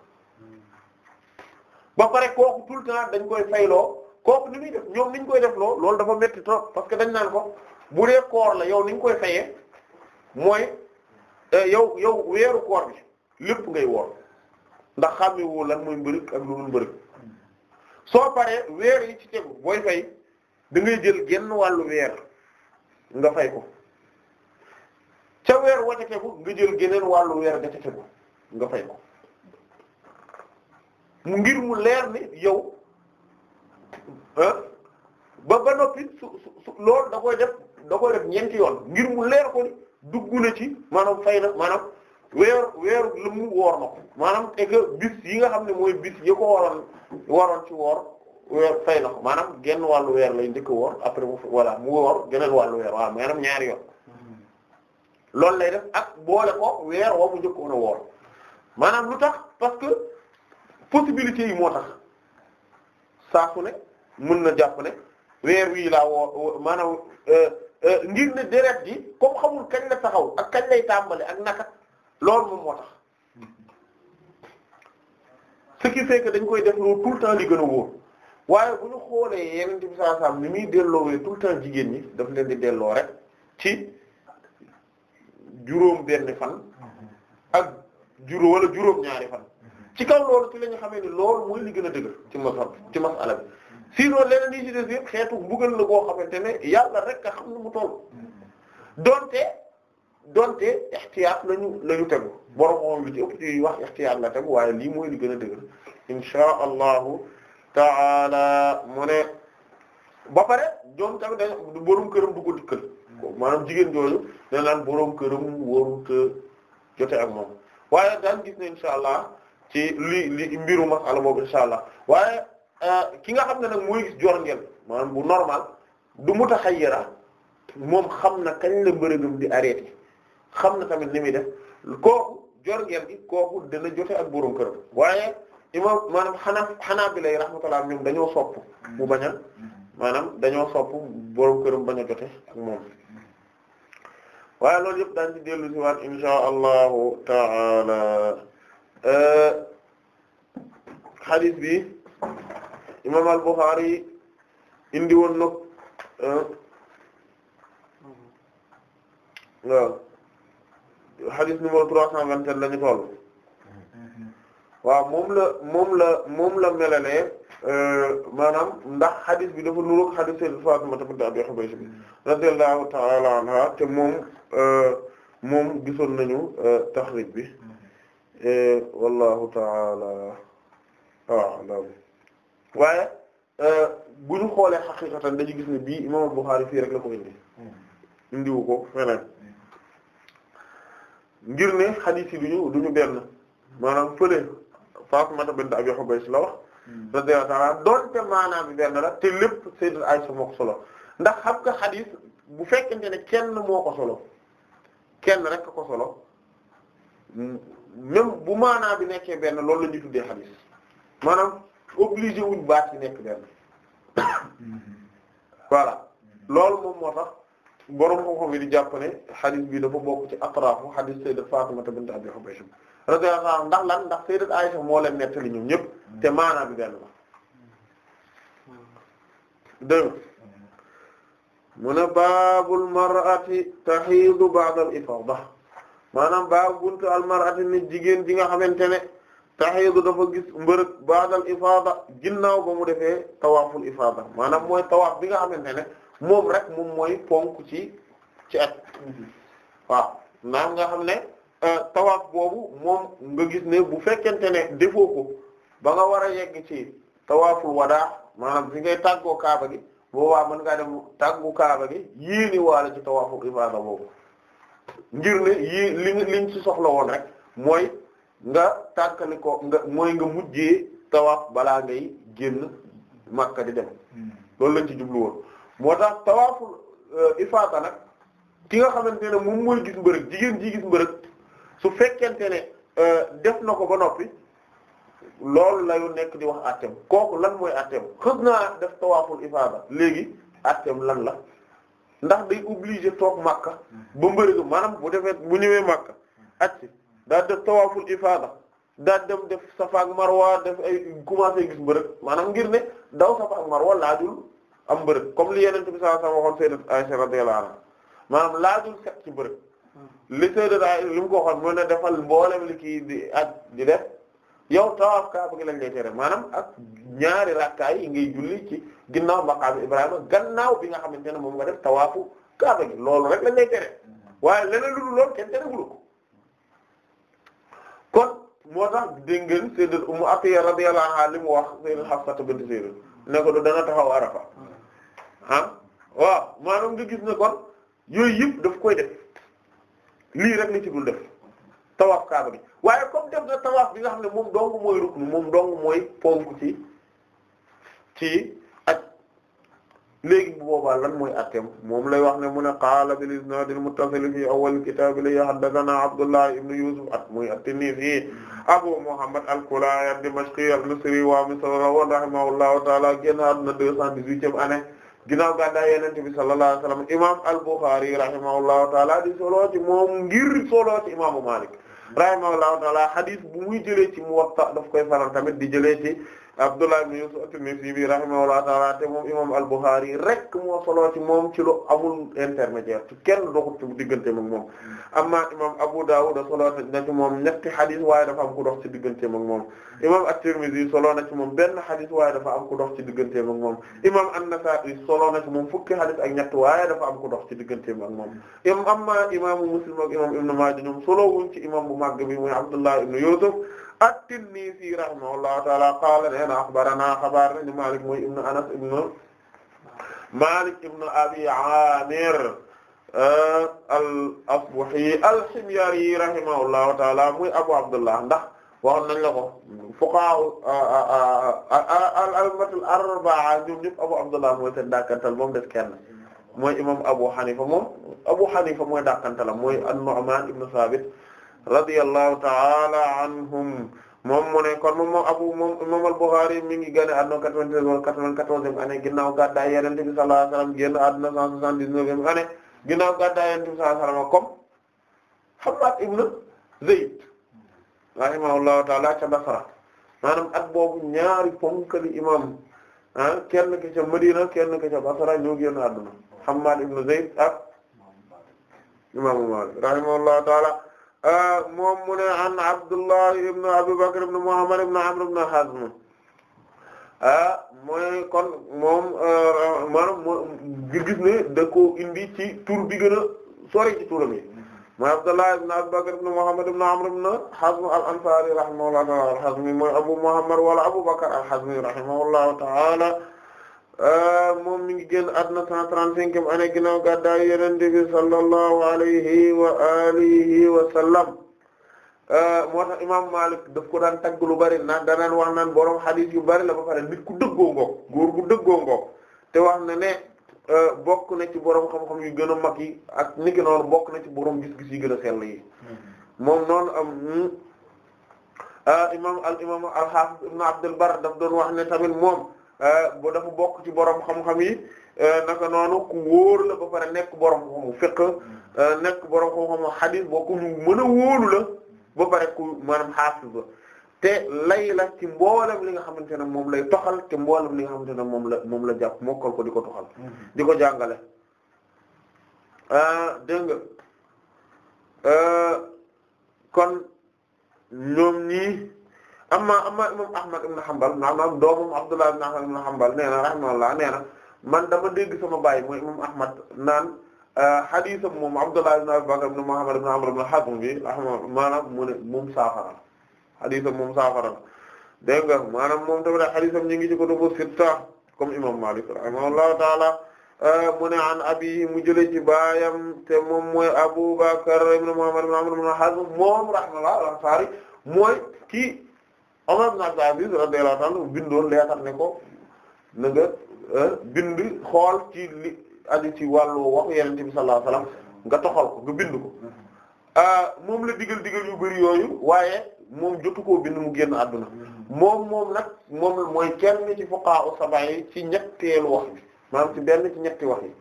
Speaker 1: ba pare kooku tout le temps dañ koy fayloo kooku ni muy def koy def loo loolu dafa métti trop que dañ naan ko bu dee koor la yow ni ñu koy fayee mooy euh, yow yow weeru koor bi lépp ngay woor ndax xàmmewu lan mooy mbërëg ak lu dul mbërëg soo paree weer yi ci tegu booy fay da jël genn wàllu weer nga fay ko ca weer wa ca ko nga jël geneen wàllu weer ga ca tegu nga fay ko mu ngir mu leer ni yow ah, ba ba noppi su su loolu da koy def da koy def yoon ngir mu leer ko ni dugg ci maanaam fay na maanaam weer weeru lu mu wor na ko maanaam et que bis yi nga xam ne mooy bis yi ko waroon waroon ci woor weer fay na maanaam genn wàllu weer lay njëkk woor après mu voilà mu woor geneen wàllu weer waaw maanaam ñaari yoon loolu lay def ak boole ko weer wa mu njëkkoon a woor maanaam lu tax parce que possibilité yi moo tax saa su ne mën na jàpp ne weer wii laa woor maanaam euh, euh, ngir ne deret ji comme xamul kañ la taxaw ak kañ lay tàmbali ak naka loolu moom moo tax ce qui fait que dañ koy def loolu tout le temps li gën a wóor waaye bu ñu xoolee yeneen bi sallallahu alayhi wasallam ni muy delloo tout le temps jigéen ñi daf leen di delloo rek ci juróom benn fan ak juróom wala juróom ñaari fan ci kaw loolu ci lañu ñu xamee ni loolu mooy li gën a dëgër ci masal ci masala bi sinon leneen yi ci des yëpp xeetu mbugal la boo xamante ne yàlla rek a xam ne mu toll donte donte ixtiyaat lañu la ñu tegu borom moom ci ëpp ci wax ixtiyaat la tegu waaye lii mooy li gën a dëgër insha allahu ta'ala mu ne ba pare doom tamit dañ kër këram du ko dikkal maanaam jigéen jooju dañ naan borom këram warut jote ak moom waaye daan gis na insha allah ci li li mbiru masala boobu insha allah waaye euh, ki nga xam ne nag muy gis jorngeel maanaam bu normal du muta xay mutaxayyira moom xam na kañ la mbërëgam di arrêté xam na tamit ni muy def kooku jorngeel gi kooku dana jote ak borom kër waaye imam maanaam xanaa xanaa bi lay rahmatullah ñoom dañoo sopp mu bañ maanaam dañoo sopp borom këram bañ a jote moom waaye loolu yëpp daañ ci dellu ci waat inshaa allahu taala xadis bi imam al-Bukhari indi woon nag waaw trois cent vingt-sept lañu tollu waaw moom la moom la moom la melalee euh, maanaam ndax xadis bi dafa nuroog xadis Sayyidatu Faatima bint Abi Hubays bi radiyallahu ta'ala te moom euh, moom gisoon nañu euh, taxrij bi wallahu ta'ala a'lam waaye bu ñu xoolee xaqiqatan dañu gis ne bii imam Bukhari fii rek la ko indi indiwu ko feneen ngir ne xadis yi duñu benn maanaam fële Faatimata bint Abi Hubays la wax hmm. radiyallahu ta'ala doonte maanaam benn la te lépp Sayyidat Aisha moo ko solo ndax xam ka xadis bu fekkente ne kenn moo ko solo kenn rek ko solo hmm, même bu maanaam bi nekkee benn loolu la ñuy tuddee xadis maanaam obligé wuñ baat yi nekk benn hmm. voilà loolu moom moo tax borom xam-xam yi di jàpp ne xadis bi dafa bokk ci atraafu xadis Sayyidat Faatimata bint Abi Hubays radiyallahu ndax lan ndax sayyidat Aisha moo leen nettali ñoom ñëpp te hmm. maanaa bi benn la hmm. dégg hmm. mu ne baabul mar'ati taxiidu ba'da ifaada maanaam baabu buntu al-mar'ati ni jigéen ji nga xamante ne taxiidu dafa gis mbërëg ba'da ifaada ginnaaw ba mu defee tawaaful ifaada maanaam mooy tawaaf bi nga xamante ne moom rek moom mooy ponk ci ci at waaw xam ne Euh, tawaaf boobu moom nga gis ne bu fekkente ne defoo ko ba nga war a yegg ci tawaaful wadaa maanaam fi ngay tàggoo kaaba gi boobaa mën ngaa dem tàggu kaaba gi yéene waale ci tawaaful ibaada boobu ngir ne yii liñ liñ ci soxla woon rek mooy nga tàkkali ko nga mooy nga mujjee tawaaf balaa ngay génn Makka di dem hmm. loolu lañ ci jublu woon moo tax tawaaful euh, ifaada nag ki nga xamante ne moom mooy gis mbërëg jigéen ji gis mbërëg su fekkente ne euh, def na ko ba noppi loolu la ñu nekk di wax atem kooku lan mooy atem xëg naa def tawaaful ifaada léegi attem lan la ndax day obligé toog makka ba mbërëg maanaam bu defee bu ñëwee makka acci daa def tawaaful ifaada daa dem def safa ak marwa def ay commencé gis mbërëg maanaam ngir ne daw safa ak marwa laajul am mbërëg comme li yeneen bi sallallahu alayhi wasallam waxoon sayyidat Aisha radiyallahu anha maanaam laajul set ci mbërëg li Seydou Daara li mu ko waxoon mu ne defal mboolem li kii di ak di def yow tawaaf kaaba gi lañ lay tere maanaam ak ñaari rakkaay yi ngay julli ci ginnaaw maqaam Ibrahima gannaaw bi nga xamante ne moom nga def tawaafu kaaba gi loolu rek lañ lay tere waaye leneen lu dul loolu kenn terewul ko kon moo tax dégg ngeen Seydou Umm Atiyya radiyallahu li mu wax Seydou Hafsa bint Seydou ne ko du dana taxaw Arafa ah waaw maanaam nga gis ne kon yooyu yëpp daf koy def. lii rek la ci dul def tawaaf kaaba bi waaye comme def na tawaaf bi nga xam ne moom dong mooy ruknu moom dong mooy ponk ci ci ak léegi bu boobaa lan mooy atteem moom lay wax ne mu a qaala bil isnaad al muttasil fi awwal kitaab li haddathana Abdullah ibn Yusuf at muy at-Tinnisi Abu Muhammad al-Kula'i ad-Dimashqi al-Misri wa Misr wa rahimahullahu ta'ala génn àdduna 218e année ginnaaw gàddaay yonent bi sallallahu alayhi wa sallam imaam al-Bukhari rahimahullahu taala di solo ci moom ngir solo ci imaamu Malik rahimahullahu taala hadith bu muy jëlee ci Muwatta daf koy faral tamit di jëlee ci. Abdullah ibn Yusuf at-Tinnisi bi rahimahullah ta'ala te moom imam al-Bukhari rek moo solo ci moom ci lu amul intermédiaire ci kenn doxut ci diggante mag moom amma imam Abu Dawud solo na ci moom ñetti xadis waaye dafa am ku dox ci diggante mag moom imam at-Tirmidhi solo na ci moom benn xadis waaye dafa am ku dox ci diggante mag moom imam an-Nasa'i solo na ci moom fukki xadis ak ñett waaye dafa am ku dox ci diggante mag moom imam amma imaamu Muslim ak imam Ibn Majah ñoom solo wuñ ci imam bu màgg bi mooy Abdullah ibn Yusuf at-Tinnisi rahimahullahu ta'ala qaala lana akhbarana xabaar nañu Malik mooy ibnu Anas ibnu Malik ibnu Abi Amir eh, al-Asbahi al-Himyari rahimahullahu ta'ala muy Abu Abdullah ndax waxoon nañ la ko fuqahaa al-a'immatul arba'a ñoom ñëpp Abu Abdullah mooy seen dàkkantal moom def kenn mooy imam Abu Hanifa moom Abu Hanifa mooy dàkkantalam mooy an-Nu'man ibnu Thabit radiyallahu ta'ala anhum moom mu ne kon moom moom abu moom imam al-Bukhari mi ngi génn àdduna quatre-vingt-treize wala quatre-vingt-quatorzième année ginnaaw gàddaay Yonent bi sallallahu alayhi wa sallam génn àdduna cent soixante-dix-neuvième année ginnaaw gàddaay Yonent bi sallallahu alayhi wa sallam comme Hammad ibn Zayd rahimahullahu ta'ala ca Basra maanaam at boobu ñaari ponkali imam ah kenn ki ca Madina kenn ki ca Basra ñoo génn àdduna Hammad ibn Zayd ak imaamu Maalik rahimahullahu ta'ala Ah, moom mu ne an Abdullah ibn Abi Bakr ibn Muhammad ibn Amr ibn Hazm ah mooy kon moom ah, maanaam nga gis ne da koo indi ci tur bi gën a sori ci turam yi mooy Abdullah ibn Abi Bakr ibn Muhammad ibn Amr ibn Hazm al-Ansari rahimahullahu ta'ala al-Hazmi mooy Abu Muhammad wala Abu Bakr al-Hazmi rahimahullahu ta'ala Euh, moom mi ngi génn àdduna 135e année ginnaaw gàddaay Yonent bi sallallahu alayhi wa alihi wa sallam euh, moo tax imaam Maalik daf ko daan tagg lu bari naa danaan wax naan borom xadiis yu bari la ba pare nit ku dëggoo ngoog góor gu dëggoo ngoog te wax na ne euh, bokk na ci boroom xam-xam yu gën a mag yi ak niki noonu bokk na ci borom gis-gis yu gën a sell yi mm-hmm. moom noonu am hmm, imaam al imaam al-Haafiz ibn Abdul Barr daf doon wax ne tamit moom. Euh, bu dafa bokk ci boroom xam-xam yi euh, naka noonu ku wóor la ba pare nekk borom xam-xamu euh, nekk borom xam-xamu boo ku mën a wóolu la ba pare ku maanaam xaafis ba te lay la ci mboolem li nga xamante ne moom lay toxal te mboolem li nga xamante ne moom la moom la jàpp mokkal ko di ko toxal. di ko jàngale. kon ñoom ñii. amma amma imam Ahmad ibn Hanbal maanaam doomam Abdullah ibn Ahmad ibn Hanbal nee na rahimahullah nee na man dama dégg sama baay mooy imam Ahmad naan euh, hadisam moom Abdullah ibn Abi Bakr ibn Muhammad ibn Amr ibn Hazm bi rahimahullah maanaam mu ne moom saafara hadisam moom saafara dégg nga maanaam moom tamit hadisam ñu ngi ci kutubu sitta comme imam Malik rahimahullahu ta'ala euh, mu ne an abi mu jëlee ci baayam te moom mooy Abu Bakr ibn Muhammad ibn Amr ibn Hazm moom rahimahullah al-Ansari mooy ki Umar ibn Abdul Aziz radiyallahu anhu bindoon leetar ne ko na nga euh, bind xool ci li aju ci wàllu waxu Yonent bi sallallahu alayhi nga toxal ko nga bind ko euh, moom la digal digal yu bari yooyu waaye moom jotu koo bind mu génn àdduna moom moom nag moom mooy kenn ci fuqaha sab'a yi ci ñetteelu wax bi maanaam ci benn ci ñetti wax yi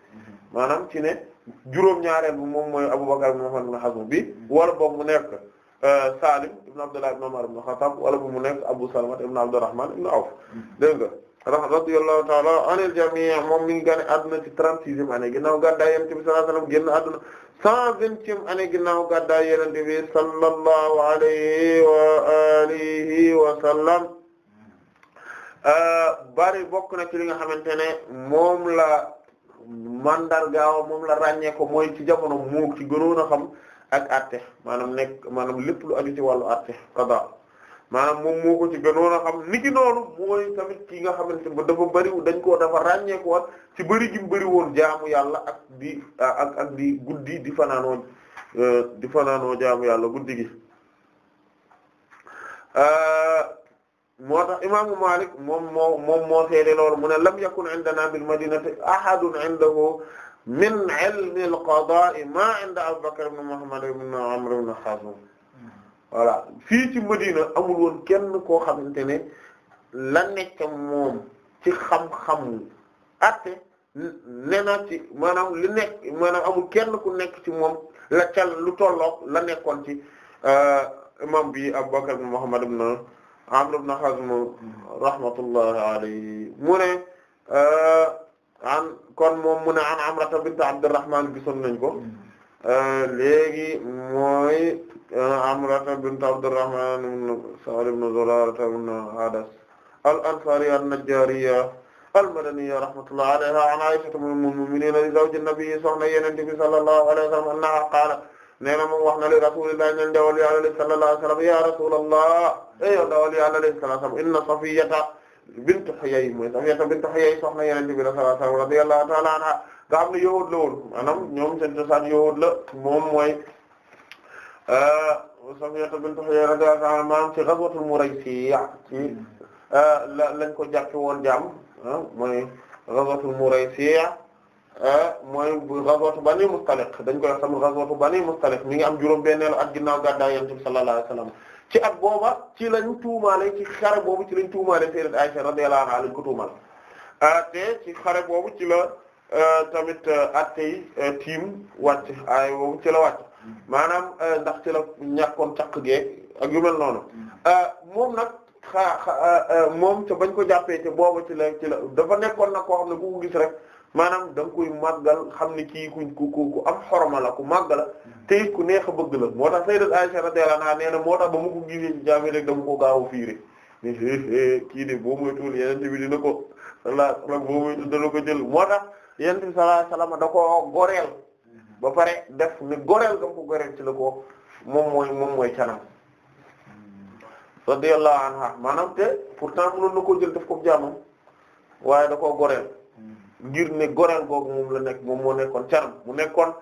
Speaker 1: maanaam ci ne juróom-ñaareel bi moom mooy Abu Bakr ibn Muhammad ibn Hazm bi wala boog mu nekk Euh, Salim ibn Abdullah ibn Umar wala bu nekk Abu Salama ibn Abdurrahman ibn Awf dégg nga radiyallahu ta'ala anil jami' moom mi ngi gane adduna ci trente-sixième année ginnaaw gàddaay Yonent bi sallallahu alayhi wasallam génn adduna cent vingtième année ginnaaw gàddaay Yonent bi sallallahu alayhi wa alihi wa sallam euh, bari bokk na ci li nga xamante ne moom la mandargaaw moom la ràññee ko mooy ci jamono mu ci gënoon a xam ak atte maanaam nekk maanaam lépp lu aju ci wàllu atte qada maanaam moom moo ko ci gënoon a xam niki noonu mooy tamit ki nga xamante ba dafa bëriwu dañ koo dafa ràññeeku woon ci bëri gi mu woon jaamu yàlla ak di ak guddi di fanaanoo euh, di fanaanoo jaamu yàlla guddi gi euh, moo tax imaamu Maalik moom moo moom moo seede mu ne lam yakun indana bil madinati ahadun indahu min ilmi al-qadaa'i maa inda Abu Bakr ibn Muhammad ibn Amr ibn Hazm voilà fii ci Madina amul woon kenn koo xamante ne la nekk moom ci xam-xamu atte ne na ci maanaam li nekk maanaam amul kenn ku nekk ci moom la cal lu tollook la nekkoon ci euh, imam bi Abu Bakr ibn Muhammad ibn Amr ibn Hazm rahmatullahi alayhi mu ne euh, an kon moom mu ne an Amrata bint Abdurrahman gisoon nañ ko euh, léegi mooy euh, Amrata bint Abdurrahman ibn Sa'd ibn Zurara ibn Adas al-Ansariya an-Najjariya al-Madaniya rahmatullahi alayha an Aisha ummul mu'minin zawji nabi soxna Yonent bi sallallahu alayhi wa sallam annaha qaalat nee na moom wax na li rasulillah ñen dawal Yàlla sallallahu alayhi wa sallam ya rasulallah ay dawal Yàlla sallallahu alayhi wa sallam inna Safiyyata bint Huyay mooy Safiyata bint Huyay soxna Yonent bi sallallahu alayhi wa sallam radiyallahu ta'ala anha nga xam ne yowut la woon maanaam ñoom seen cosaan yowut la moom mooy euh, Safiyata bint Huyay radiyallahu ta'ala maanaam ci ghazwatul Muraysiya ci euh, la lañ ko jàppe woon jàmm mooy ghazwatul Muraysiya mooy ghazwatu Bani Mustaliq dañ koy wax sama ghazwatu Bani Mustaliq mi ngi am juróom benneelu at ginnaaw gàddaay Yonent bi sallallahu alayhi wa sallam ci at booba ci lañu tuumaale ci xare boobu ci lañ tuumaale sayyidat Aisha radiyallahu anha lañ ko tuumaal ah, te ci xare boobu ci la ah, tamit ah, attey tiim wàcc aay boobu ci la wàcc maanaam ndax ci la ñàkkoon caq gee ak yu noonu moom nag xaa moom ca bañ ko jàppee ca booba ci la ci la dafa nekkoon nag koo xam ne bu ko gis rek maanaam da nga koy màggal xam ne kii ku ku ku am xorma la ku màgg la te ku neex a bëgg la moo tax sayyidat Aisha radiyallahu anha nee na moo tax ba mu ko gisee ci jaami rek ko a fiire kii de boo moytuwul yenente bi ko sallallahu ko jël moo tax yenente bi sallallahu goreel ba pare def ni goreel dama ko goreel ci la ko moom mooy moom mooy canam radiyallahu anha maanaam te pourtant mënoon na koo jël def ko jaamam waaye da koo goreel ngir ne goreel googu moom la nekk moom moo nekkoon caram mu nekkoon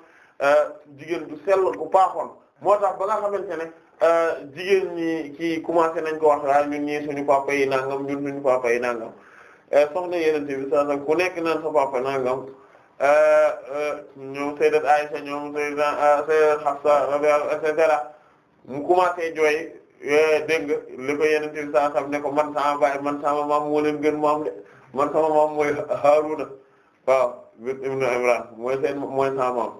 Speaker 1: euh, jigéen bu sel bu baaxoon moo tax ba nga xamante ne euh, jigéen ñi kii commencé nañ ko wax daal ah, ñun ñii suñu papa yi nangam ñun suñu papa yi nangam euh, soxna yeneen bi saa ku nekk naan sa papa nangam ñoom sayyidat Aisha ñoom sayyidat Hafsa et cetera mu commencé jooy dégg nga li ko yeneen bi saa ne ko man sama baay man sama maam moo leen gën maam de man sama maam mooy Haaruna. waaw ibn Imran mooy seen mooy sa maam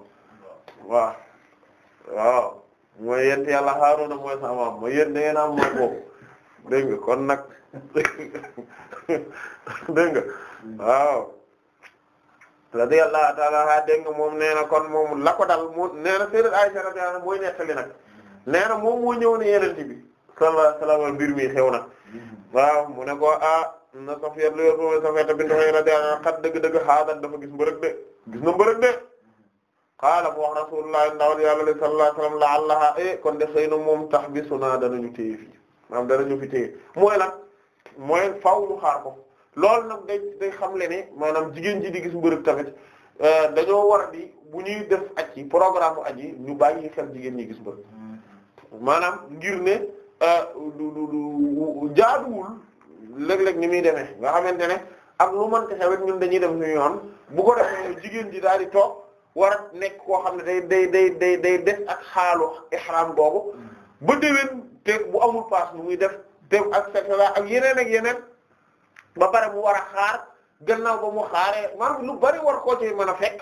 Speaker 1: waaw waaw mooy yent yàlla Haaruna mooy sa mooy yéen da ngeen am maam boobu dégg nga kon nag dégg nga waaw radiyallahu ta'ala ha dégg nga moom nee na kon moom la ko dal moo nee na Sayyidat Aisha radiyallahu mooy nettali nag na moom moo ne yeneen bi sallallahu alayhi wa sallam mbir mi xew na
Speaker 2: mm-hmm.
Speaker 1: waaw mu ne ko ah na Safiyya lu yor mooy Safiyya bint Huyayy radiyallahu anha xat dëgg-dëgg xaaral dafa gis mbërëg de gis na mbërëg de qaala mu wax Rasulullah ndawal yàlla sallallahu alayhi wa sallam la'allaha eh kon de xëy na moom tahbisuna danañu téye fii maanaam danañu fi téye mooy nag mooy faaw ñu xaar ko loolu nag day day xamle ne maanaam jigéen ji di gis mbërëg tamit eh, dañoo bu ñuy def aj yi programme aj yi ñu bàyyi xel jigéen ñi gis mbërëg
Speaker 2: mm-hmm.
Speaker 1: maanaam ngir ne du eh, jaaduwul. léeg-léeg ni muy demee nga xamante ne ak lu mënti xewet ñun dañuy dem suñu yoon bu ko jigéen ji daal di toog war nekk koo xam ne day day day day day des ak xaalo ihram boobu ba déwén te bu amul paas nu muy def te ak cetera yeneen ak yeneen ba pare mu war a xaar gannaaw ba mu xaare maanaam lu bari war koo ci mën a fekk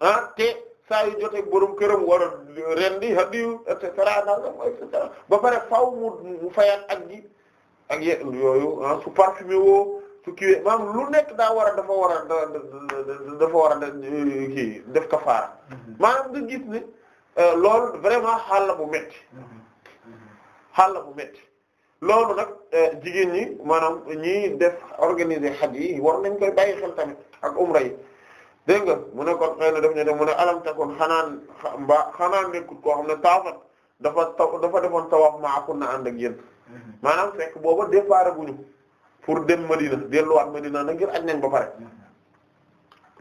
Speaker 1: ah te saa yu jotee kër këram war a rendi hadiyu et cetera ba pare faaw mu mu ak ji. ak ye yooyu ah, su parfumé woo su kiiwee maanaam lu nekk daa war a dafa war a dafa war a eh, kii def kafaara mhm. maanaam nga gis ne eh, lool vraiment xaal bu métti
Speaker 2: mhm. mhm.
Speaker 1: xaal bu métti loolu nag eh, jigéen ñi maanaam ñiy def organiser xaj yi war nañ koy bàyyi xel tamit ak umra yi dégg nga mu ne kon xëy daf ñu def mu ne alam takun xanaan mbaa xanaan nekkut koo xam ne taafat dafa dafa defoon tawaaf maa akun na ànd ak yéen. maanaam fekk booba départ guñu pour dem Madina delluwaat Madina na ngir aj nañ ba pare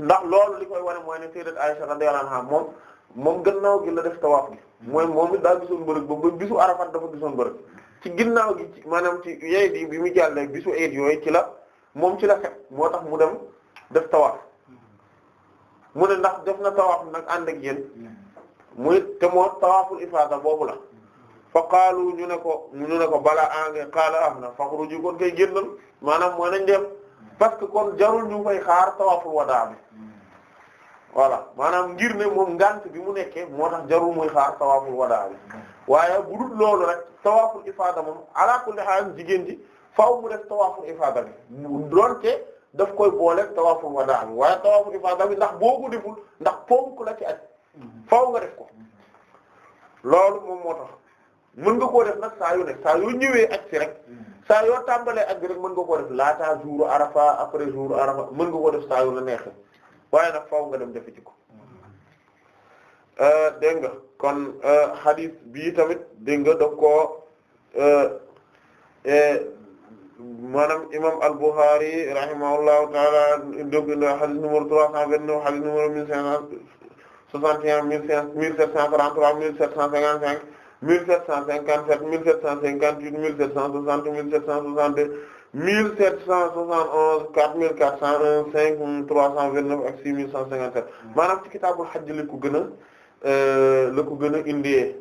Speaker 1: ndax loolu li koy wane mooy ne sayyidat Aisha radiyallahu anha moom moom gannaaw gi la def tawaaf gi mooy moom it daa gisoon bërëg ba bisu Arafat dafa gisoon bërëg ci ginnaaw gi ci maanaam ci yey di bi mu jàllee bisu eet yooyu ci la moom ci la xet moo tax mu dem def tawaaf mu ne ndax def na tawaaf nag ànd ak yéen muy te moo tawaaful ifaada boobu la fa qaalu ñu ne ko ñu ne ko balaa engrais qaala am na faxruju kon kay génnal maanaam mooy nañ dem parce que kon jarul ñu fay xaar tawaful wadaa bi voilà maanaam ngir ne moom ngant bi mu nekkee moo tax jarul muy xaar tawaful wadaa bi waaye bu dul loolu rek tawaful ifaada moom ala kulli haal jigéen ji faaw mu def tawaful ifaada bi doonte daf koy boole tawaful wadaa bi waaye tawaful ifaada bi ndax boo ko deful ndax ponk la ci at faaw nga def ko moo mën nga koo def na saa yu nekk saa yoo ñëwee ak si rek mm. saa yoo tàmbalee ak mën nga koo def laata jour arafa après jour arafa mën nga koo def saa yu la neexee waaye na faaw nga dem defi ci ko mm. euh, dégg nga kon euh, hadith bii tamit dégg nga daf koo euh, maanaam imam al-Bukhari rahimahullahu taala dégg na hadith numéro trois cent vingt-neuf hadith numéro mille cinq sept cent trente-trois mille sept cent cinquante-cinq cent 1757 1758 1760 1762 1771 4401 5329 ak 6157 maanaam ci kitaabul hajj la ko gën a euh, la ko gën a indee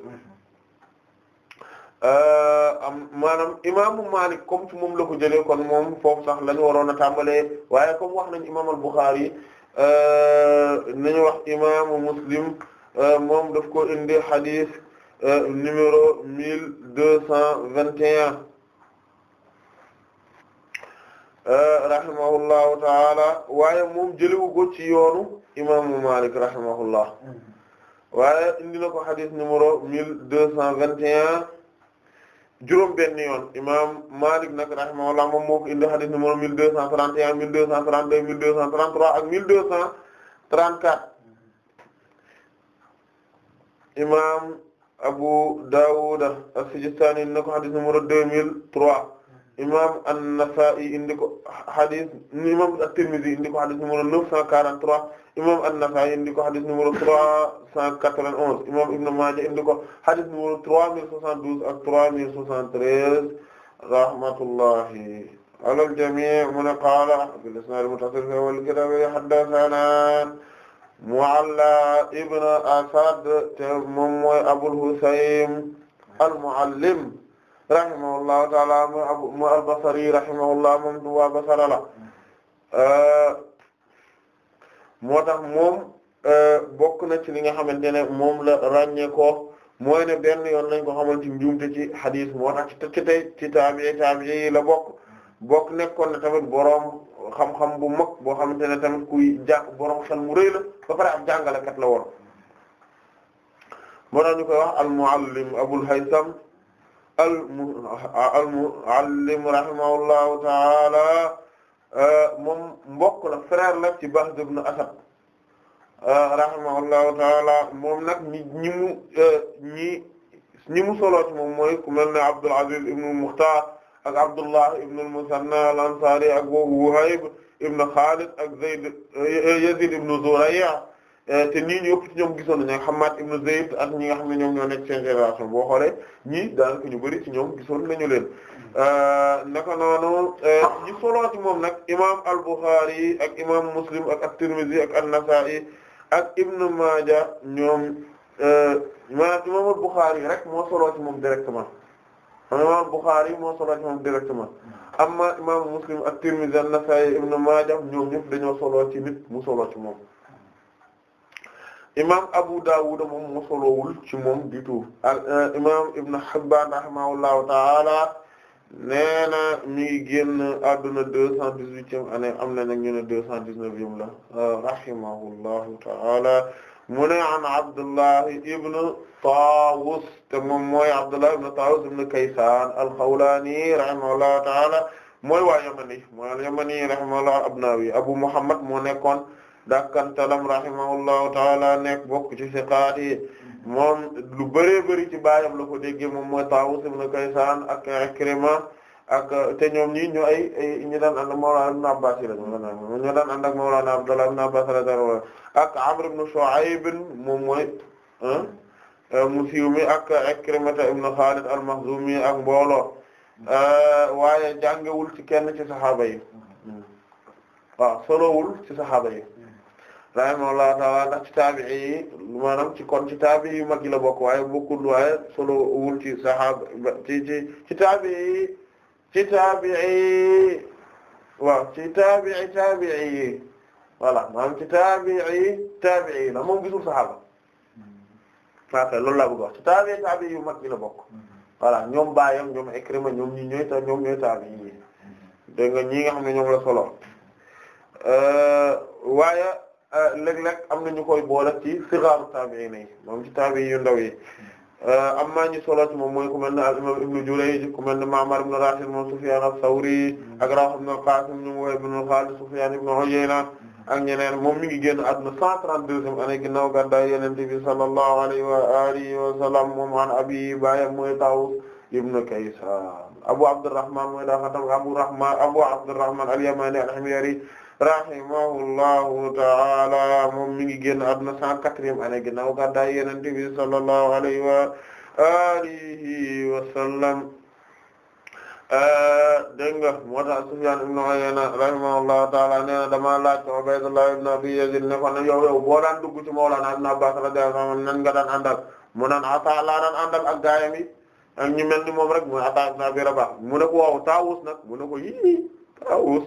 Speaker 1: euh, maanaam imaamu Maalik comme ci moom la ko jëlee kon moom foofu sax la ñu waroon a tàmbalee waaye comme wax nañ imaam al-Bukhari euh, nañu wax imaamu Muslim moom daf ko indi hadith. Euh, numéro 1221 euh, rahimahullahu taala waaye moom jëliwu ko ci yoonu imaamu Malik rahimahullah waaye indi na ko xadis numéro 1221 juróom benn yoon imam Malik nag rahimahullah moom moo ko indi xadis numéro 1231 1232 1233 ak 1234 imam Abu Dawud as-Sijistani indi ko xadis numéro deux mille trois imaam an-Nasa'i indi ko xadis imaam at-Tirmidhi indi ko xadis numéro neuf cent quarante trois imaam an-Nasa'i indi ko xadis numéro trois cent quatre vingt onze imaam Ibn Maaja indi ko xadis numéro trois mille soixante douze ak trois mille soixante treize rahmatullahi ala al-jami' mu ne qaala bil isnaad al-muttasil fi awwal kitaab haddathana Mu'alla ibn Asad te moom mooy Abul Husaym al-Mu'allim rahimahullahu ta'ala mu al-Basri rahimahullah moom du waa Basra moo tax moom bokk na ci li nga xamante ne moom la ràññee ko mooy ne benn yoon lañ ko xamal ci njuumte ci hadis moo tax ci tey ci la bokk bokk nekkoon na tamit boroom xam-xam bu mag boo xamante ne tamit kuy jàng borom xel mu rëy la ba pare am jàngalekat la woon moo tax ñu koy wax al-Muallim Abul Haytham al-Muallim rahimahullahu taala moom mbokk la frère la ci ibn Asad rahimahullahu taala moom nag ñi ñi mu moom mooy ku mel ne Abdul Aziz ibn Mukhtar ak Abdullah ibn al-Musanna al-Ansari ak Wuhayb ibn Khalid ak Zayd Yazid ibn Zuray' te nii ñu ëpp ci ñoom gisoon nañu Hammad ibn Zayd ak ñi nga xam ne ñoom ñoo nekk seen génération boo xoolee ñii daanaka ñu bari ci ñoom gisoon nañu leen euh, naka noonu euh, ñi solo moom nag imaam al-Bukhari ak imaam Muslim ak at-Tirmidhi ak an-Nasa'i ak Ibn Maaja ñoom euh, imaam al-Bukhari rek moo solo ci moom directement. imam Bukhari moo solo ci moom directement amma imam Muslim ak dañoo solo ci nit mu solo ci moom imam Abu Dawud moom mu ci moom du tout al euh, imam Ibn Hibban rahimahullahu ta'ala nee na mi ngi génn adduna deux cent dix-huitième am na nag ñu ne deux cent dix-neuvième la euh, rahimahullahu ta'ala mu ne an Abdullahi Ibn Tawus te moom mooy Abdullahi Ibn Tawus Ibn Kaysan al-Khawlani rahimahullahu ta'ala mooy waa Yamani mooy al-Yamani rahimahullah abnawi Abu Muhammad moo nekkoon dakkantalam rahimahullahu ta'ala nekk bokk ci siqaat yi moom lu bëree bëri ci baayam la ko déggee moom mooy Tawus Ibn Kaysan ak Ikrima ak uh, te ñoom ñi ñu ay ñu daan ànd ak Mawlana Ibn daan ànd ak Mawlana Abdullah ibn Abbas ak Amr ibn Shu'ayb moom mooy uh, mu siiw mi ak Ikrimata ibn Khalid al-Makhzumi ak mbooloo uh, waaye jàngewul ci kenn ci saxaaba yi waaw solowul ci saxaaba yi rahimahullahu ta'ala ci taabi'i yi maanaam ci kon ci taabi'i yu mag la bokk waaye bokkul waaye solowul ci saxaaba ci taabi'i waaw ci taabi'i taabi'i yi voilà maanaam ci taabi'i taabi'i yi la moom gisul saxaaba faaka loolu laa bëgg wax ci taabi'i taabi'i yu mag yi la bokk voilà ñoom baayam ñoom Ikrima ñoom ñi ñooy ta ñoom ñooy taabi'i yi dégg nga ñi nga xam ne ñoom la solo euh, waaye euh, léeg-léeg am na ñu koy boole ci sigaaru taabi'i yi moom ci taabi'i yu ndaw yi Euh, amma ñu solo ci moom mooy ku mel ne al-imam Ibn Jurayj ku mel ne Ma'mar ibn Rashid moom Sufyan as-Sawri ak Rawh ibn al-Qasim ñu Wahb ibn Khalid Sufyan ibn Uyayna ak ñeneen moom mi ngi génn àdduna 132e année ginnaaw gàddaay Yonent bi sallallahu alayhi wa alihi wa sallam moom an abi baayam mooy Tawus ibn Kaysan Abu Abdurrahman mooy daa xatam Abu Rahman Abu Abdurrahman al-Yamani al-Himyari rahimahullahu ta'ala moom mi ngi génn àdduna cent quatrième année ginnaaw gàddaay Yonent bi sallallahu alayhi wa alihi wa sallam euh, dégg nga moo tax Sufyaan ibn Uyayna rahimahullahu ta'ala nee dama laaj ko Ubaydullah ibn Abi Yazid ne ko ne yow yow boo daan dugg ci Mawlana Ibn Abbas radiyallahu anhu nan nga daan àndal mu naan Ataa laa daan àndal ak gaayam yi ak ñu mel ni moom rek mu Ataa ibn Abi mu ne ko waaw Taawus nag mu ne ko yii Taawus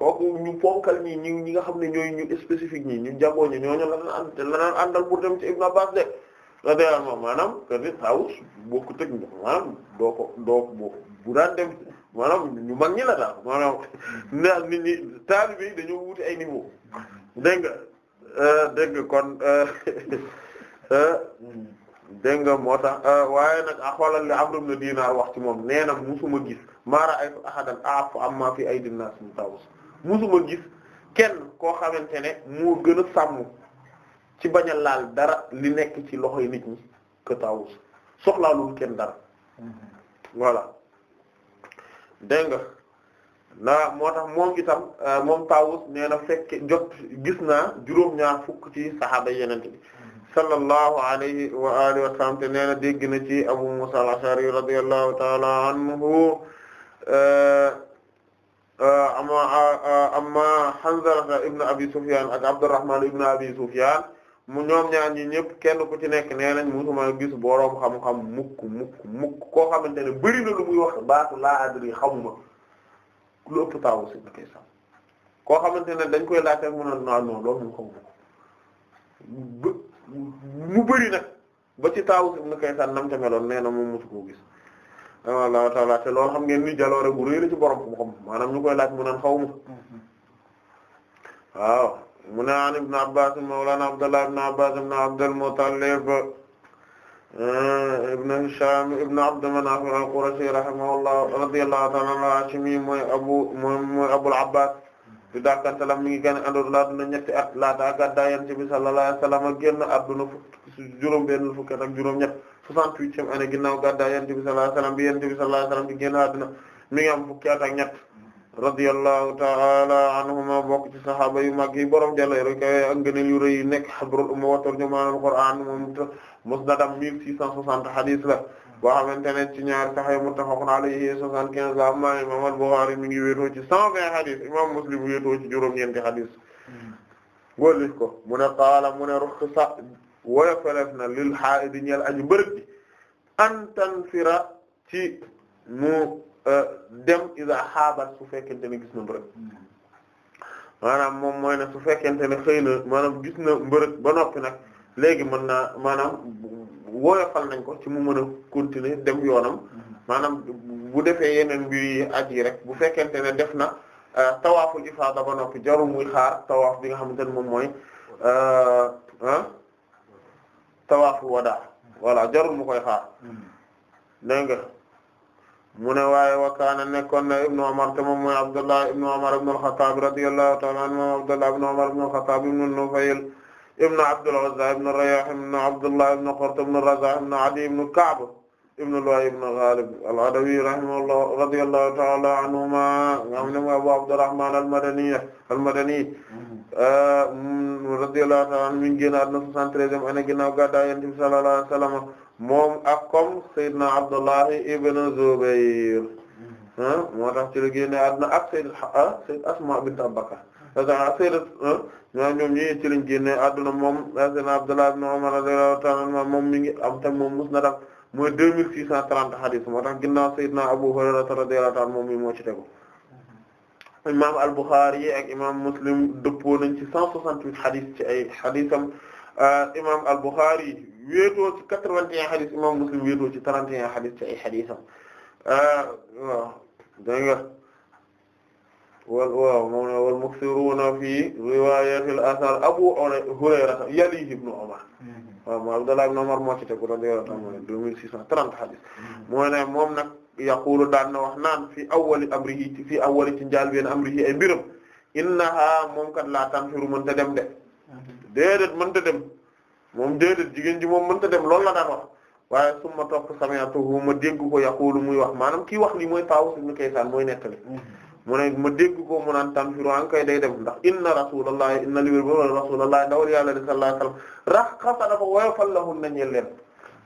Speaker 1: kooku ñu ponkal ñi ñi ñi nga xam ne ñooy ñu spécifique ñi ñu jagoo ñi ñooñu la lanaan àndal pour dem ci Ibn Abbas de radiyallahu anhu maanaam que ni Tawus boo ko tëj maanaam doo ko doo ko bu daan dem maanaam ñu mag ñi la daal maanaam ndax nit ñi dañoo wuti ay niveau dégg nga euh, dégg kon euh, euh, dégg nga moo tax waaye nag a ah, xoolal li Amr ibn Dinar wax ci moom nee na musuma gis maara ay ahadan a'afu amma fi aydin nas min Tawus musuma gis kenn koo xamante ne moo gën a sàmm ci bañ a laal dara li nekk ci loxoy nit ñi que Tawus soxlaalul kenn dara voilà dégg nga naa moo tax moom itam euh, moom Tawus nee na fekk jot gis naa juróom-ñaar fukk ci saxaaba yeneen bi sallallahu alayhi wa alihi wa sallam te nee na dégg ci Abu Musa al-Ash'ari radiyallahu ta'ala anhu euh, ama amma Hanzala ibn Abi Sufyan ak Abdurrahman ibn Abi Sufyan mu ñoom ñaar yi ñëpp kenn ku ci nekk nee nañ musuma gis boroom xam-xam mukk mukk mukk koo xamante ne bëri na lu muy wax baatu laa adri xamuma lu ëpp taawu si na koo xamante dañ koy laajte mu ne non non loolu mu xamuma ko mu bëri nag ba ci taawu si na koy sàmm nam ca meloon nee na moom mosu koo gis. wallahu taala te xam ngeen ni jaloore bu réy la ci borom xam-xam maanaam ñu koy laaj mu naan xaw ma waaw mu ne an ibn abbas mawlana abdullah ibn abbas ibn abdul muttalib eh, ibn hisham ibn abd manaf al-qurashi rahimahullah radiyallahu ta'ala anhu hashimi mooy abu mooy abul abbas di dàkkantalam mi ngi gën a àndoon laaduna ñetti at laata gàddaay yonent bi sallallahu alayhi wasallam génn àdduna fukk juróom benn fukki at juróom ñett 68e année ginnaaw gàddaay Yonent bi sallallahu alayhi wasallam bi Yonent bi sallallahu alayhi wasallam di génn àdduna mi ngi am fukki at ñett radiyallahu ta'ala anhuma bokk ci sahaaba yu mag yi borom jàlleeru kay ak ngëneel yu rëy yi nekk habrul umma wa turjumaanul Qur'an moom musnadam 1660 hadith la boo xamante ne ci ñaari sahih muttafaqun alayhi 75 la amma imam al-Bukhari mi ngi wéetoo ci 120 hadith imam Muslim ci juróom-ñeenti hadith hmm. wóorlu ko mu ne qaala woyofaleef na lil haa'id ñeel aju mbërëg bi an tanfira ci mu e, dem iza xaabat su fekkente ne gis na mbërëg maanaam moom moy na su fekkente ne xëy na maanaam gis na mbërëg ba noppi nag léegi mën naa maanaam woyofal nañ ko ci mu mën continuer dem yoonam maanaam bu defee yeneen bi yi aj rek bu fekkente ne def na e, tawaaful ifaada ba noppi jarul muy xaar tawaaf bi nga xamante ne moom mooy e, tawaaful wadaa voilà jarul mu koy xaar hmm. dégg nga mu ne waaye wa kaana nekkoon na ibnu Umar te moom mooy Abdullah ibnu Umar ibnu al-Khattab radiyallahu ta'ala anhu moom Abdullah ibnu Umar ibnu al-Khattab ibnu Nufayl ibnu Abdul Uzza ibnu Riyah ibnu Abdullah ibnu Qurt ibnu Raza' ibnu Adi ibnu Ka'b ibn Lu'ay ibn Ghalib al-Adawi rahimahullah radiyallahu ta'ala anhuma nga xam ne mooy Abu Abdurrahman al-Madani al-Madani mm-hmm. euh, radiyallahu ta'ala anhu mi ngi génn àdduna 73e année ginnaaw gàddaay Yonent bi sallallahu moom ak comme Seydina Abdullah ibn Zubayr mm-hmm. ah, moo tax ci la génne ak Sayyidat ah, Asma bint Abu Bakr ak ah, Sayyidat ñoom ñi ci lañ moom Seydina Abdullah ibn Umar radiyallahu ta'ala anhu moom mi ngi mooy deux mille six cent trente hadith moo tax ginnaaw Seydina Abu Hurayrata radiyallahu ta'ala moom mi moo ci imam al-Bukhari ak imam Muslim dëppoo nañ ci cent soixante-huit hadith ci ay haditham euh, imam al-Bukhari wéetoo ci quatre-vingt-un hadith imam Muslim wéetoo ci trente et un hadith euh, wal wal muksiruna fi riwayatil athar Abu Hurayrata yalihi ibnu Umar hmm. waaw moom Abdullah ibn moo ci tegu radiyallahu anhu deux mille six cent trente hadith moo hmm. ne moom nag yaqulu daan na wax naan fi awwali amrihi ci fii awwali ci njaalbeen amrihi ay mbiram innaha moom kat laa tanfiru mënta dem de déedéet mënta dem moom déedéet jigéen ji moom mënta dem loolu la daan wax waaye summa topp sami'tuhu ma dégg ko yaqulu muy wax maanaam kii wax li mooy Tawus ibn Kaysan mooy nettali hmm. mu ne ma dégg ko mu naan tanfiru an kay day dem ndax inna rasulallahi inna li rasulallahi ndawal yàlla di sallallahu alayhi wasallam a dafa woyofal lahun na ñeel leen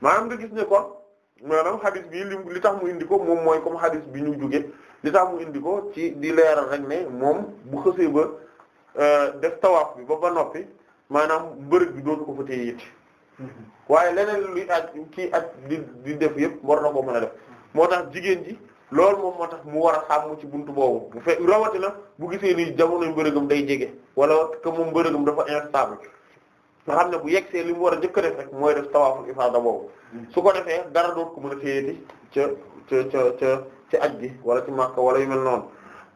Speaker 1: maanaam nga gis ne ko maanaam hadith bi li li tax mu indi ko moom mooy comme hadith bi ñu jóge li tax mu indi ko ci di leeral rek ne moom bu xësee ba euh, def tawaaf bi ba ba noppi maanaam bërëb bi dootu ko fa téye
Speaker 2: mm-hmm.
Speaker 1: waaye leneen luy aj kii aj di di def yëpp war na ko mën a def moo tax jigéen ji loolu moom moo tax mu war a sàmm ci buntu boobu bu fe bu gisee ni jamono mbërëgam day jege wala que moom mbërëgam dafa instable nga xam ne bu yegg see li mu war a njëkk a def rek mooy def tawaaful ifaada mm. ko defee dara doot ko mën a téyeeti ca ca ca ca ci aj gi wala ci Makka wala yu mel noonu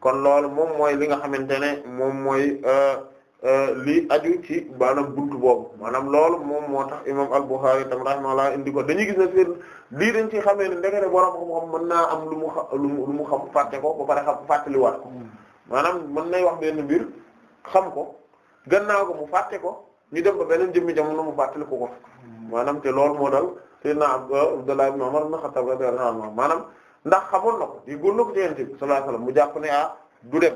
Speaker 1: kon loolu moom mooy li nga xamante ne moom mooy euh, euh, li aju ci maanaam buntu boobu maanaam loolu moom moo tax imam Al-Bukhârî tam rahimahullah indi ko dañuy gis ne lii dañ ciy xamee ne ndekete borom xam-xam mën naa am lu mu xa lu mu lu mu xam fàtte ko ba pare xam fàttaliwaat ko hmm. maanaam man nay wax benn mbir xam ko gannaaw ko mu fàtte ko ñu dem ba beneen jëmmi jamono mu fàttali ko ko
Speaker 2: hmm.
Speaker 1: maanaam te loolu moo dal sayyidina Abdullah ibn Umar ibn Khattab radiyallahu anhu maanaam ndax xamoon na ko di góor na ko ci Yonent bi mu jàpp ne ah du dem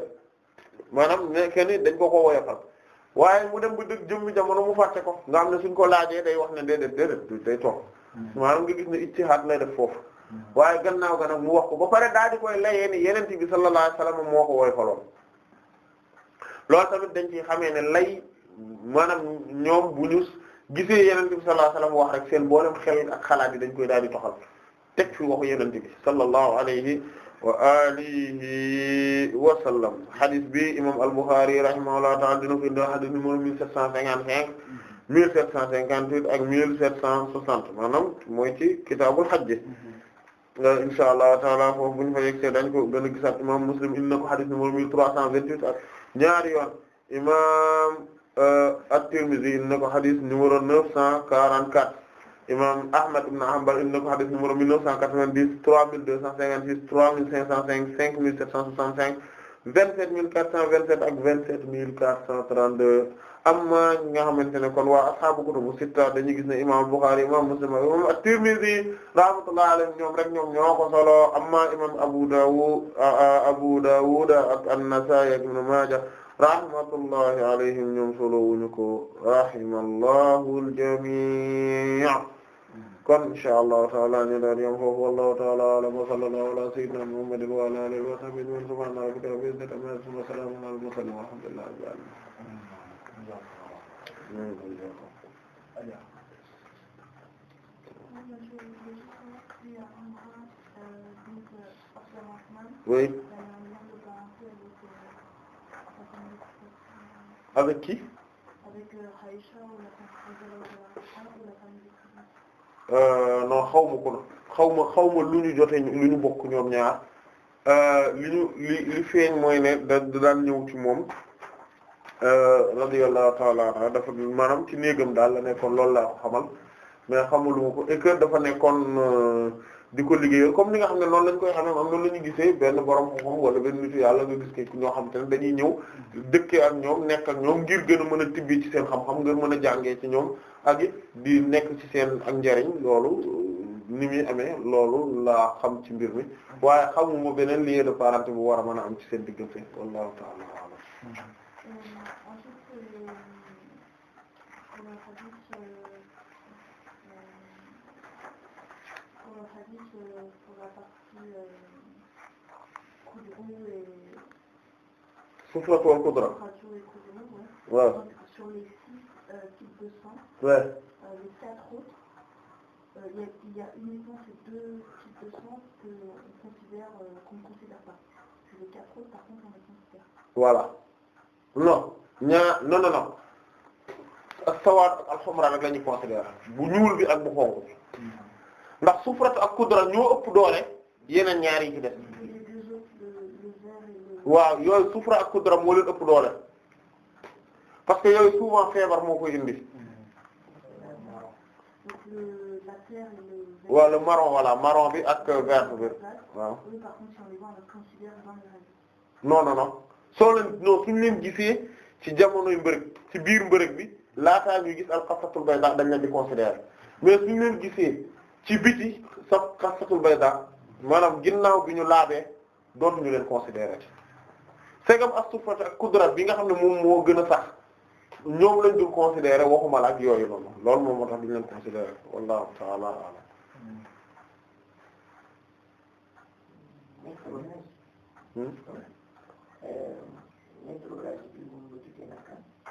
Speaker 1: maanaam ne kenn dañ ko ko woyofal waaye mu dem ba dëgg jëmmi jamono mu fàtte ko nga xam ne suñ ko laajee day wax ne déedéet déedéet day toog maanaam nga gis ne ijtihaad lay def foofu waaye gannaaw ga nag mu wax ko ba pare daal di koy layee ni bi sallallahu alayhi wasallam moo ko woy faloon loolu tamit dañ ci xamee ne lay maanaam ñoom bu ñu gisee yeneen bi sallallahu alayhi wasallam wax rek seen boolem xel ak xalaat yi dañ koy daal di toxal teg fi waxu yeneen bi sallallahu alayhi wa alihi wa sallam hadith bi imam al-Bukhari rahimahullahu ta'ala dina ko indi hadith numéro 1755 1758 ak 1760 maanaam mooy ci kitaabul hajj mhm. euh, insha allah taala foofu buñu fa yegsee dañ ko gën a imam muslim indi na ko hadith numéro 1328 ak ñaari yoon imam euh, at-Tirmidhi indi na ko hadith numéro 944 imam ahmad ibn Hanbal indi na ko hadith numéro 1990 3256 3505 5765 27427 ak 27432 amma ñi nga xamante ne kon waa ashaabu kutubu sitta dañuy gis ne imam Bukhari imam Muslim imam at-Tirmidhi rahmatullahi alayhim ñoom rek ñoom ñoo ko solo amma imam Abu Dawud Abu Dawud ak an-Nasa'i ak Ibn Majah rahmatullahi alayhim ñoom solo wuñu ko rahimallahu al-jami' kon insha allahu taala ñu daal yam foofu wallahu taala a'lam wa sallallahu ala sayyidina Muhammadin wa ala alihi wa sahbihi wa sallam subhana rabbika rabbil izzati amma yasifun wa salamun ala al-mursalin walhamdulillahi rabbil alamin oui avec qui euh, no Aïcha ou la famille xaw ma ko xaw ma xaw ma lu ñu jotee lu ñu bokk ñoom ñaar euh, li ñu li li feeñ mooy ne da ñëw ci moom Euh, radiyallahu ta'ala anha dafa maanaam ci néegam daal la nekkoon loolu laa ko xamal mais ma ko et dafa nekkoon euh, di ko liggéeyal comme ni nga xam ne noonu lañ koy xamee am noonu la ñu gisee benn borom xam-xam wala benn nitu yàlla nga gis ko ñoo xam te ne dañuy ñëw dëkkee ak ñoom nekk ak ñoom ngir gën a mën a tibbi ci seen xam-xam ngir mën a jàngee ci ñoom ak it di nekk ci seen ak njariñ loolu euh, ni muy amee loolu laa xam ci mbir mi waaye xamuma beneen lien de bu war a mën a am ci seen diggante wallahu ta'ala pour la partie Soufra pour Koudra. Ouais. Sur les six de sang. Ouais. Les quatre autres.
Speaker 3: Il y, a, il y a uniquement ces deux types de sang qu'on considère, qu'on ne considère pas. Les quatre autres, par contre, on les considère.
Speaker 1: Voilà. Non. ñaa non non non. ak sawaat ak alxamra rek la ñuy considérer. bu ñuul bi ak bu xonq bi. ndax sufrat ak kudra ñoo ëpp doole yeneen ñaar yi ci waaw yooyu sufra ak kudra moo leen ëpp doole parce que yooyu souvent feebar moo koy indi walla marron voilà marron bi ak vert bi waaw non non non soo leen non suñ leen gisee ci jamonoy mbërëg ci biir mbërëg bi laataa ñuy gis al qasatul bayda dañ leen di considérer mais suñ leen gisee ci biti sa xasatul bayda maanaam ginnaaw bi ñu laabee dootuñu leen considérer segam as ak kudrat bi nga xam ne moom moo gën a sax ñoom lañ du considérer waxuma la ak yooyu noonu loolu moom moo tax duñu leen considérer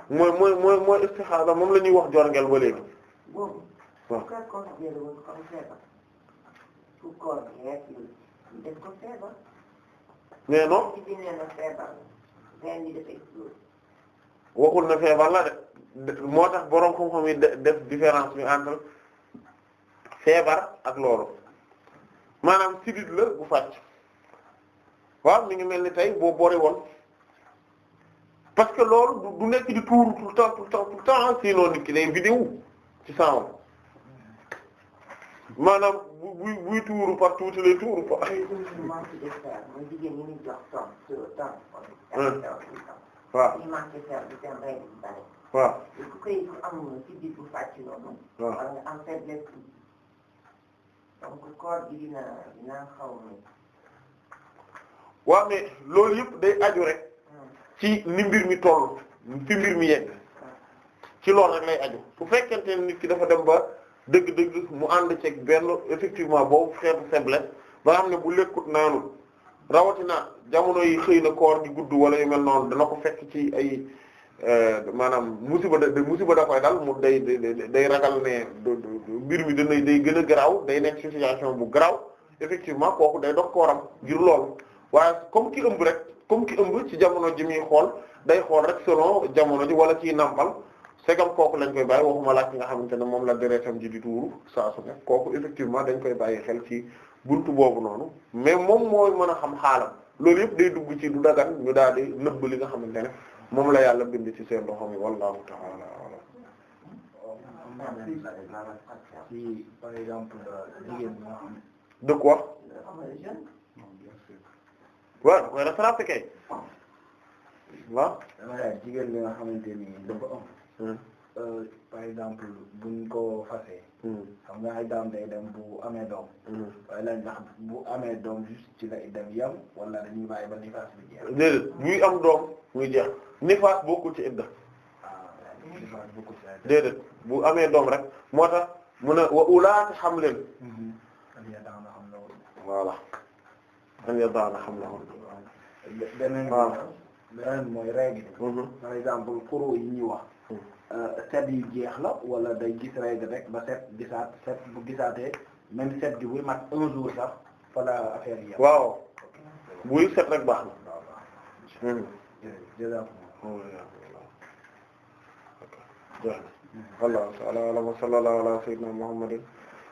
Speaker 1: mooy mooy mooy mooy moom la ñuy wax jorngel ba léegi waaw ko na feebar benn waxul na feebar la de moo tax boroom xam-xam yi def différence bi entre feebar ak loolu maanaam sidit la bu fàcc waaw mi ngi mel ni tey boo bori woon parce que loolu du nekk di tuuru tout le temps tout le temps tout le temps sinon ci sangam maanaam buy buy tuuru par tuuti lay tuuru par. waaw waaw. waaw mais loolu yëpp day aju rek ci ni mbir mi toll fi mbir mi yegg ci loolu rek lay aju su fekkente ne nit ki dafa dem ba. dëgg-dëgg mu ànd ceeg benn effectivement boobu xeetu faiblesse ba xam ne bu lekkut naanu rawatina jamono yi xëy na koor gi gudd wala yu mel noonu dana ko fekk ci ay euh, maanaam musiba da musiba da koy dal mu day day ragal ne mbir mi dana day gën a garaaw day nekk situation bu garaaw effectivement kooku day dox kooram ngir loolu waaye comme ki ëmb rek comme ki ëmb ci jamono ji muy xool day xool rek selon jamono ji wala ciy nampal. segam kooku lañ koy bàyyi waxuma laaj nga xamante ne moom la deretam ji di tuuru saa su ne kooku effectivement dañ koy bàyyi xel ci buntu boobu noonu mais moom mooy mën a xam xaalam loolu yëpp day dugg ci du dagan ñu daal di nëbb li nga xamante ne moom la yàlla bind ci seen loxo mi wallahu ta'ala par exemple de quoi waaw mooy rattrapé kay waaw jigéen Euh, par exemple buñ ko fasee. Hmm. xam nga ay daam day dem bu amee doom. Hmm. waaye la ndax bu amee doom juste ci la dem yam wala dañuy bàyyi ba nifaas bi jeex. déedéet ñuy am doom muy jeex nifaas bokkul ci idda. Ah, waaw nifaas bokkul ci idda. déedéet bu amee doom rek moo tax mu ne wa ulaat hamlin. Hmm. am ya daana xam la woon. voilà am ya daana xam la woon. beneen bi beneen mooy règle. par exemple kuru yi ñuy wax. set euh, yi jeex la wala day gis règle rek ba set gisaat set bu gisaatee même set gi buy mat un jour sax fa la affaire yi waaw buy set rek baax na wallahu hmm. oh, ta'ala a'lam wa sallallahu ala sayyidina muhammadin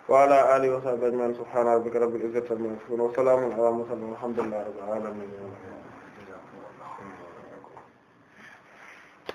Speaker 1: wa ala alihi wa sahbihi ajma'in subhana rabbika rabbil izzati amma yasifun wa salamun ala mursalin walhamdulillahi rabbil alamin